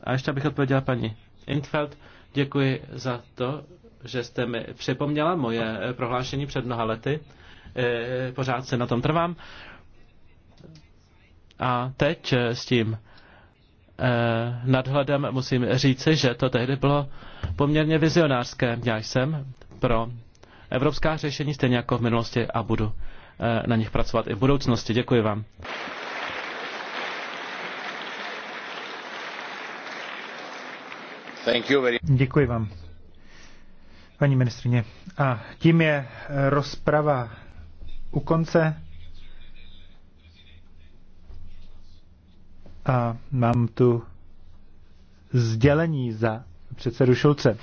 A ještě bych odpověděla paní Intfeld. Děkuji za to, že jste mi připomněla moje prohlášení před mnoha lety. Pořád se na tom trvám. A teď s tím Eh, nadhledem musím říci, že to tehdy bylo poměrně vizionářské. Já jsem pro evropská řešení stejně jako v minulosti a budu eh, na nich pracovat i v budoucnosti. Děkuji vám. Děkuji vám, paní ministrině. A tím je eh, rozprava u konce. A mám tu sdělení za předsedu Šulce.